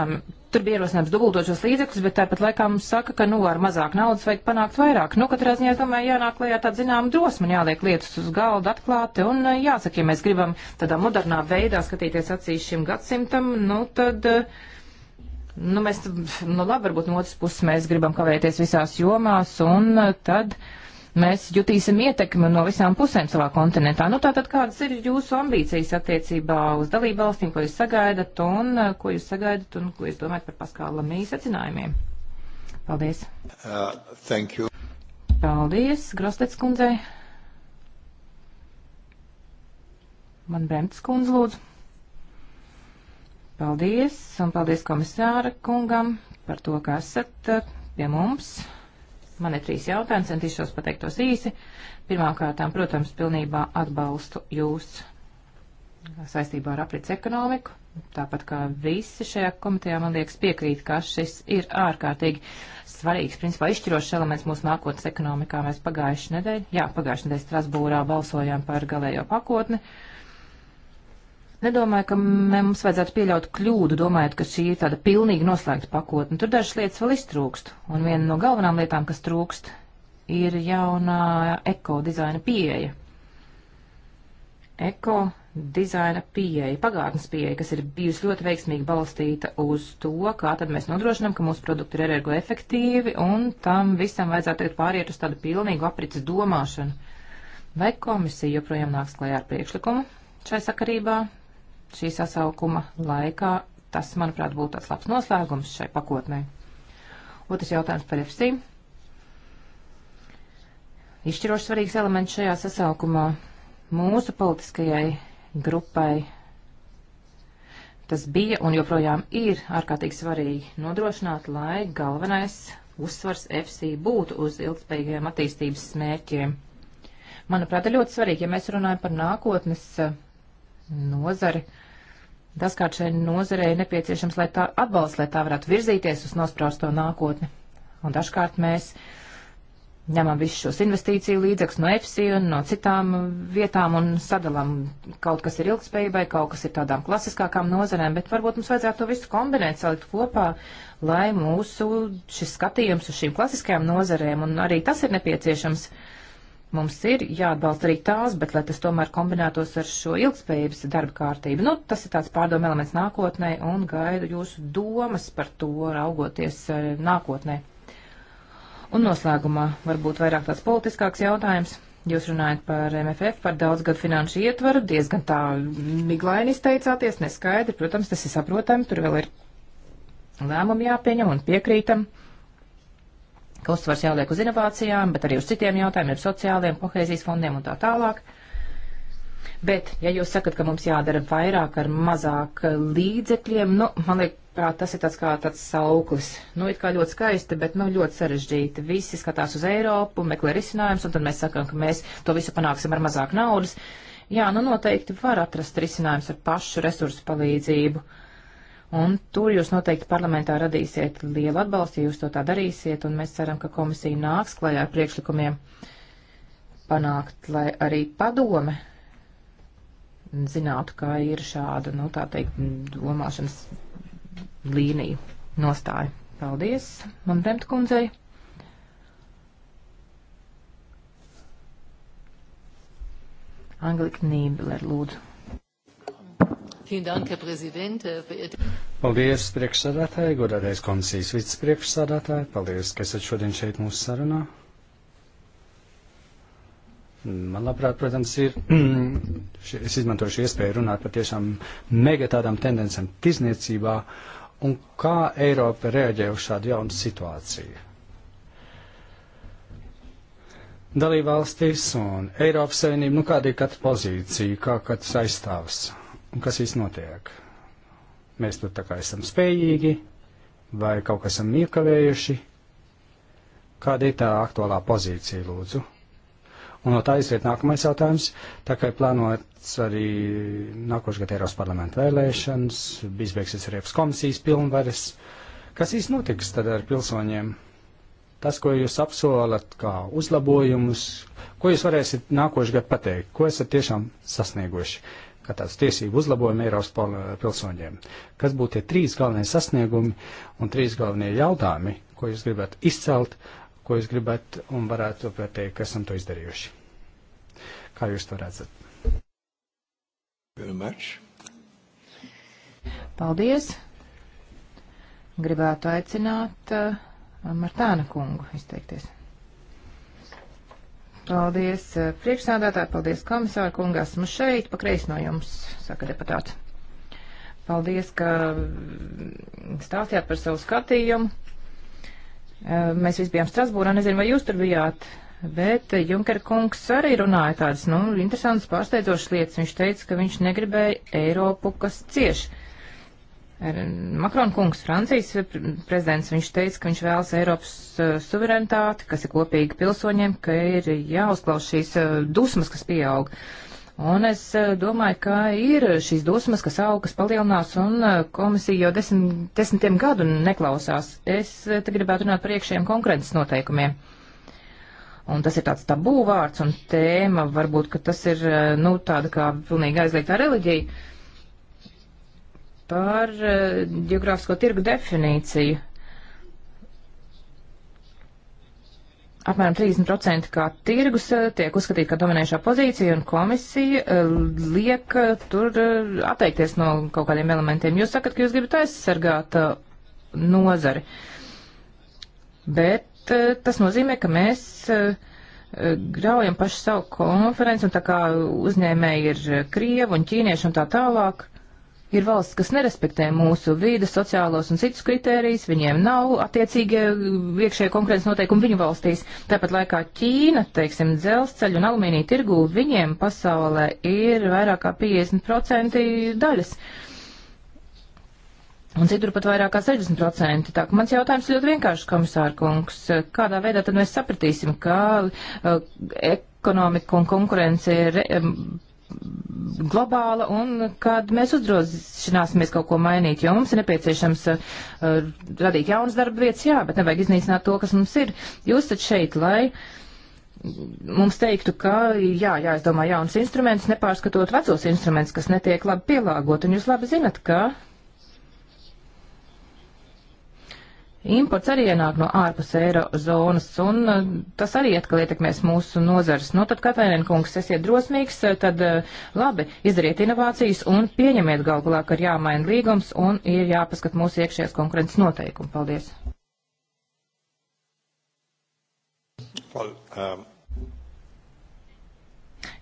tur bija ierosinājums dubultot šos līdzekļus, bet tāpat laikā mums saka, ka, nu, ar mazāk naudas vajag panākt vairāk. Nu, katrā ziņā, es domāju, jānāk lejā tāda zināma drosme, jāliek lietas uz galda atklāti un e, jāsaka, ja mēs gribam tādā modernā veidā skatīties acīs šim gadsimtam, nu, tad. E, nu, mēs, nu, labi, varbūt no otras puses mēs gribam kavēties visās jomās, un e, tad uh, mēs jutīsim ietekmi no visām pusēm savā kontinentā. Nu, tātad kādas ir jūsu ambīcijas attiecībā uz dalību valstīm, ko jūs sagaidat un eh, ko jūs sagaidat un ko jūs domājat par Paskāla Lamīs secinājumiem? Paldies. Uh, thank you. Paldies, Grostets kundzei. Man Bremts kundze lūdzu. Paldies, un paldies komisāra kungam par to, ka esat eh, pie mums. Man ir trīs jautājumi, centīšos pateikt tos īsi. Pirmkārtām, protams, pilnībā atbalstu jūs saistībā ar aprits ekonomiku. Tāpat kā visi šajā komitejā, man liekas, piekrīt, ka šis ir ārkārtīgi svarīgs, principā izšķirošs elements mūsu nākotnes ekonomikā. Mēs pagājuši nedēļu, jā, pagājuši nedēļu Strasbūrā balsojām par galējo pakotni. Uh, Nedomāju, ka mums vajadzētu pieļaut kļūdu, domājot, ka šī ir tāda pilnīgi noslēgta pakotne. Tur dažas lietas vēl iztrūkst, un viena no galvenām lietām, kas trūkst, ir jaunā ekodizaina pieeja. Eko dizaina pieeja, pagātnes pieeja, kas ir bijusi ļoti veiksmīgi balstīta uz to, kā tad mēs nodrošinām, ka mūsu produkti ir energoefektīvi, un tam visam vajadzētu tagad pāriet uz tādu pilnīgu aprits domāšanu. Vai komisija joprojām nāks klajā ar priekšlikumu šai sakarībā, šī sasaukuma laikā. Tas, manuprāt, būtu tāds labs noslēgums šai pakotnē. Otrs jautājums par FC. Izšķiroši svarīgs elements šajā sasaukumā mūsu politiskajai grupai tas bija un joprojām ir ārkārtīgi svarīgi nodrošināt, lai galvenais uzsvars FC būtu uz ilgspējīgajiem attīstības smērķiem. Manuprāt, ir ļoti svarīgi, ja mēs runājam par nākotnes eh, nozari Dažkārt šai nozarei ir nepieciešams, lai tā atbalsts, lai tā varētu virzīties uz nospraustu nākotni. Un dažkārt mēs ņemam visus šos investīciju līdzekļus no EFSI un no citām vietām un sadalām kaut kas ir ilgspējībai, kaut kas ir tādām klasiskākām nozarēm, bet varbūt mums vajadzētu to visu kombinēt, salikt kopā, lai mūsu šis skatījums uz šīm klasiskajām nozarēm, un arī tas ir nepieciešams, uh, Mums ir jāatbalsta arī tās, bet lai tas tomēr kombinētos ar šo ilgspējības darba kārtību. Nu, tas ir tāds pārdomu elements nākotnē un gaidu jūsu domas par to raugoties e, nākotnē. Un noslēgumā varbūt vairāk tāds politiskāks jautājums. Jūs runājat par MFF, par daudzgadu finanšu ietvaru, diezgan tā miglaini izteicāties, neskaidri, protams, tas ir saprotami, tur vēl ir lēmumi jāpieņem un piekrītam. Uh, ka uzsvars jāliek uz inovācijām, bet arī uz citiem jautājumiem, sociāliem, kohēzijas fondiem un tā tālāk. Bet, ja jūs sakat, ka mums jādara vairāk ar mazāk līdzekļiem, nu, man liek, prāt, tas ir tāds kā tāds sauklis. Nu, it kā ļoti skaisti, bet, nu, ļoti sarežģīti. Visi skatās uz Eiropu, meklē risinājumus, un tad mēs sakam, ka mēs to visu panāksim ar mazāk naudas. Jā, nu, noteikti var atrast risinājums ar pašu resursu palīdzību. Uh, Un tur jūs noteikti parlamentā radīsiet lielu atbalstu, ja jūs to tā darīsiet, un mēs ceram, ka komisija nāks klajā ar priekšlikumiem panākt, lai arī padome zinātu, kā ir šāda, nu, tā teikt, domāšanas līnija nostāja. Paldies, man Bremt kundzei. Anglika Nībler, lūdzu. Äh, Paldies, priekšsādātāji, godātais komisijas vicepriekšsādātāji. Paldies, ka esat šodien šeit mūsu sarunā. Man labprāt, protams, ir, *clears throat* es izmantošu iespēju runāt par tiešām mega tādām tendencēm tizniecībā un kā Eiropa reaģē uz šādu jaunu situāciju. Dalībvalstīs un Eiropas Savienība, nu kāda ir katra pozīcija, kā katrs aizstāvs? Un kas īsti notiek? Mēs tur tā kā esam spējīgi, vai kaut kas esam iekavējuši? Kāda ir tā aktuālā pozīcija, lūdzu? Un no tā izriet nākamais jautājums. Tā kā ir plānots arī nākošgad Eiropas parlamenta vēlēšanas, izbeigsies arī komisijas pilnvaras. Kas īsti notiks tad ar pilsoņiem? Tas, ko jūs apsolat, kā uzlabojumus, ko jūs varēsiet nākošgad pateikt, ko esat tiešām sasnieguši? kā tāds tiesību uzlabojumi Eiropas pilsoņiem. Kas būtu tie trīs galvenie sasniegumi un trīs galvenie jautājumi, ko jūs gribat izcelt, ko jūs gribat un varētu pretēji, kas esam to izdarījuši? Kā jūs to redzat? Paldies! Gribētu aicināt uh, Martāna kungu izteikties. Paldies eh, priekšsādātāji, paldies komisāru kungu, esmu šeit, pa kreis no jums, saka deputāts. Paldies, ka mm, stāstījāt par savu skatījumu. Eh, mēs visi bijām Strasbūrā, nezinu, vai jūs tur bijāt, bet Junker kungs arī runāja tādas, nu, interesantas pārsteidzošas lietas. Viņš teica, ka viņš negribēja Eiropu, kas cieši. Makrona kungs, Francijas prezidents, viņš teica, ka viņš vēlas Eiropas eh, suverenitāti, kas ir kopīga pilsoņiem, ka ir jāuzklaus šīs eh, dusmas, kas pieaug. Un es eh, domāju, ka ir šīs dusmas, kas aug, kas palielinās, un komisija jau desmit, desmitiem gadu neklausās. Es te gribētu runāt par iekšējiem konkurences noteikumiem. Un tas ir tāds tabūvārds un tēma, varbūt, ka tas ir, nu, tāda kā pilnīgi aizliegtā reliģija par eh, geogrāfisko tirgu definīciju. Apmēram 30% kā tirgus eh, tiek uzskatīt kā dominējušā pozīcija, un komisija eh, liek tur atteikties no kaut kādiem elementiem. Jūs sakat, ka jūs gribat aizsargāt nozari, bet tas nozīmē, ka mēs graujam pašu savu konferenci, un tā kā uzņēmēji ir krievi un ķīnieši un tā tālāk, Ir valsts, kas nerespektē mūsu vīdes, sociālos un citus kritērijus, viņiem nav attiecīgie iekšēji konkurences noteikumi viņu valstīs. Tāpat laikā Ķīna, teiksim, dzelzceļu un alumīnija tirgū, viņiem pasaulē ir vairāk kā 50% daļas. Un citur pat vairāk kā 60%. Tā ka mans jautājums ļoti vienkāršs, komisāra kungs. Kādā veidā tad mēs sapratīsim, ka uh, ekonomika un konkurence ir um, globāla un kad mēs uzdrošināsimies kaut ko mainīt, jo mums ir nepieciešams uh, radīt jaunas darba vietas, jā, bet nevajag iznīcināt to, kas mums ir. Jūs taču šeit, lai mums teiktu, ka jā, jāizdomā jauns instruments, nepārskatot vecos instruments, kas netiek labi pielāgot, un jūs labi zinat, ka Imports arī ienāk no ārpus eirozonas, un uh, tas arī atkal ietekmēs mūsu nozares. Nu, tad, Katainēn kungs, esiet drosmīgs, uh, tad uh, labi, izdariet inovācijas un pieņemiet galu galā, ka ir jāmaina līgums un ir jāpaskat mūsu iekšējās konkurences noteikumi. Paldies! Well, um...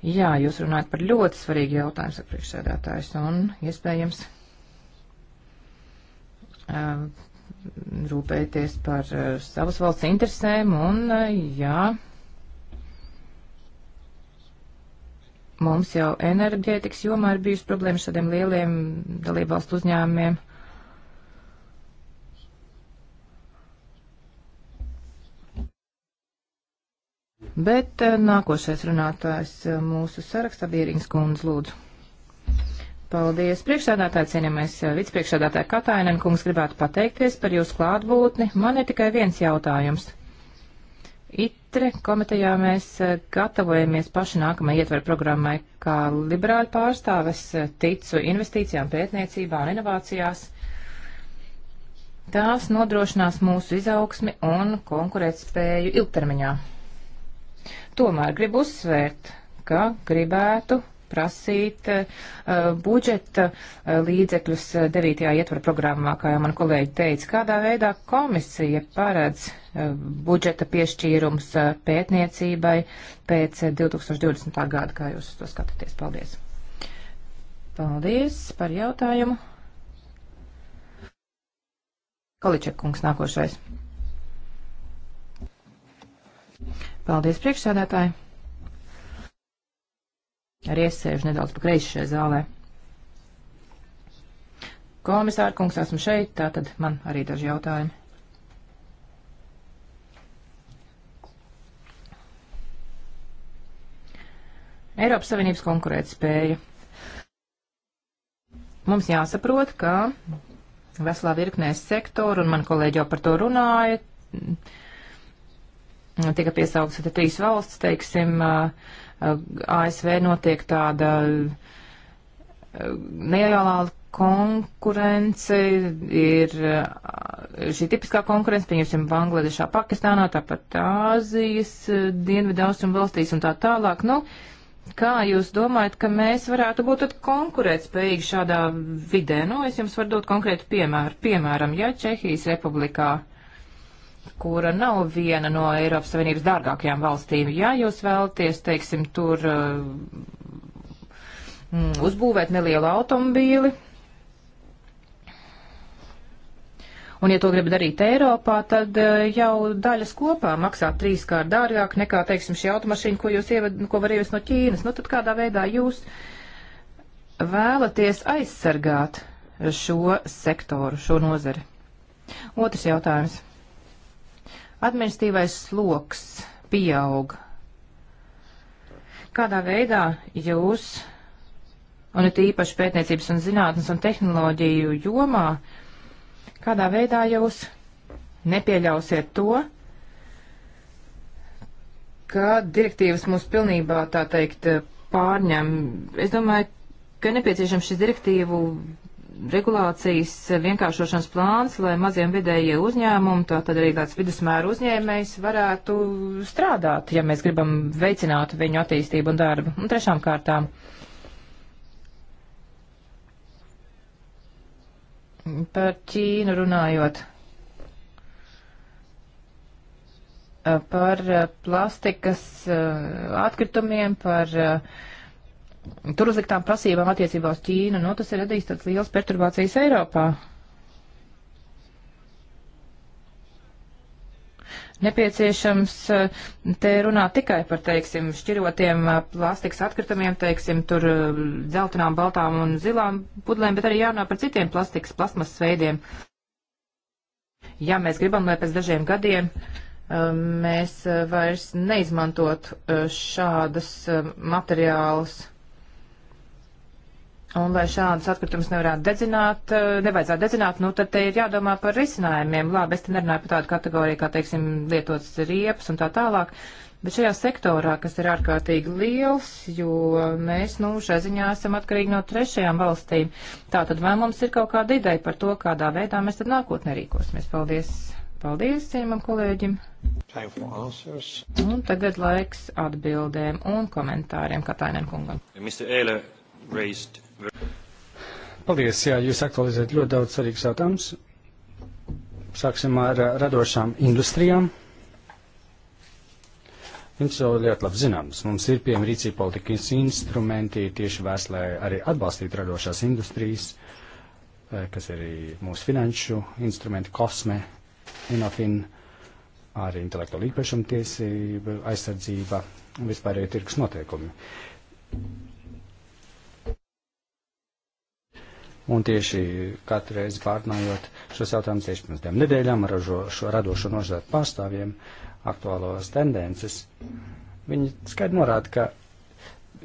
Jā, jūs runājat par ļoti svarīgu jautājumu, saka priekšsēdētājs, un iespējams. Um, uh, rūpēties par eh, savas valsts interesēm un, eh, jā, mums jau enerģētikas jomā ir bijusi problēma šādiem lieliem dalībvalstu uzņēmumiem. Bet eh, nākošais runātājs mūsu sarakstā Bierīgas kundze lūdzu. Paldies, priekšsādātāji, cienījamais eh, vicepriekšsādātāji Katainen, kungs gribētu pateikties par jūsu klātbūtni. Man ir tikai viens jautājums. ITRE komitejā mēs eh, gatavojamies paši nākamajai ietveru programmai, kā liberāļu pārstāves eh, ticu investīcijām, pētniecībā un inovācijās. Tās nodrošinās mūsu izaugsmi un konkurētspēju ilgtermiņā. Tomēr gribu uzsvērt, ka gribētu prasīt eh, budžeta eh, līdzekļus 9. Eh, ietvara programmā, kā jau man kolēģi teica, kādā veidā komisija paredz budžeta piešķīrums pētniecībai pēc 2020. gada, kā jūs to skatāties. Paldies! Paldies par jautājumu. Kaliček kungs nākošais. Paldies priekšsēdētāji arī es sēžu nedaudz pa kreisi šajā zālē. Komisāra kungs, esmu šeit, tātad man arī daži jautājumi. Eiropas Savienības konkurētspēja. Mums jāsaprot, ka veselā virknē sektoru, un man kolēģi jau par to runāja, tika piesauktas trīs valsts, teiksim, uh, ASV notiek tāda eh, nereālā konkurence, ir eh, šī tipiskā konkurence, pieņemsim, Bangladešā, Pakistānā, tāpat Āzijas, eh, Dienvidu austrumu valstīs un tā tālāk. Nu, kā jūs domājat, ka mēs varētu būt konkurētspējīgi šādā vidē? Nu, es jums varu dot konkrētu piemēru. Piemēram, ja Čehijas republikā kura nav viena no Eiropas Savienības dārgākajām valstīm. Ja jūs vēlaties, teiksim, tur mm, uzbūvēt nelielu automobīli, un ja to grib darīt Eiropā, tad eh, jau daļas kopā maksā trīskārt dārgāk nekā, teiksim, šī automašīna, ko jūs ieved, ko var ievest no Ķīnas. Nu, tad kādā veidā jūs vēlaties aizsargāt šo sektoru, šo nozari? Otrs jautājums administratīvais sloks pieaug. Kādā veidā jūs, un it īpaši pētniecības un zinātnes un tehnoloģiju jomā, kādā veidā jūs nepieļausiet to, ka direktīvas mūs pilnībā, tā teikt, pārņem. Es domāju, ka nepieciešams šis direktīvu regulācijas vienkāršošanas plāns, lai maziem vidējie uzņēmumi, tātad arī kāds vidusmēra uzņēmējs varētu strādāt, ja mēs gribam veicināt viņu attīstību un darbu. Un trešām kārtām. Par Ķīnu runājot. Par plastikas eh, atkritumiem, par uh, tur uzliktām prasībām attiecībā uz Ķīnu, nu tas ir radījis tāds liels perturbācijas Eiropā. Nepieciešams eh, te runāt tikai par, teiksim, šķirotiem eh, plastikas atkritumiem, teiksim, tur eh, dzeltenām, baltām un zilām pudlēm, bet arī jārunā par citiem plastikas plasmas veidiem. Ja mēs gribam, lai pēc dažiem gadiem mēs vairs neizmantot šādas materiālus, Un, lai šādas atkritumus nevarētu dedzināt, eh, nevajadzētu dedzināt, nu, tad te ir jādomā par risinājumiem. Labi, es te nerunāju par tādu kategoriju, kā, teiksim, lietots riepas un tā tālāk, bet šajā sektorā, kas ir ārkārtīgi liels, jo mēs, nu, šai ziņā esam atkarīgi no trešajām valstīm. Tā tad vai mums ir kaut kāda ideja par to, kādā veidā mēs tad nākotnē rīkosimies? Paldies! Paldies, cienījumam kolēģim! Un tagad laiks atbildēm un komentāriem Katainam kungam. Mr. Ehler raised Paldies, jā, jūs aktualizējat ļoti daudz svarīgus jautājumus. Sāksim ar eh, radošām industrijām. Jums jau ļoti labi zināms, mums ir piemēram rīcība politikas instrumenti tieši vērst, lai arī atbalstītu radošās industrijas, eh, kas ir mūsu finanšu instrumenti, kosme, inofin, arī intelektuāla īpašuma tiesība, aizsardzība un vispārējie tirgus noteikumi. Un tieši katru reizi pārnājot šos jautājumus tieši pirms divām nedēļām ar šo, šo radošo nožēlu pārstāvjiem aktuālos tendences, viņi skaidri norāda, ka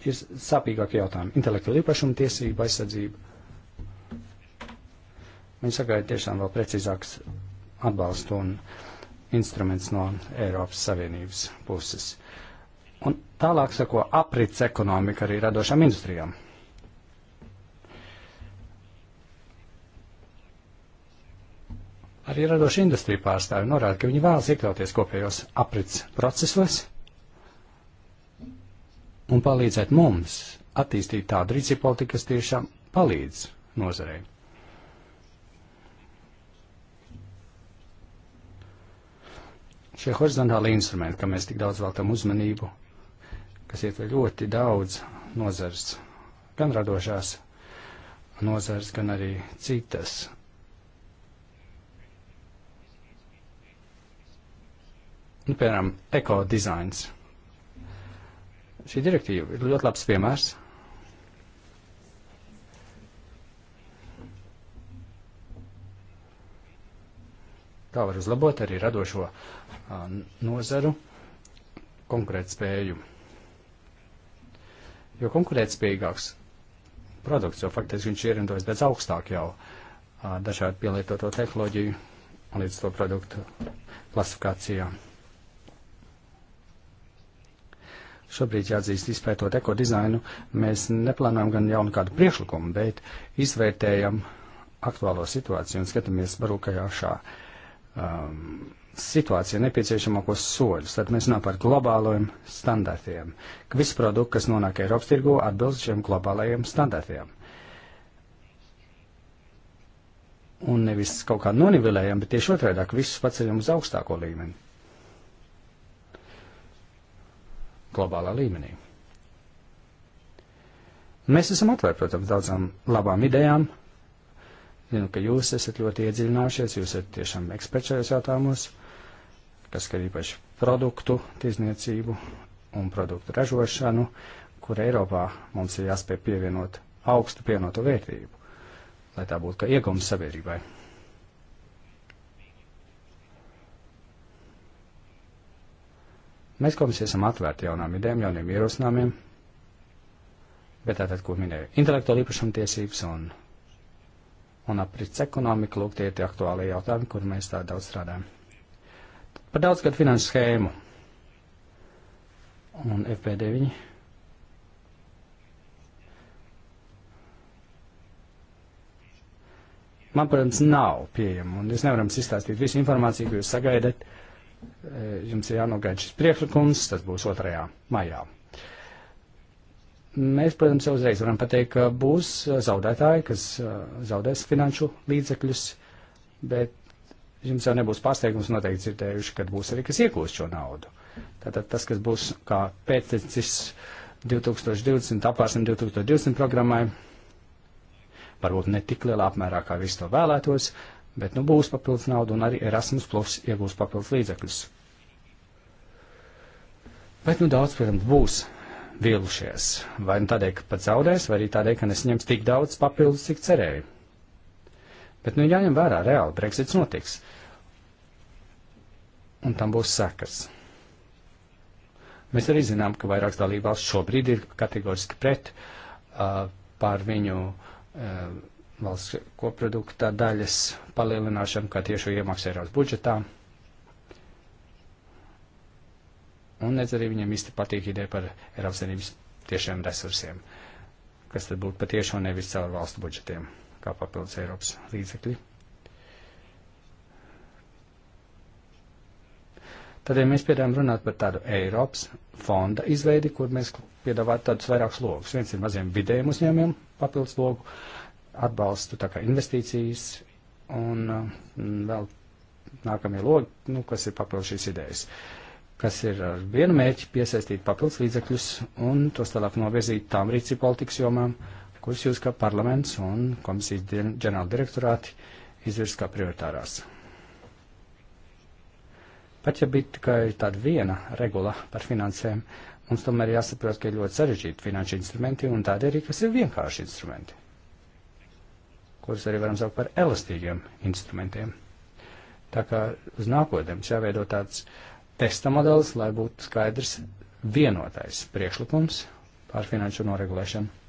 ir sāpīgākie jautājumi - intelektuāla īpašuma tiesība, aizsardzība. Viņi sagaida tiešām vēl precīzāks atbalstu un instruments no Eiropas Savienības puses. Un tālāk sako aprits ekonomika arī radošām industrijām. Arī radoši industrija pārstāvi norāda, ka viņi vēlas iekļauties kopējos aprits procesos un palīdzēt mums attīstīt tādu rīcību politiku, kas tiešām palīdz nozarei. Šie horizontāli instrumenti, kam mēs tik daudz veltam uzmanību, kas ietver ļoti daudz nozars, gan radošās nozars, gan arī citas nu, piemēram, ekodizains. Šī direktīva ir ļoti labs piemērs. Tā var uzlabot arī radošo nozaru konkurētspēju. Jo konkurētspējīgāks produkts, jo faktiski viņš ierindojas daudz augstāk jau dažādu pielietoto tehnoloģiju un līdz to produktu klasifikācijām. Šobrīd jāatzīst, izpētot ekodizainu, mēs neplānojam gan jaunu kādu priekšlikumu, bet izvērtējam aktuālo situāciju un skatāmies barūkajāšā um, situācija nepieciešamākos soļus. Tad mēs runājam par globālajiem standartiem, ka visi produkti, kas nonāk Eiropas tirgu, atbilst šiem globālajiem standartiem. Un nevis kaut kā nonivelējam, bet tieši otrādi, ka visus paceļam uz augstāko līmeni. globālā līmenī. Mēs esam atvērti, protams, daudzām labām idejām. Zinu, ka jūs esat ļoti iedziļinājušies, jūs esat tiešām eksperts šajos jautājumos, kas skar īpaši produktu tirzniecību un produktu ražošanu, kur Eiropā mums ir jāspēj pievienot augstu pienotu vērtību, lai tā būtu kā iegums sabiedrībai. Mēs komisija esam atvērti jaunām idejām, jauniem ierosinājumiem, bet tātad, ko minēju, intelektuāla īpašuma tiesības un, un aprits ekonomika, lūk, tie ir tie aktuālie jautājumi, kur mēs tā daudz strādājam. Par daudz gadu finanšu schēmu un FP9. Man, protams, nav pieejama, un mēs nevaram izstāstīt visu informāciju, ko jūs sagaidat. Uh, Eh, jums ir jānogaida šis priekšlikums, tas būs 2. maijā. Mēs, protams, jau uzreiz varam pateikt, ka būs eh, zaudētāji, kas eh, zaudēs finanšu līdzekļus, bet jums jau nebūs pārsteigums noteikti dzirdējuši, kad būs arī kas iegūst šo naudu. Tātad tas, kas būs kā pēctecis 2020, apvārsim 2020 programmai, varbūt ne tik lielā apmērā, kā visi to vēlētos, bet nu būs papildus nauda un arī Erasmus Plus iegūs papildus līdzekļus. Bet nu daudz, protams, būs vīlušies. Vai nu tādēļ, ka pat zaudēs, vai arī tādēļ, ka nesņems tik daudz papildus, cik cerēja. Bet nu jāņem vērā, reāli Brexits notiks. Un tam būs sekas. Mēs arī zinām, ka vairākas dalībvalsts šobrīd ir kategoriski pret uh, pār viņu uh, valsts koprodukta daļas palielināšanu, kā tiešo iemaksu Eiropas budžetā. Uh, Un es arī viņam īsti patīk ideja par Eiropas Savienības tiešiem resursiem, kas tad būtu patiešām nevis caur valstu budžetiem, kā papildus Eiropas līdzekļi. Tad, ja mēs piedāvājam runāt par tādu Eiropas fonda izveidi, kur mēs piedāvātu tādus vairākus logus. Viens ir maziem vidējiem uzņēmumiem papildus logu, atbalstu tā kā investīcijas un m, uh, vēl nākamie logi, nu, kas ir papildus šīs idejas. Uh, kas ir ar vienu mērķi piesaistīt papildus līdzekļus un tos tālāk novirzīt tām rīcību politikas jomām, kuras jūs kā parlaments un komisijas ģenerāla direktorāti izvirs kā prioritārās. Pat ja bija tikai tāda viena regula par finansēm, mums tomēr jāsaprot, ka ir ļoti sarežģīti finanšu instrumenti un tādi arī, kas ir vienkārši instrumenti, kurus arī varam saukt par elastīgiem instrumentiem. Tā kā uz nākotnēm jāveido tāds uh, testa modelis, lai būtu skaidrs vienotais priekšlikums par finanšu noregulēšanu.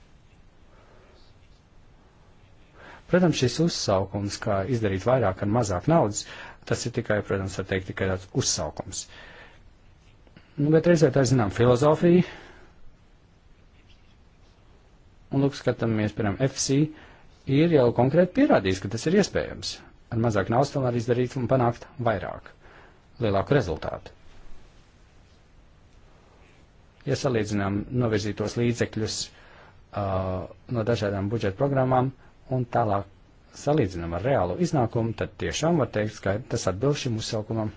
Protams, šis uzsaukums, kā izdarīt vairāk ar mazāk naudas, tas ir tikai, protams, var teikt, tikai tāds uzsaukums. Nu, bet reizē tā zinām filozofiju. Un, lūk, skatāmies, piemēram, FC ir jau konkrēti pierādījis, ka tas ir iespējams. Ar mazāk naudas tomēr izdarīt un panākt vairāk, lielāku rezultātu. Ja salīdzinām novirzītos līdzekļus uh, no dažādām budžeta programmām un tālāk salīdzinām ar reālu iznākumu, tad tiešām var teikt, ka tas atbilst šim uzsaukumam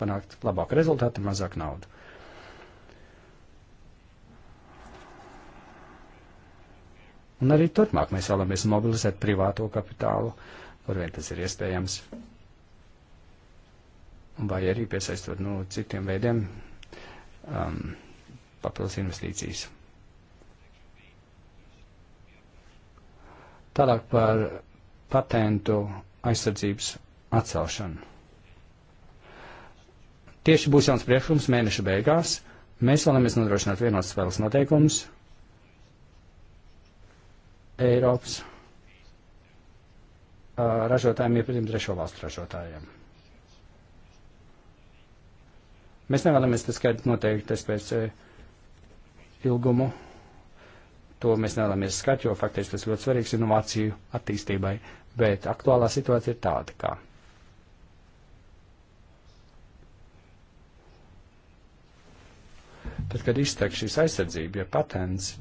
panākt labāku rezultātu, mazāk naudu. Un arī turpmāk mēs vēlamies mobilizēt privāto kapitālu, kur vien tas ir iespējams. Vai arī piesaistot nu, citiem veidiem um, papildus investīcijas. Tālāk par patentu aizsardzības atcelšanu. Tieši būs jauns priekšlikums mēneša beigās. Mēs vēlamies nodrošināt vienotas spēles noteikumus Eiropas ražotājiem, iepratniem trešo valstu ražotājiem. Mēs nevēlamies tas skaidri noteikt SPC ilgumu. To mēs nevēlamies skat, jo faktiski tas ļoti svarīgs inovāciju attīstībai, bet aktuālā situācija ir tāda kā. Tad, kad iztek šīs aizsardzība, ja patents,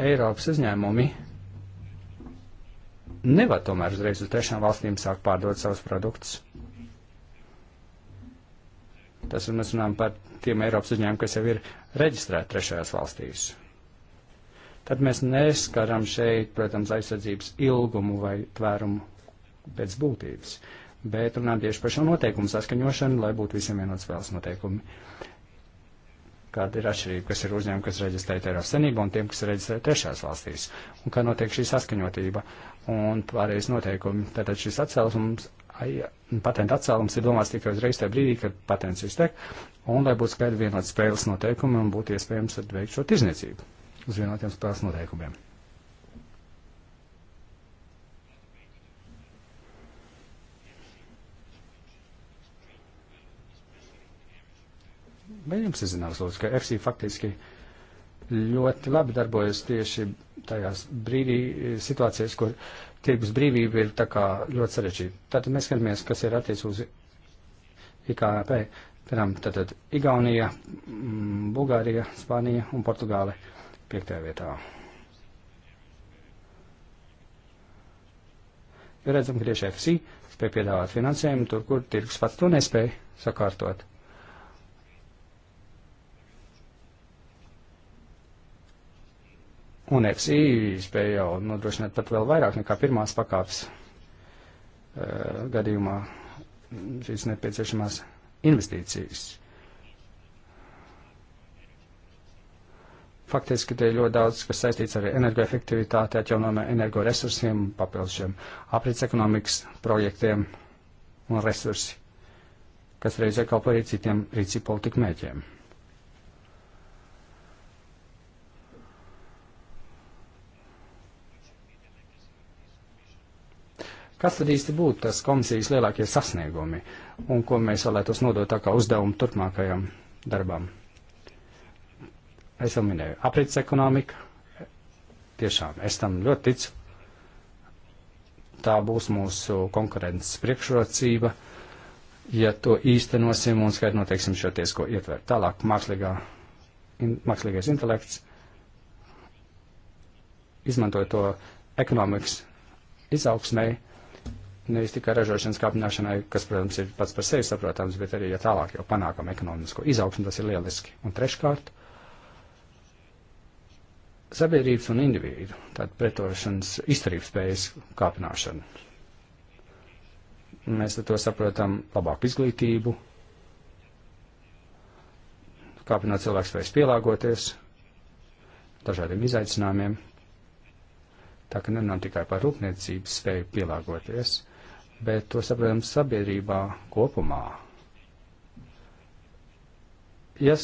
Eiropas uzņēmumi nevar tomēr uzreiz uz trešām valstīm sākt pārdot savus produktus. Tas ir mēs runājam par tiem Eiropas uzņēmumiem, kas jau ir reģistrēti trešajās valstīs. Tad mēs neskaram šeit, protams, aizsardzības ilgumu vai tvērumu pēc būtības, bet runājam tieši par šo noteikumu saskaņošanu, lai būtu visiem vienots spēles noteikumi. Kāda ir atšķirība, kas ir uzņēmumi, kas reģistrēta Eiropas senībā un tiem, kas ir reģistrēti trešās valstīs? Un kā notiek šī saskaņotība un pārējais noteikumi? Tātad šis atcelsums patenta atcēlums ir domāts tikai uzreiz tajā brīdī, kad patents iztek, un lai būtu skaidri vienotas spēles noteikumi un būtu iespējams veikt šo tirzniecību uz vienotiem spēles noteikumiem. Vai jums ir zināms, lūdzu, ka FC faktiski ļoti labi darbojas tieši tajās brīdī situācijās, kur uh, tirgus brīvība ir tā kā ļoti sarežģīta. Tātad mēs skatāmies, kas ir attiec uz IKP. Piemēram, tātad Igaunija, mm, Bulgārija, Spānija un Portugāle piektajā vietā. Jo redzam, ka tieši FC spēja piedāvāt finansējumu tur, kur tirgus pats to nespēja sakārtot. Un EPSI spēja jau nodrošināt pat vēl vairāk nekā pirmās pakāpes uh, gadījumā šīs nepieciešamās investīcijas. Faktiski te ir ļoti daudz, kas saistīts ar energoefektivitāti, atjaunojumiem, energoresursiem, papildus šiem aprits ekonomikas projektiem un resursi, kas reizē kalpo arī citiem rīcību politiku mēķiem. Kas tad īsti būtu tas komisijas lielākie sasniegumi un ko mēs vēlētos nodot tā kā uzdevumu turpmākajam darbam? Es jau minēju, aprits ekonomika. Tiešām, es tam ļoti ticu. Tā būs mūsu konkurences priekšrocība, ja to īstenosim un skait noteiksim šo tiesko ietveru. Tālāk, mākslīgā, in, mākslīgais intelekts izmantoja to ekonomikas izaugsmēji nevis tikai ražošanas kāpināšanai, kas, protams, ir pats par sevi saprotams, bet arī, ja tālāk jau panākam ekonomisko izaugsmu, tas ir lieliski. Un treškārt, sabiedrības un individu, tāda pretošanas izturības spējas kāpināšana. Mēs ar to saprotam labāku izglītību, kāpināt cilvēku spējas pielāgoties dažādiem izaicinājumiem. Tā ka nerunām tikai par rūpniecības spēju pielāgoties, bet to saprotam sabiedrībā kopumā. Ja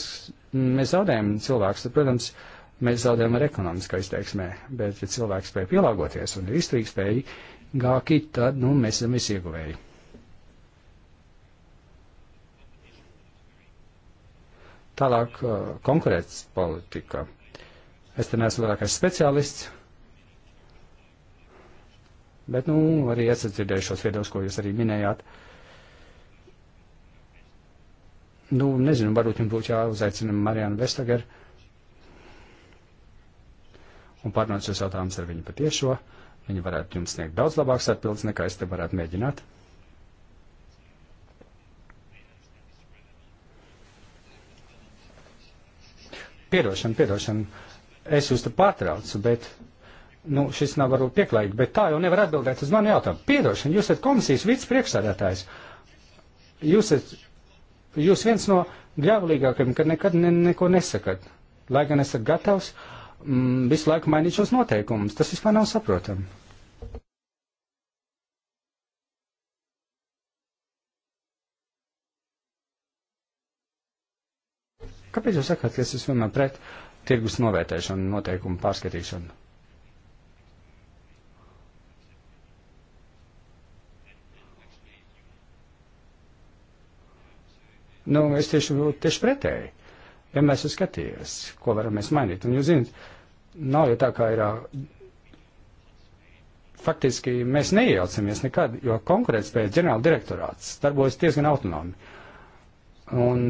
mēs zaudējam cilvēkus, tad, protams, mēs zaudējam ar ekonomiskā izteiksmē, bet, ja cilvēks spēj pielāgoties un ir izturīgspējīgāki, tad, nu, mēs esam visi ieguvēji. Tālāk uh, konkurēts politika. Es te neesmu lielākais speciālists, Bet, nu, arī esat dzirdējušos viedokļus, ko jūs arī minējāt. Nu, nezinu, varbūt jums būtu jāuzaicina Marijana Vestager un pārnāt šos jautājumus ar viņu patiešo. Viņa varētu jums sniegt daudz labāks atbildes, nekā es te varētu mēģināt. Piedošana, piedošana. Es jūs te pārtraucu, bet Nu, šis nav varbūt pieklājīgi, bet tā jau nevar atbildēt uz manu jautājumu. Piedošana, jūs esat komisijas vicepriekšsādātājs. Jūs esat, jūs viens no gļāvulīgākajiem, kad nekad ne, neko nesakat. Lai gan esat gatavs mm, visu laiku mainīt šos noteikumus. Tas vispār nav saprotami. Kāpēc jūs sakāt, ka es esmu vienmēr pret tirgus novērtēšanu, noteikumu pārskatīšanu? Nu, es tieši, tieši pretēji. Vienmēr esmu skatījies, ko varam mēs mainīt. Un jūs zināt, nav jau tā, kā ir. Faktiski mēs neiejaucamies nekad, jo konkurētspējas ģenerāla direktorāts darbojas diezgan autonomi. Un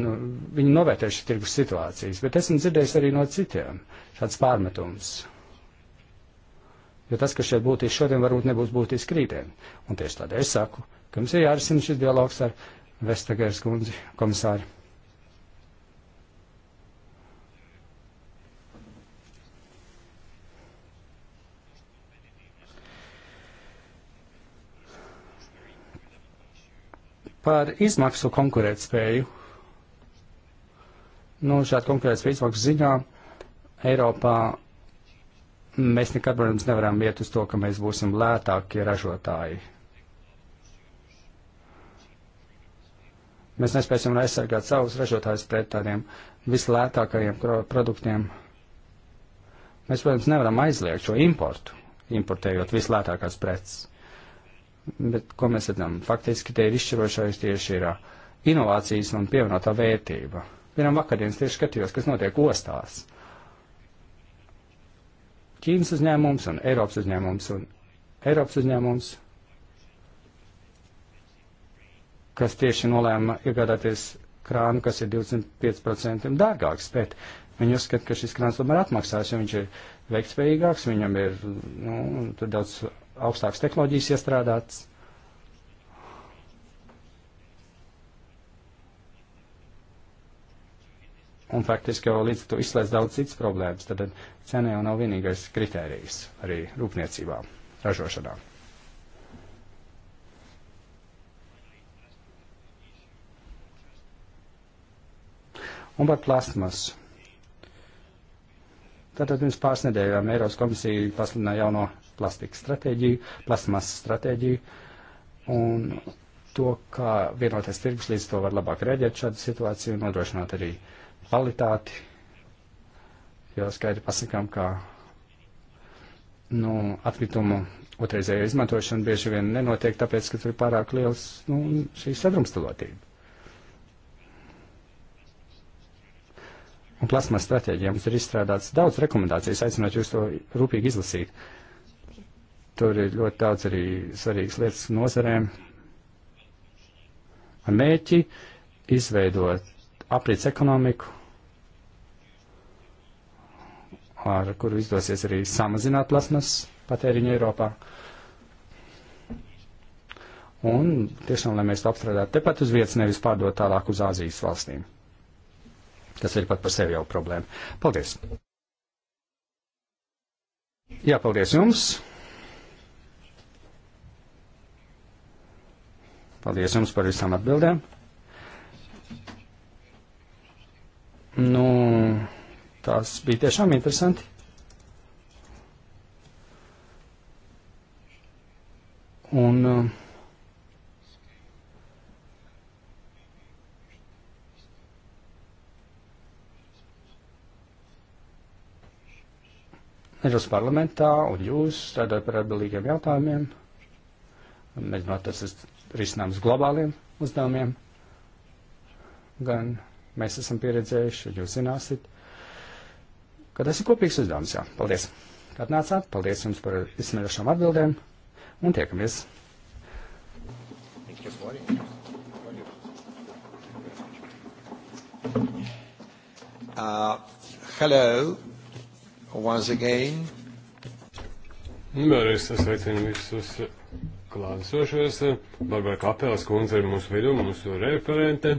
viņi novērtē šīs tirgus situācijas, bet esmu dzirdējis arī no citiem šāds pārmetums. Jo tas, kas šeit būtiski šodien, varbūt nebūs būtiski rītdien. Un tieši tādēļ es saku, ka mums ir jārisina šis dialogs ar Vestagers kundzi, komisāri. Par izmaksu konkurētspēju. Nu, šāda konkurētspēja izmaksu ziņā Eiropā mēs nekad, protams, nevaram iet uz to, ka mēs būsim lētākie ražotāji mēs nespēsim aizsargāt savus ražotājus pret tādiem vislētākajiem produktiem. Mēs, protams, nevaram aizliegt šo importu, importējot vislētākās preces. Bet, ko mēs redzam, faktiski te ir izšķirošais tieši ir uh, inovācijas un pievienotā vērtība. Vienam vakardienas tieši skatījos, kas notiek ostās. Ķīnas uzņēmums un Eiropas uzņēmums un Eiropas uzņēmums kas tieši nolēma iegādāties krānu, kas ir 25% dārgāks, bet viņi uzskata, ka šis krāns tomēr atmaksās, jo viņš ir veiktspējīgāks, viņam ir nu, daudz augstākas tehnoloģijas iestrādātas. Un faktiski jau līdz to izslēdz daudz citas problēmas, tad cena jau nav vienīgais kritērijs arī rūpniecībā, ražošanā. Un par plasmasu. Tātad pirms pāris nedēļām Eiropas komisija pasludināja jauno plastikas stratēģiju, plasmasas stratēģiju, un to, kā vienotais tirgus līdz to var labāk rēģēt šādu situāciju un nodrošināt arī kvalitāti, jo skaidri pasakām, ka nu, atkritumu otrreizējo izmantošanu bieži vien nenotiek, tāpēc, ka tur ir pārāk liels nu, šī sadrumstalotība. un plasmas stratēģijā mums ir izstrādāts daudz rekomendācijas, aicinot jūs to rūpīgi izlasīt. Tur ir ļoti daudz arī svarīgas lietas nozarēm. Ar mērķi izveidot aprīts ekonomiku, ar kuru izdosies arī samazināt plasmas patēriņu Eiropā. Un tiešām, lai mēs to apstrādātu tepat uz vietas, nevis pārdot tālāk uz Āzijas valstīm. Tas ir pat par sevi jau problēma. Paldies! Jā, paldies jums! Paldies jums par visām atbildēm. Nu, tās bija tiešām interesanti. Un uh, Eiropas parlamentā un jūs strādājat par atbildīgiem jautājumiem, mēģinot tas risinājums globāliem uzdevumiem, gan mēs esam pieredzējuši, jūs zināsiet, ka tas ir kopīgs uzdevums. Jā. Paldies, ka atnācāt, paldies jums par izsmeļošām atbildēm un tiekamies! Uh, hello once again. Vēlreiz es aicinu visus klātesošos. Barbara Kapelas kundze ir mūsu vidū, mūsu referente.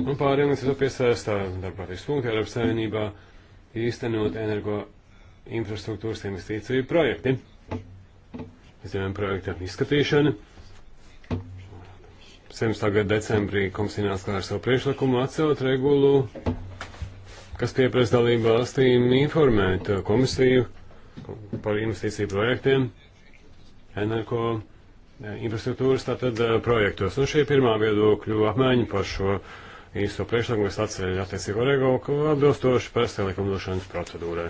Un pārējiem līdz to piesaistā darbā vispunkti Eiropas Savienībā īstenot energo infrastruktūras investīciju projekti. Mēs zinām projektu izskatīšanu. 17. gada decembrī komisija nāca klāra savu priekšlikumu atcelt regulu kas pieprasa dalību valstīm informēt komisiju par investīciju projektiem, energo eh, infrastruktūras tātad eh, projektos. Un šī pirmā viedokļu apmaiņa par šo īsto priekšlikumu es atceļu attiecīgo regulu atbilstoši parastajai likumdošanas procedūrai.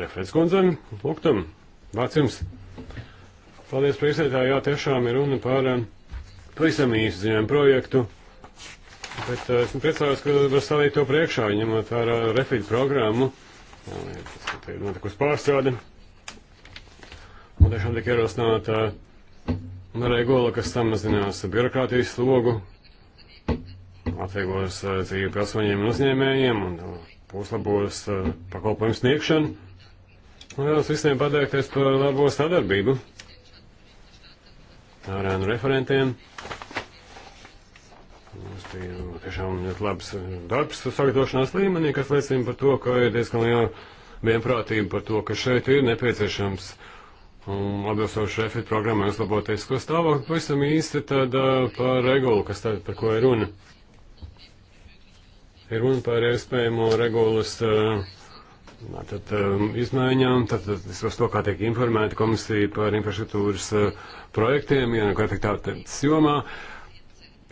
Referents kundzem, lūgtam, vārds jums. Paldies, priekšsēdētāji, jā, tiešām ir runa par eh, pavisam īsu ziņojumu projektu Bet uh, esmu priecājos, ka var stāvēt to priekšā, ņemot vērā uh, refīdu programmu. Jā, tas te ir notikusi pārstrāde. Un tiešām tiek ierosināta uh, regula, kas samazinās birokrātijas slogu, atvieglos uh, dzīvi pilsoņiem un uzņēmējiem un uh, uzlabos uh, pakalpojumu sniegšanu. Un vēlos visiem pateikties par labo sadarbību ar referentiem. Mums bija nu, tiešām ļoti labs darbs sagatavošanās līmenī, kas liecina par to, ka ir diezgan liela vienprātība par to, ka šeit ir nepieciešams um, atbilstoši refit programmai uzlaboties, ko stāvokli pavisam īsti tad uh, par regulu, kas tad par ko ir runa. Ir runa par iespējamo regulas uh, tad, um, izmaiņām, tad, tad es uz to, kā tiek informēta komisija par infrastruktūras uh, projektiem, ja nu kā teikt tā, tas jomā. Uh,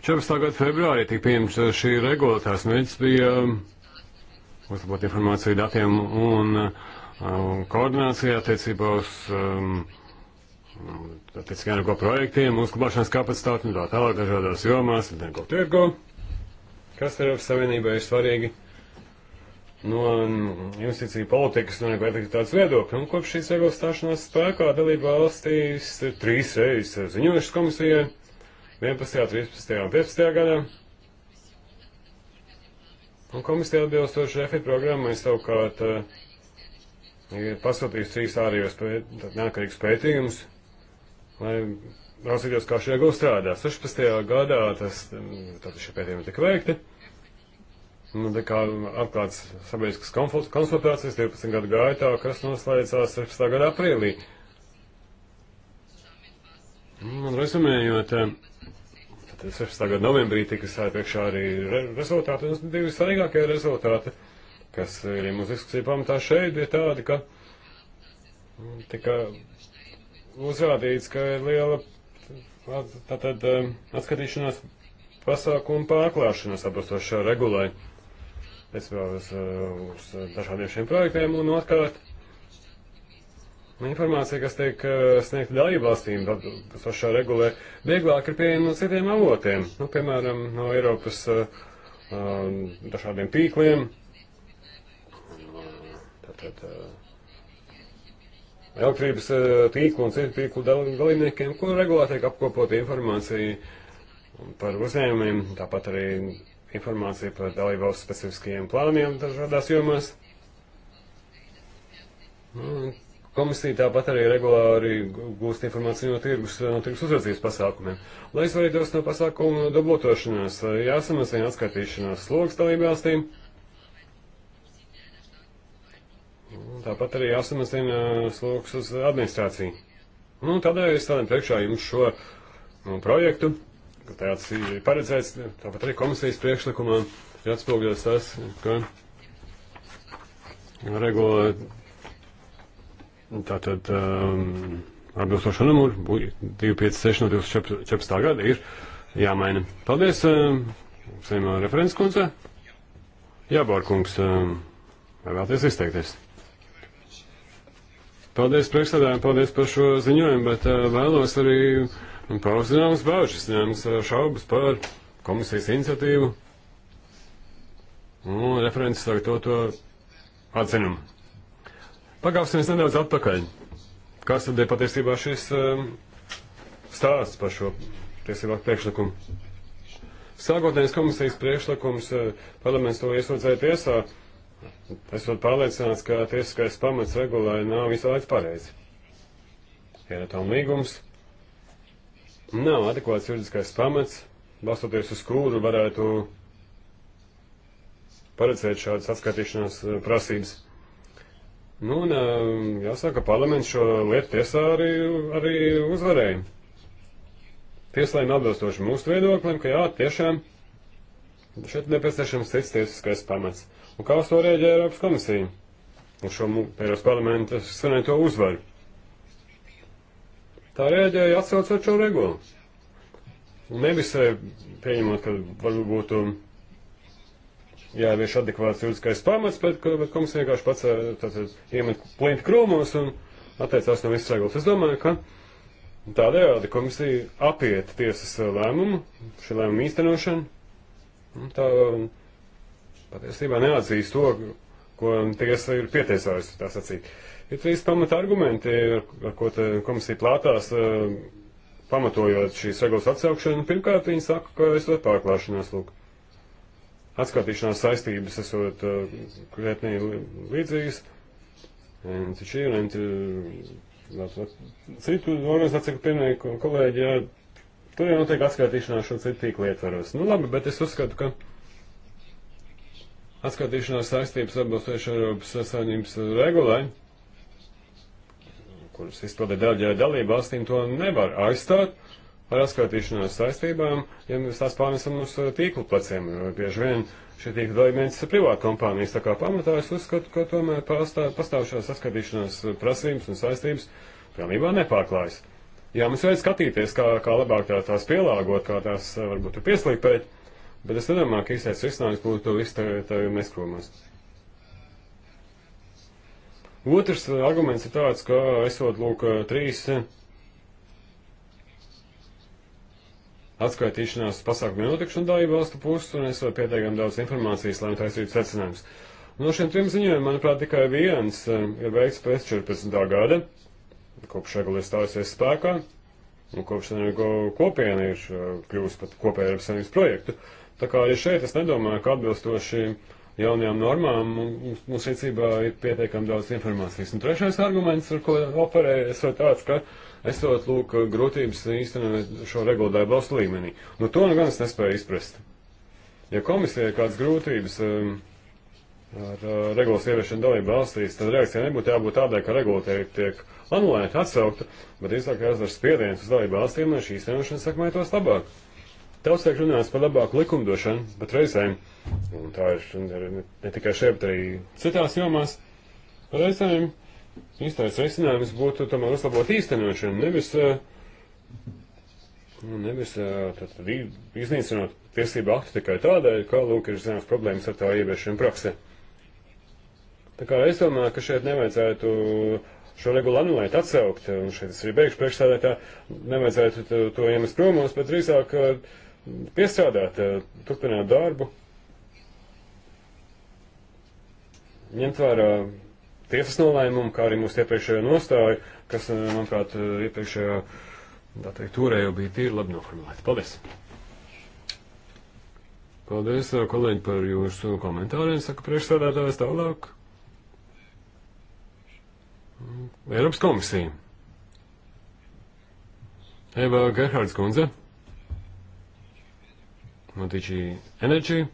14. gada februārī tika pieņemts eh, šī regula, tās mērķis bija um, uzlabot informāciju datiem un um, koordinācijā attiecībā uz um, attiecīgi energo projektiem, uzglabāšanas kapacitāti un tā tālāk dažādās jomās, energo tirgo, kas Eiropas Savienībai ir svarīgi no investīciju politikas un energo efektivitātes viedokļa. Un kopš šīs regulas stāšanās spēkā dalība valstīs ir trīs reizes ziņojušas komisijai 11., 13. un 15. gadā. Un komisija atbilstoši refit programmai savukārt uh, ir pasūtījusi trīs ārējos pēt, neatkarīgus pētījumus, lai rausītos, kā šie gūst strādā. 16. gadā tas, mm, tad šie pētījumi tika veikti. Nu, tā kā atklāts sabiedriskas konsultācijas 12 gadu gaitā, kas noslēdzās 16. gada aprīlī. Un resumējot, uh, 16. gada novembrī tika sāpriekšā arī re rezultāti, un divi svarīgākie rezultāti, kas ir mūsu diskusiju pamatā šeit, ir tādi, ka mm, tika uzrādīts, ka ir liela tātad um, atskatīšanās pasākumu pārklāšanās atbilstošā regulai. Es vēlos uz, uh, uz dažādiem šiem projektiem un otrkārt Informācija, kas tiek eh, sniegta dalībvalstīm, kas to šā regulē, vieglāk ir pieejama no citiem avotiem, nu, piemēram, no Eiropas eh, um, dažādiem tīkliem. Tātad, eh, elektrības tīklu un citu tīklu dalībniekiem, kur regulā tiek apkopota informācija par uzņēmumiem, tāpat arī informācija par dalībvalstu specifiskajiem plāniem dažādās jomās. Nu, un Komisija tāpat arī regulāri gūst informāciju no tirgus, no tirgus uzraudzības pasākumiem. Lai izvairītos no pasākumu dubultošanās, jāsamazina atskaitīšanās sloks dalībvalstīm. Tāpat arī jāsamazina sloks uz administrāciju. Nu, tādēļ es tādēļ priekšā jums šo nu, projektu, ka tāds ir paredzēts, tāpat arī komisijas priekšlikumā ir atspūgļos tas, ka regula Tātad um, atbilstošo numuru 256 no 2014. gada ir jāmaina. Paldies, um, saimā referents kundze. Jā, Bārkungs, um, vēlties izteikties. Paldies priekšstādājiem, paldies par šo ziņojumu, bet uh, vēlos arī pauzināmas bāžas, zināmas uh, šaubas par komisijas iniciatīvu. Un referents tagad to, to atzinumu. Pagāsimies nedaudz atpakaļ. Kas tad ir patiesībā šis um, stāsts par šo tiesību aktu priekšlikumu? Sākotnējais komisijas priekšlikums uh, parlaments to iesūdzēja tiesā. Esot pārliecināts, ka tiesiskais pamats regulai nav visu laiku pareizi. Ienatām līgums nav adekvāts juridiskais pamats, balstoties uz kuru varētu paredzēt šādas atskaitīšanās uh, prasības. Nu, un um, jāsaka, parlaments šo lietu tiesā arī, arī uzvarēja. Tieslēm atbilstoši mūsu viedoklim, ka jā, tiešām šeit nepieciešams cits tiesiskais pamats. Un kā uz to rēģē Eiropas komisija? Uz šo Eiropas parlamenta svinēto uzvaru. Tā rēģēja atsaucot šo regulu. Nevis eh, pieņemot, ka varbūt būtu um, jāievieš adekvāts juridiskais pamats, bet, bet komisija vienkārši pats tātad, iemet plinti krūmos un atteicās no visas regulas. Es domāju, ka tādējādi komisija apiet tiesas lēmumu, šī lēmuma īstenošanu. Tā patiesībā neatzīst to, ko tiesa ir pietiesājusi, tā sacīt. Ir trīs pamata argumenti, ar ko komisija plātās, pamatojot šīs regulas atsaukšanu. Pirmkārt, viņi saka, ka es esmu pārklāšanās, lūk atskaitīšanās saistības esot uh, krietnī līdzīgas. Taču ir citu organizāciju pirmie kolēģi, jā, tur jau notiek atskaitīšanās šo citu tīklu ietvaros. Nu labi, bet es uzskatu, ka atskaitīšanās saistības atbilstoši Eiropas saimnības regulai, kuras izpildē daļai dalību valstīm, to nevar aizstāt ar atskaitīšanos saistībām, ja mēs tās pārnesam uz eh, tīklu pleciem. Bieži vien šie tīkli dalībnieks ir privāta kompānijas, tā kā pamatā es uzskatu, ka tomēr pastāv, pastāv šās atskaitīšanās eh, prasības un saistības pilnībā nepārklājas. Jā, mums vajag skatīties, kā, kā labāk tā, tās pielāgot, kā tās eh, varbūt pieslīpēt, bet es nedomāju, ka īstais risinājums būtu to visu tagad neskromās. Otrs arguments ir tāds, ka esot, lūk, trīs atskaitīšanās pasākumu notikšanu dalību valstu puses, un es vēl pieteikam daudz informācijas, lai taisītu secinājumus. No šiem trim ziņojumiem, manuprāt, tikai viens eh, ir veikts pēc 14. gada, kopš regula stājusies spēkā, un kopš energo kopiena ir eh, kļūst pat kopēja Eiropas Savienības projektu. Tā kā arī šeit es nedomāju, ka atbilstoši jaunajām normām mums rīcībā ir pietiekami daudz informācijas. Un trešais arguments, ar ko operēju, ir tāds, ka esot, lūk, grūtības īstenot šo regulāru atbalstu līmenī. Nu, to nu gan es nespēju izprast. Ja komisijai kādas grūtības um, ar uh, regulas ieviešanu dalību valstīs, tad reakcija nebūtu jābūt tādai, ka regula tiek, tiek anulēta, atsaukta, bet drīzāk jāizdara spiediens uz dalību valstīm, lai šī īstenošana sekmētos labāk. Daudz tiek runāts par labāku likumdošanu, bet reizēm, un tā ir, ir ne tikai šeit, bet arī citās jomās, reizēm Īstais risinājums būtu tomēr uzlabot īstenošanu, nevis, eh, nu, nevis eh, tad, iznīcinot tiesību aktu tikai tādēļ, ka, lūk, ir zināmas problēmas ar tā ieviešanu praksē. Tā kā es domāju, ka šeit nevajadzētu šo regulu anulēt, atsaukt, un šeit es arī beigšu priekšstādētā, nevajadzētu to, to iemest promos, bet drīzāk eh, piestrādāt, turpināt darbu, ņemt vērā tiesas nolēmumu, kā arī mūsu iepriekšējā nostāja, kas, eh, manuprāt, eh, iepriekšējā, tā teikt, tūrē jau bija tīri labi noformulēta. Paldies! Paldies, eh, kolēģi, par jūsu komentāriem, saka priekšsēdētājs tālāk. Eiropas komisija. Eva Gerhards Kunze. Notiči Energy.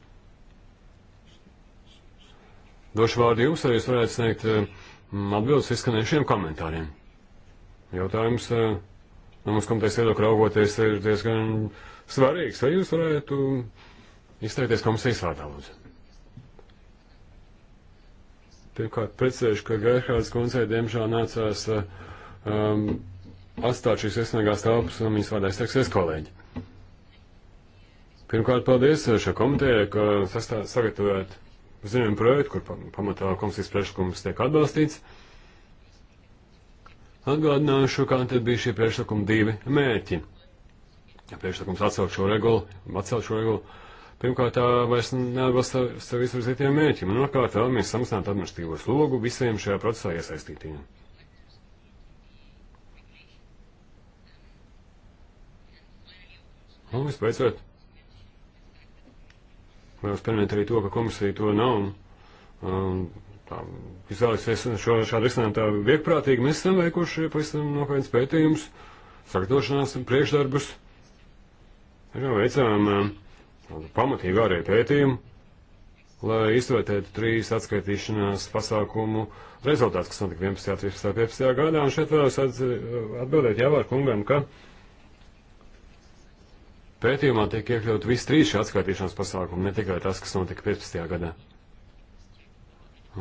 Došu vārdu jums, arī jūs varētu sniegt eh, atbildes izskanējušiem komentāriem. Jautājums eh, no mums komitejas viedokļa raugoties ir diezgan svarīgs. Vai jūs varētu izteikties komisijas vārdā, lūdzu? Pirmkārt, precēšu, ka Gerhards kundzei diemžēl nācās eh, um, atstāt šīs iesniegās telpas un viņas vārdā izteiksies kolēģi. Pirmkārt, paldies šo komiteju, ka sagatavojāt ziņojumu projektu, kur pamatā komisijas priekšlikums tiek atbalstīts. Atgādināšu, kā tad bija šie priekšlikumi divi mērķi. Priekšlikums atcelt šo regulu, atcelt šo regulu. Pirmkārt, tā vairs neatbalsta sev izvirzītiem mērķiem, un otrkārt, vēlamies samazināt administratīvo slogu visiem šajā procesā iesaistītiem. Un vispēcot, Vēlos pieminēt arī to, ka komisija to nav. Um, izvēlēsies šo šādu risinājumu tā viegprātīgi. Mēs esam veikuši pavisam nokaidrs pētījums, sagatavošanās priekšdarbus. Jā, veicām um, tādu pamatīgu ārēju pētījumu, lai izvērtētu trīs atskaitīšanās pasākumu rezultātus, kas notika 11. 13. 15. gadā. Un šeit vēlos atbildēt Jāvār kungam, ka. Uh, Pētījumā tiek iekļaut visi trīs šie atskaitīšanas pasākumi, ne tikai tas, kas notika 15. gadā.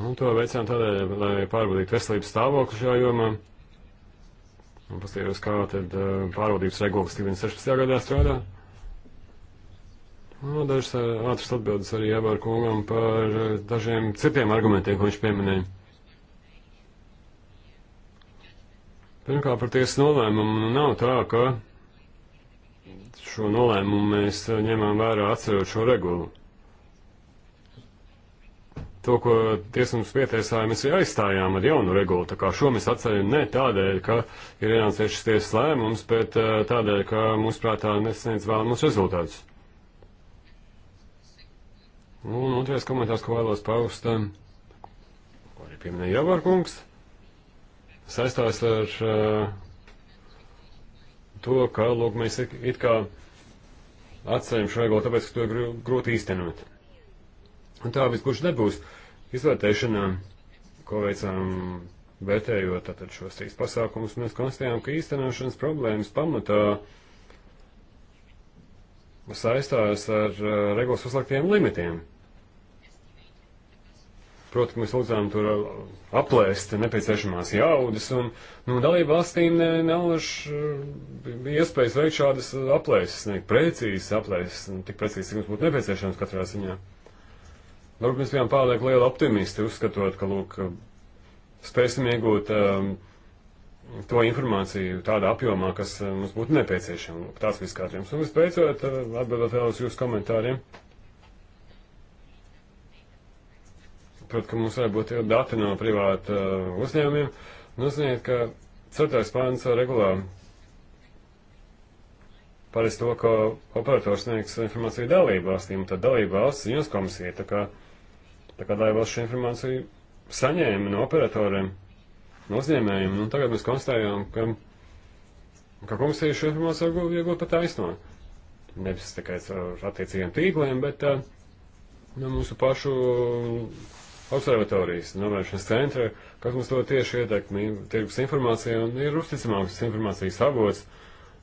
Un to veicām tādēļ, lai pārbaudītu veselības stāvokli šajā jomā. Un paskatījos, kā tad eh, pārvaldības regulas 2016. gadā strādā. No, dažas eh, ātras atbildes arī Jābār kungam par eh, dažiem citiem argumentiem, ko viņš pieminēja. Pirmkārt, par tiesas nolēmumu nu, nav tā, ka Šo nolēmumu mēs eh, ņemām vērā atcerot šo regulu. To, ko tiesa mums pietiesāja, mēs arī aizstājām ar jaunu regulu. Tā kā šo mēs atceļam ne tādēļ, ka ir ienācējušas tiesas lēmums, bet eh, tādēļ, ka mūsu prātā nesniedz vēlamos rezultātus. Un otrais komentārs, ko vēlos paust, eh, ko arī pieminēja Javārkungs, saistās ar uh, to, ka, lūk, mēs it kā atceļam šo regulu, tāpēc, ka to ir grūti īstenot. Un tā viskurš nebūs. Izvērtēšanā, ko veicām vērtējot tātad šos trīs pasākumus, mēs konstatējām, ka īstenošanas problēmas pamatā saistās ar uh, regulas uzliktiem limitiem. Proti, mēs lūdzām tur uh, aplēst nepieciešamās jaudas, un nu, dalību valstīm ne, nav uh, iespējas veikt šādas aplēses, ne precīzas aplēses, nu, tik precīzas, cik mums būtu nepieciešams katrā ziņā. Varbūt mēs bijām pārlieku lieli optimisti, uzskatot, ka, lūk, spēsim iegūt um, to informāciju tādā apjomā, kas uh, mums būtu nepieciešama. Tās bija skatījums. Un visbeidzot, atbildot vēl uz jūsu komentāriem. Ja? protams, ka mums varētu būt dati no privāta uh, uzņēmumiem, noziniet, nu, ka ceturtais pāns regulā paredz to, ka operators sniegs informāciju dalību valstīm, tad dalību valsts ziņos komisija, tā kā, tā kā dalību valsts šo informāciju saņēma no operatoriem, no uzņēmējiem, un tagad mēs konstatējām, ka, ka komisija šo informāciju iegūt pat taisno. Nevis tikai ar attiecīgiem tīkliem, bet uh, nu, mūsu pašu observatorijas novēršanas centra, kas mums to tieši ietekmi tirgus informācija un ir uzticamāks informācijas avots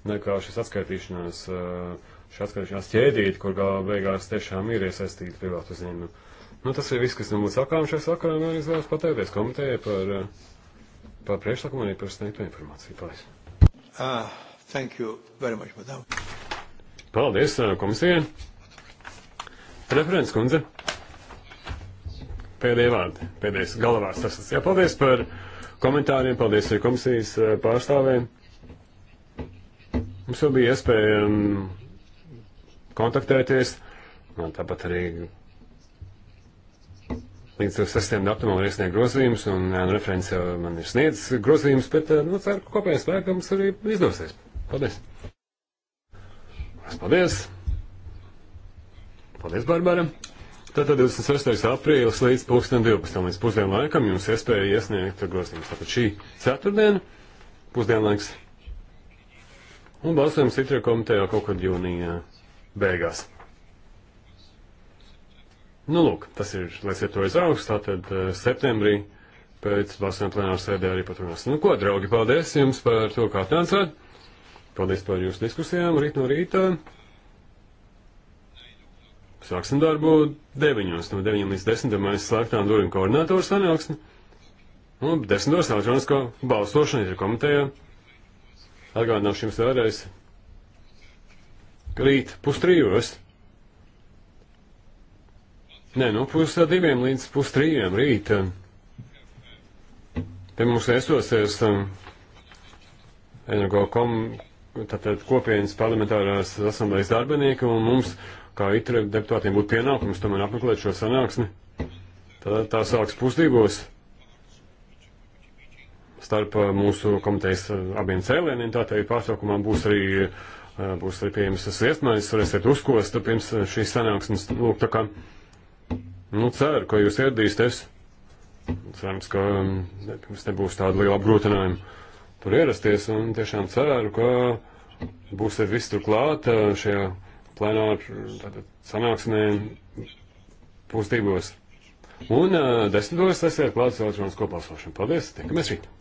nekā šis atskaitīšanās, eh, šī atskaitīšanās ķēdīte, kur galā beigās tiešām ir iesaistīta privātu uzņēmumu. Nu, tas ir viss, kas mums sakām šajā sakarā, un arī vēlos pateikties komitejai par, eh, par priekšlikumu un par sniegto informāciju. Paldies. Uh, thank you very much, madam. Paldies eh, komisijai. Referents kundze pēdējie vārdi, pēdējais galvās. Tas tas jāpaldies par komentāriem, paldies arī komisijas eh, pārstāvēm. Mums jau bija iespēja um, kontaktēties, un tāpat arī līdz 6. datumam ir iesniegt grozījumus, un, eh, un referents jau man ir sniedzis grozījumus, bet eh, nu, ceru, ka kopējais spēkums arī izdosies. Paldies! Paldies! Paldies, Barbara! Tātad 26. aprīlis līdz 2012. līdz pusdienu laikam jums iespēja iesniegt grozījumus. Tātad šī ceturtdiena, pusdienlaiks, un balsojums Itrija komitejā kaut kad jūnija beigās. Nu, lūk, tas ir, lai sietojas augsts, tātad eh, septembrī pēc balsojuma plenāru sēdē arī paturās. Nu, ko, draugi, paldies jums par to, kā atnācāt. Paldies par jūsu diskusijām rīt no rīta. Sāksim darbu 9. No 9 līdz 10. mēs slēgtām durvīm koordinātoru sanāksmi. Un nu, 10. elektronisko balsošana ir komitejā. Atgādināšu jums vēlreiz. Rīt pustrījos. Nē, nu pus diviem līdz pustrījiem rīt. Te mums iesosies um, energo kom, tātad kopienas parlamentārās asamblejas darbinieki, un mums kā itra deputātiem būtu pienākums tomēr apmeklēt šo sanāksmi. Tā, tā sāks pusdīgos starp uh, mūsu komitejas uh, abiem cēlieniem, tā teikt, pārtraukumā būs arī, uh, būs arī pieejams sviestmaiņas, varēsiet uzkost pirms šīs sanāksmes. Lūk, tā kā, nu, ceru, ka jūs ieradīsties. Cerams, ka jums um, nebūs tāda liela apgrūtinājuma tur ierasties, un tiešām ceru, ka būsiet visi tur klāt šajā plenāru sanāksmē pusdivos. Un uh, desmitos esiet klāts elektronisko balsošanu. Paldies, tiekamies rīt!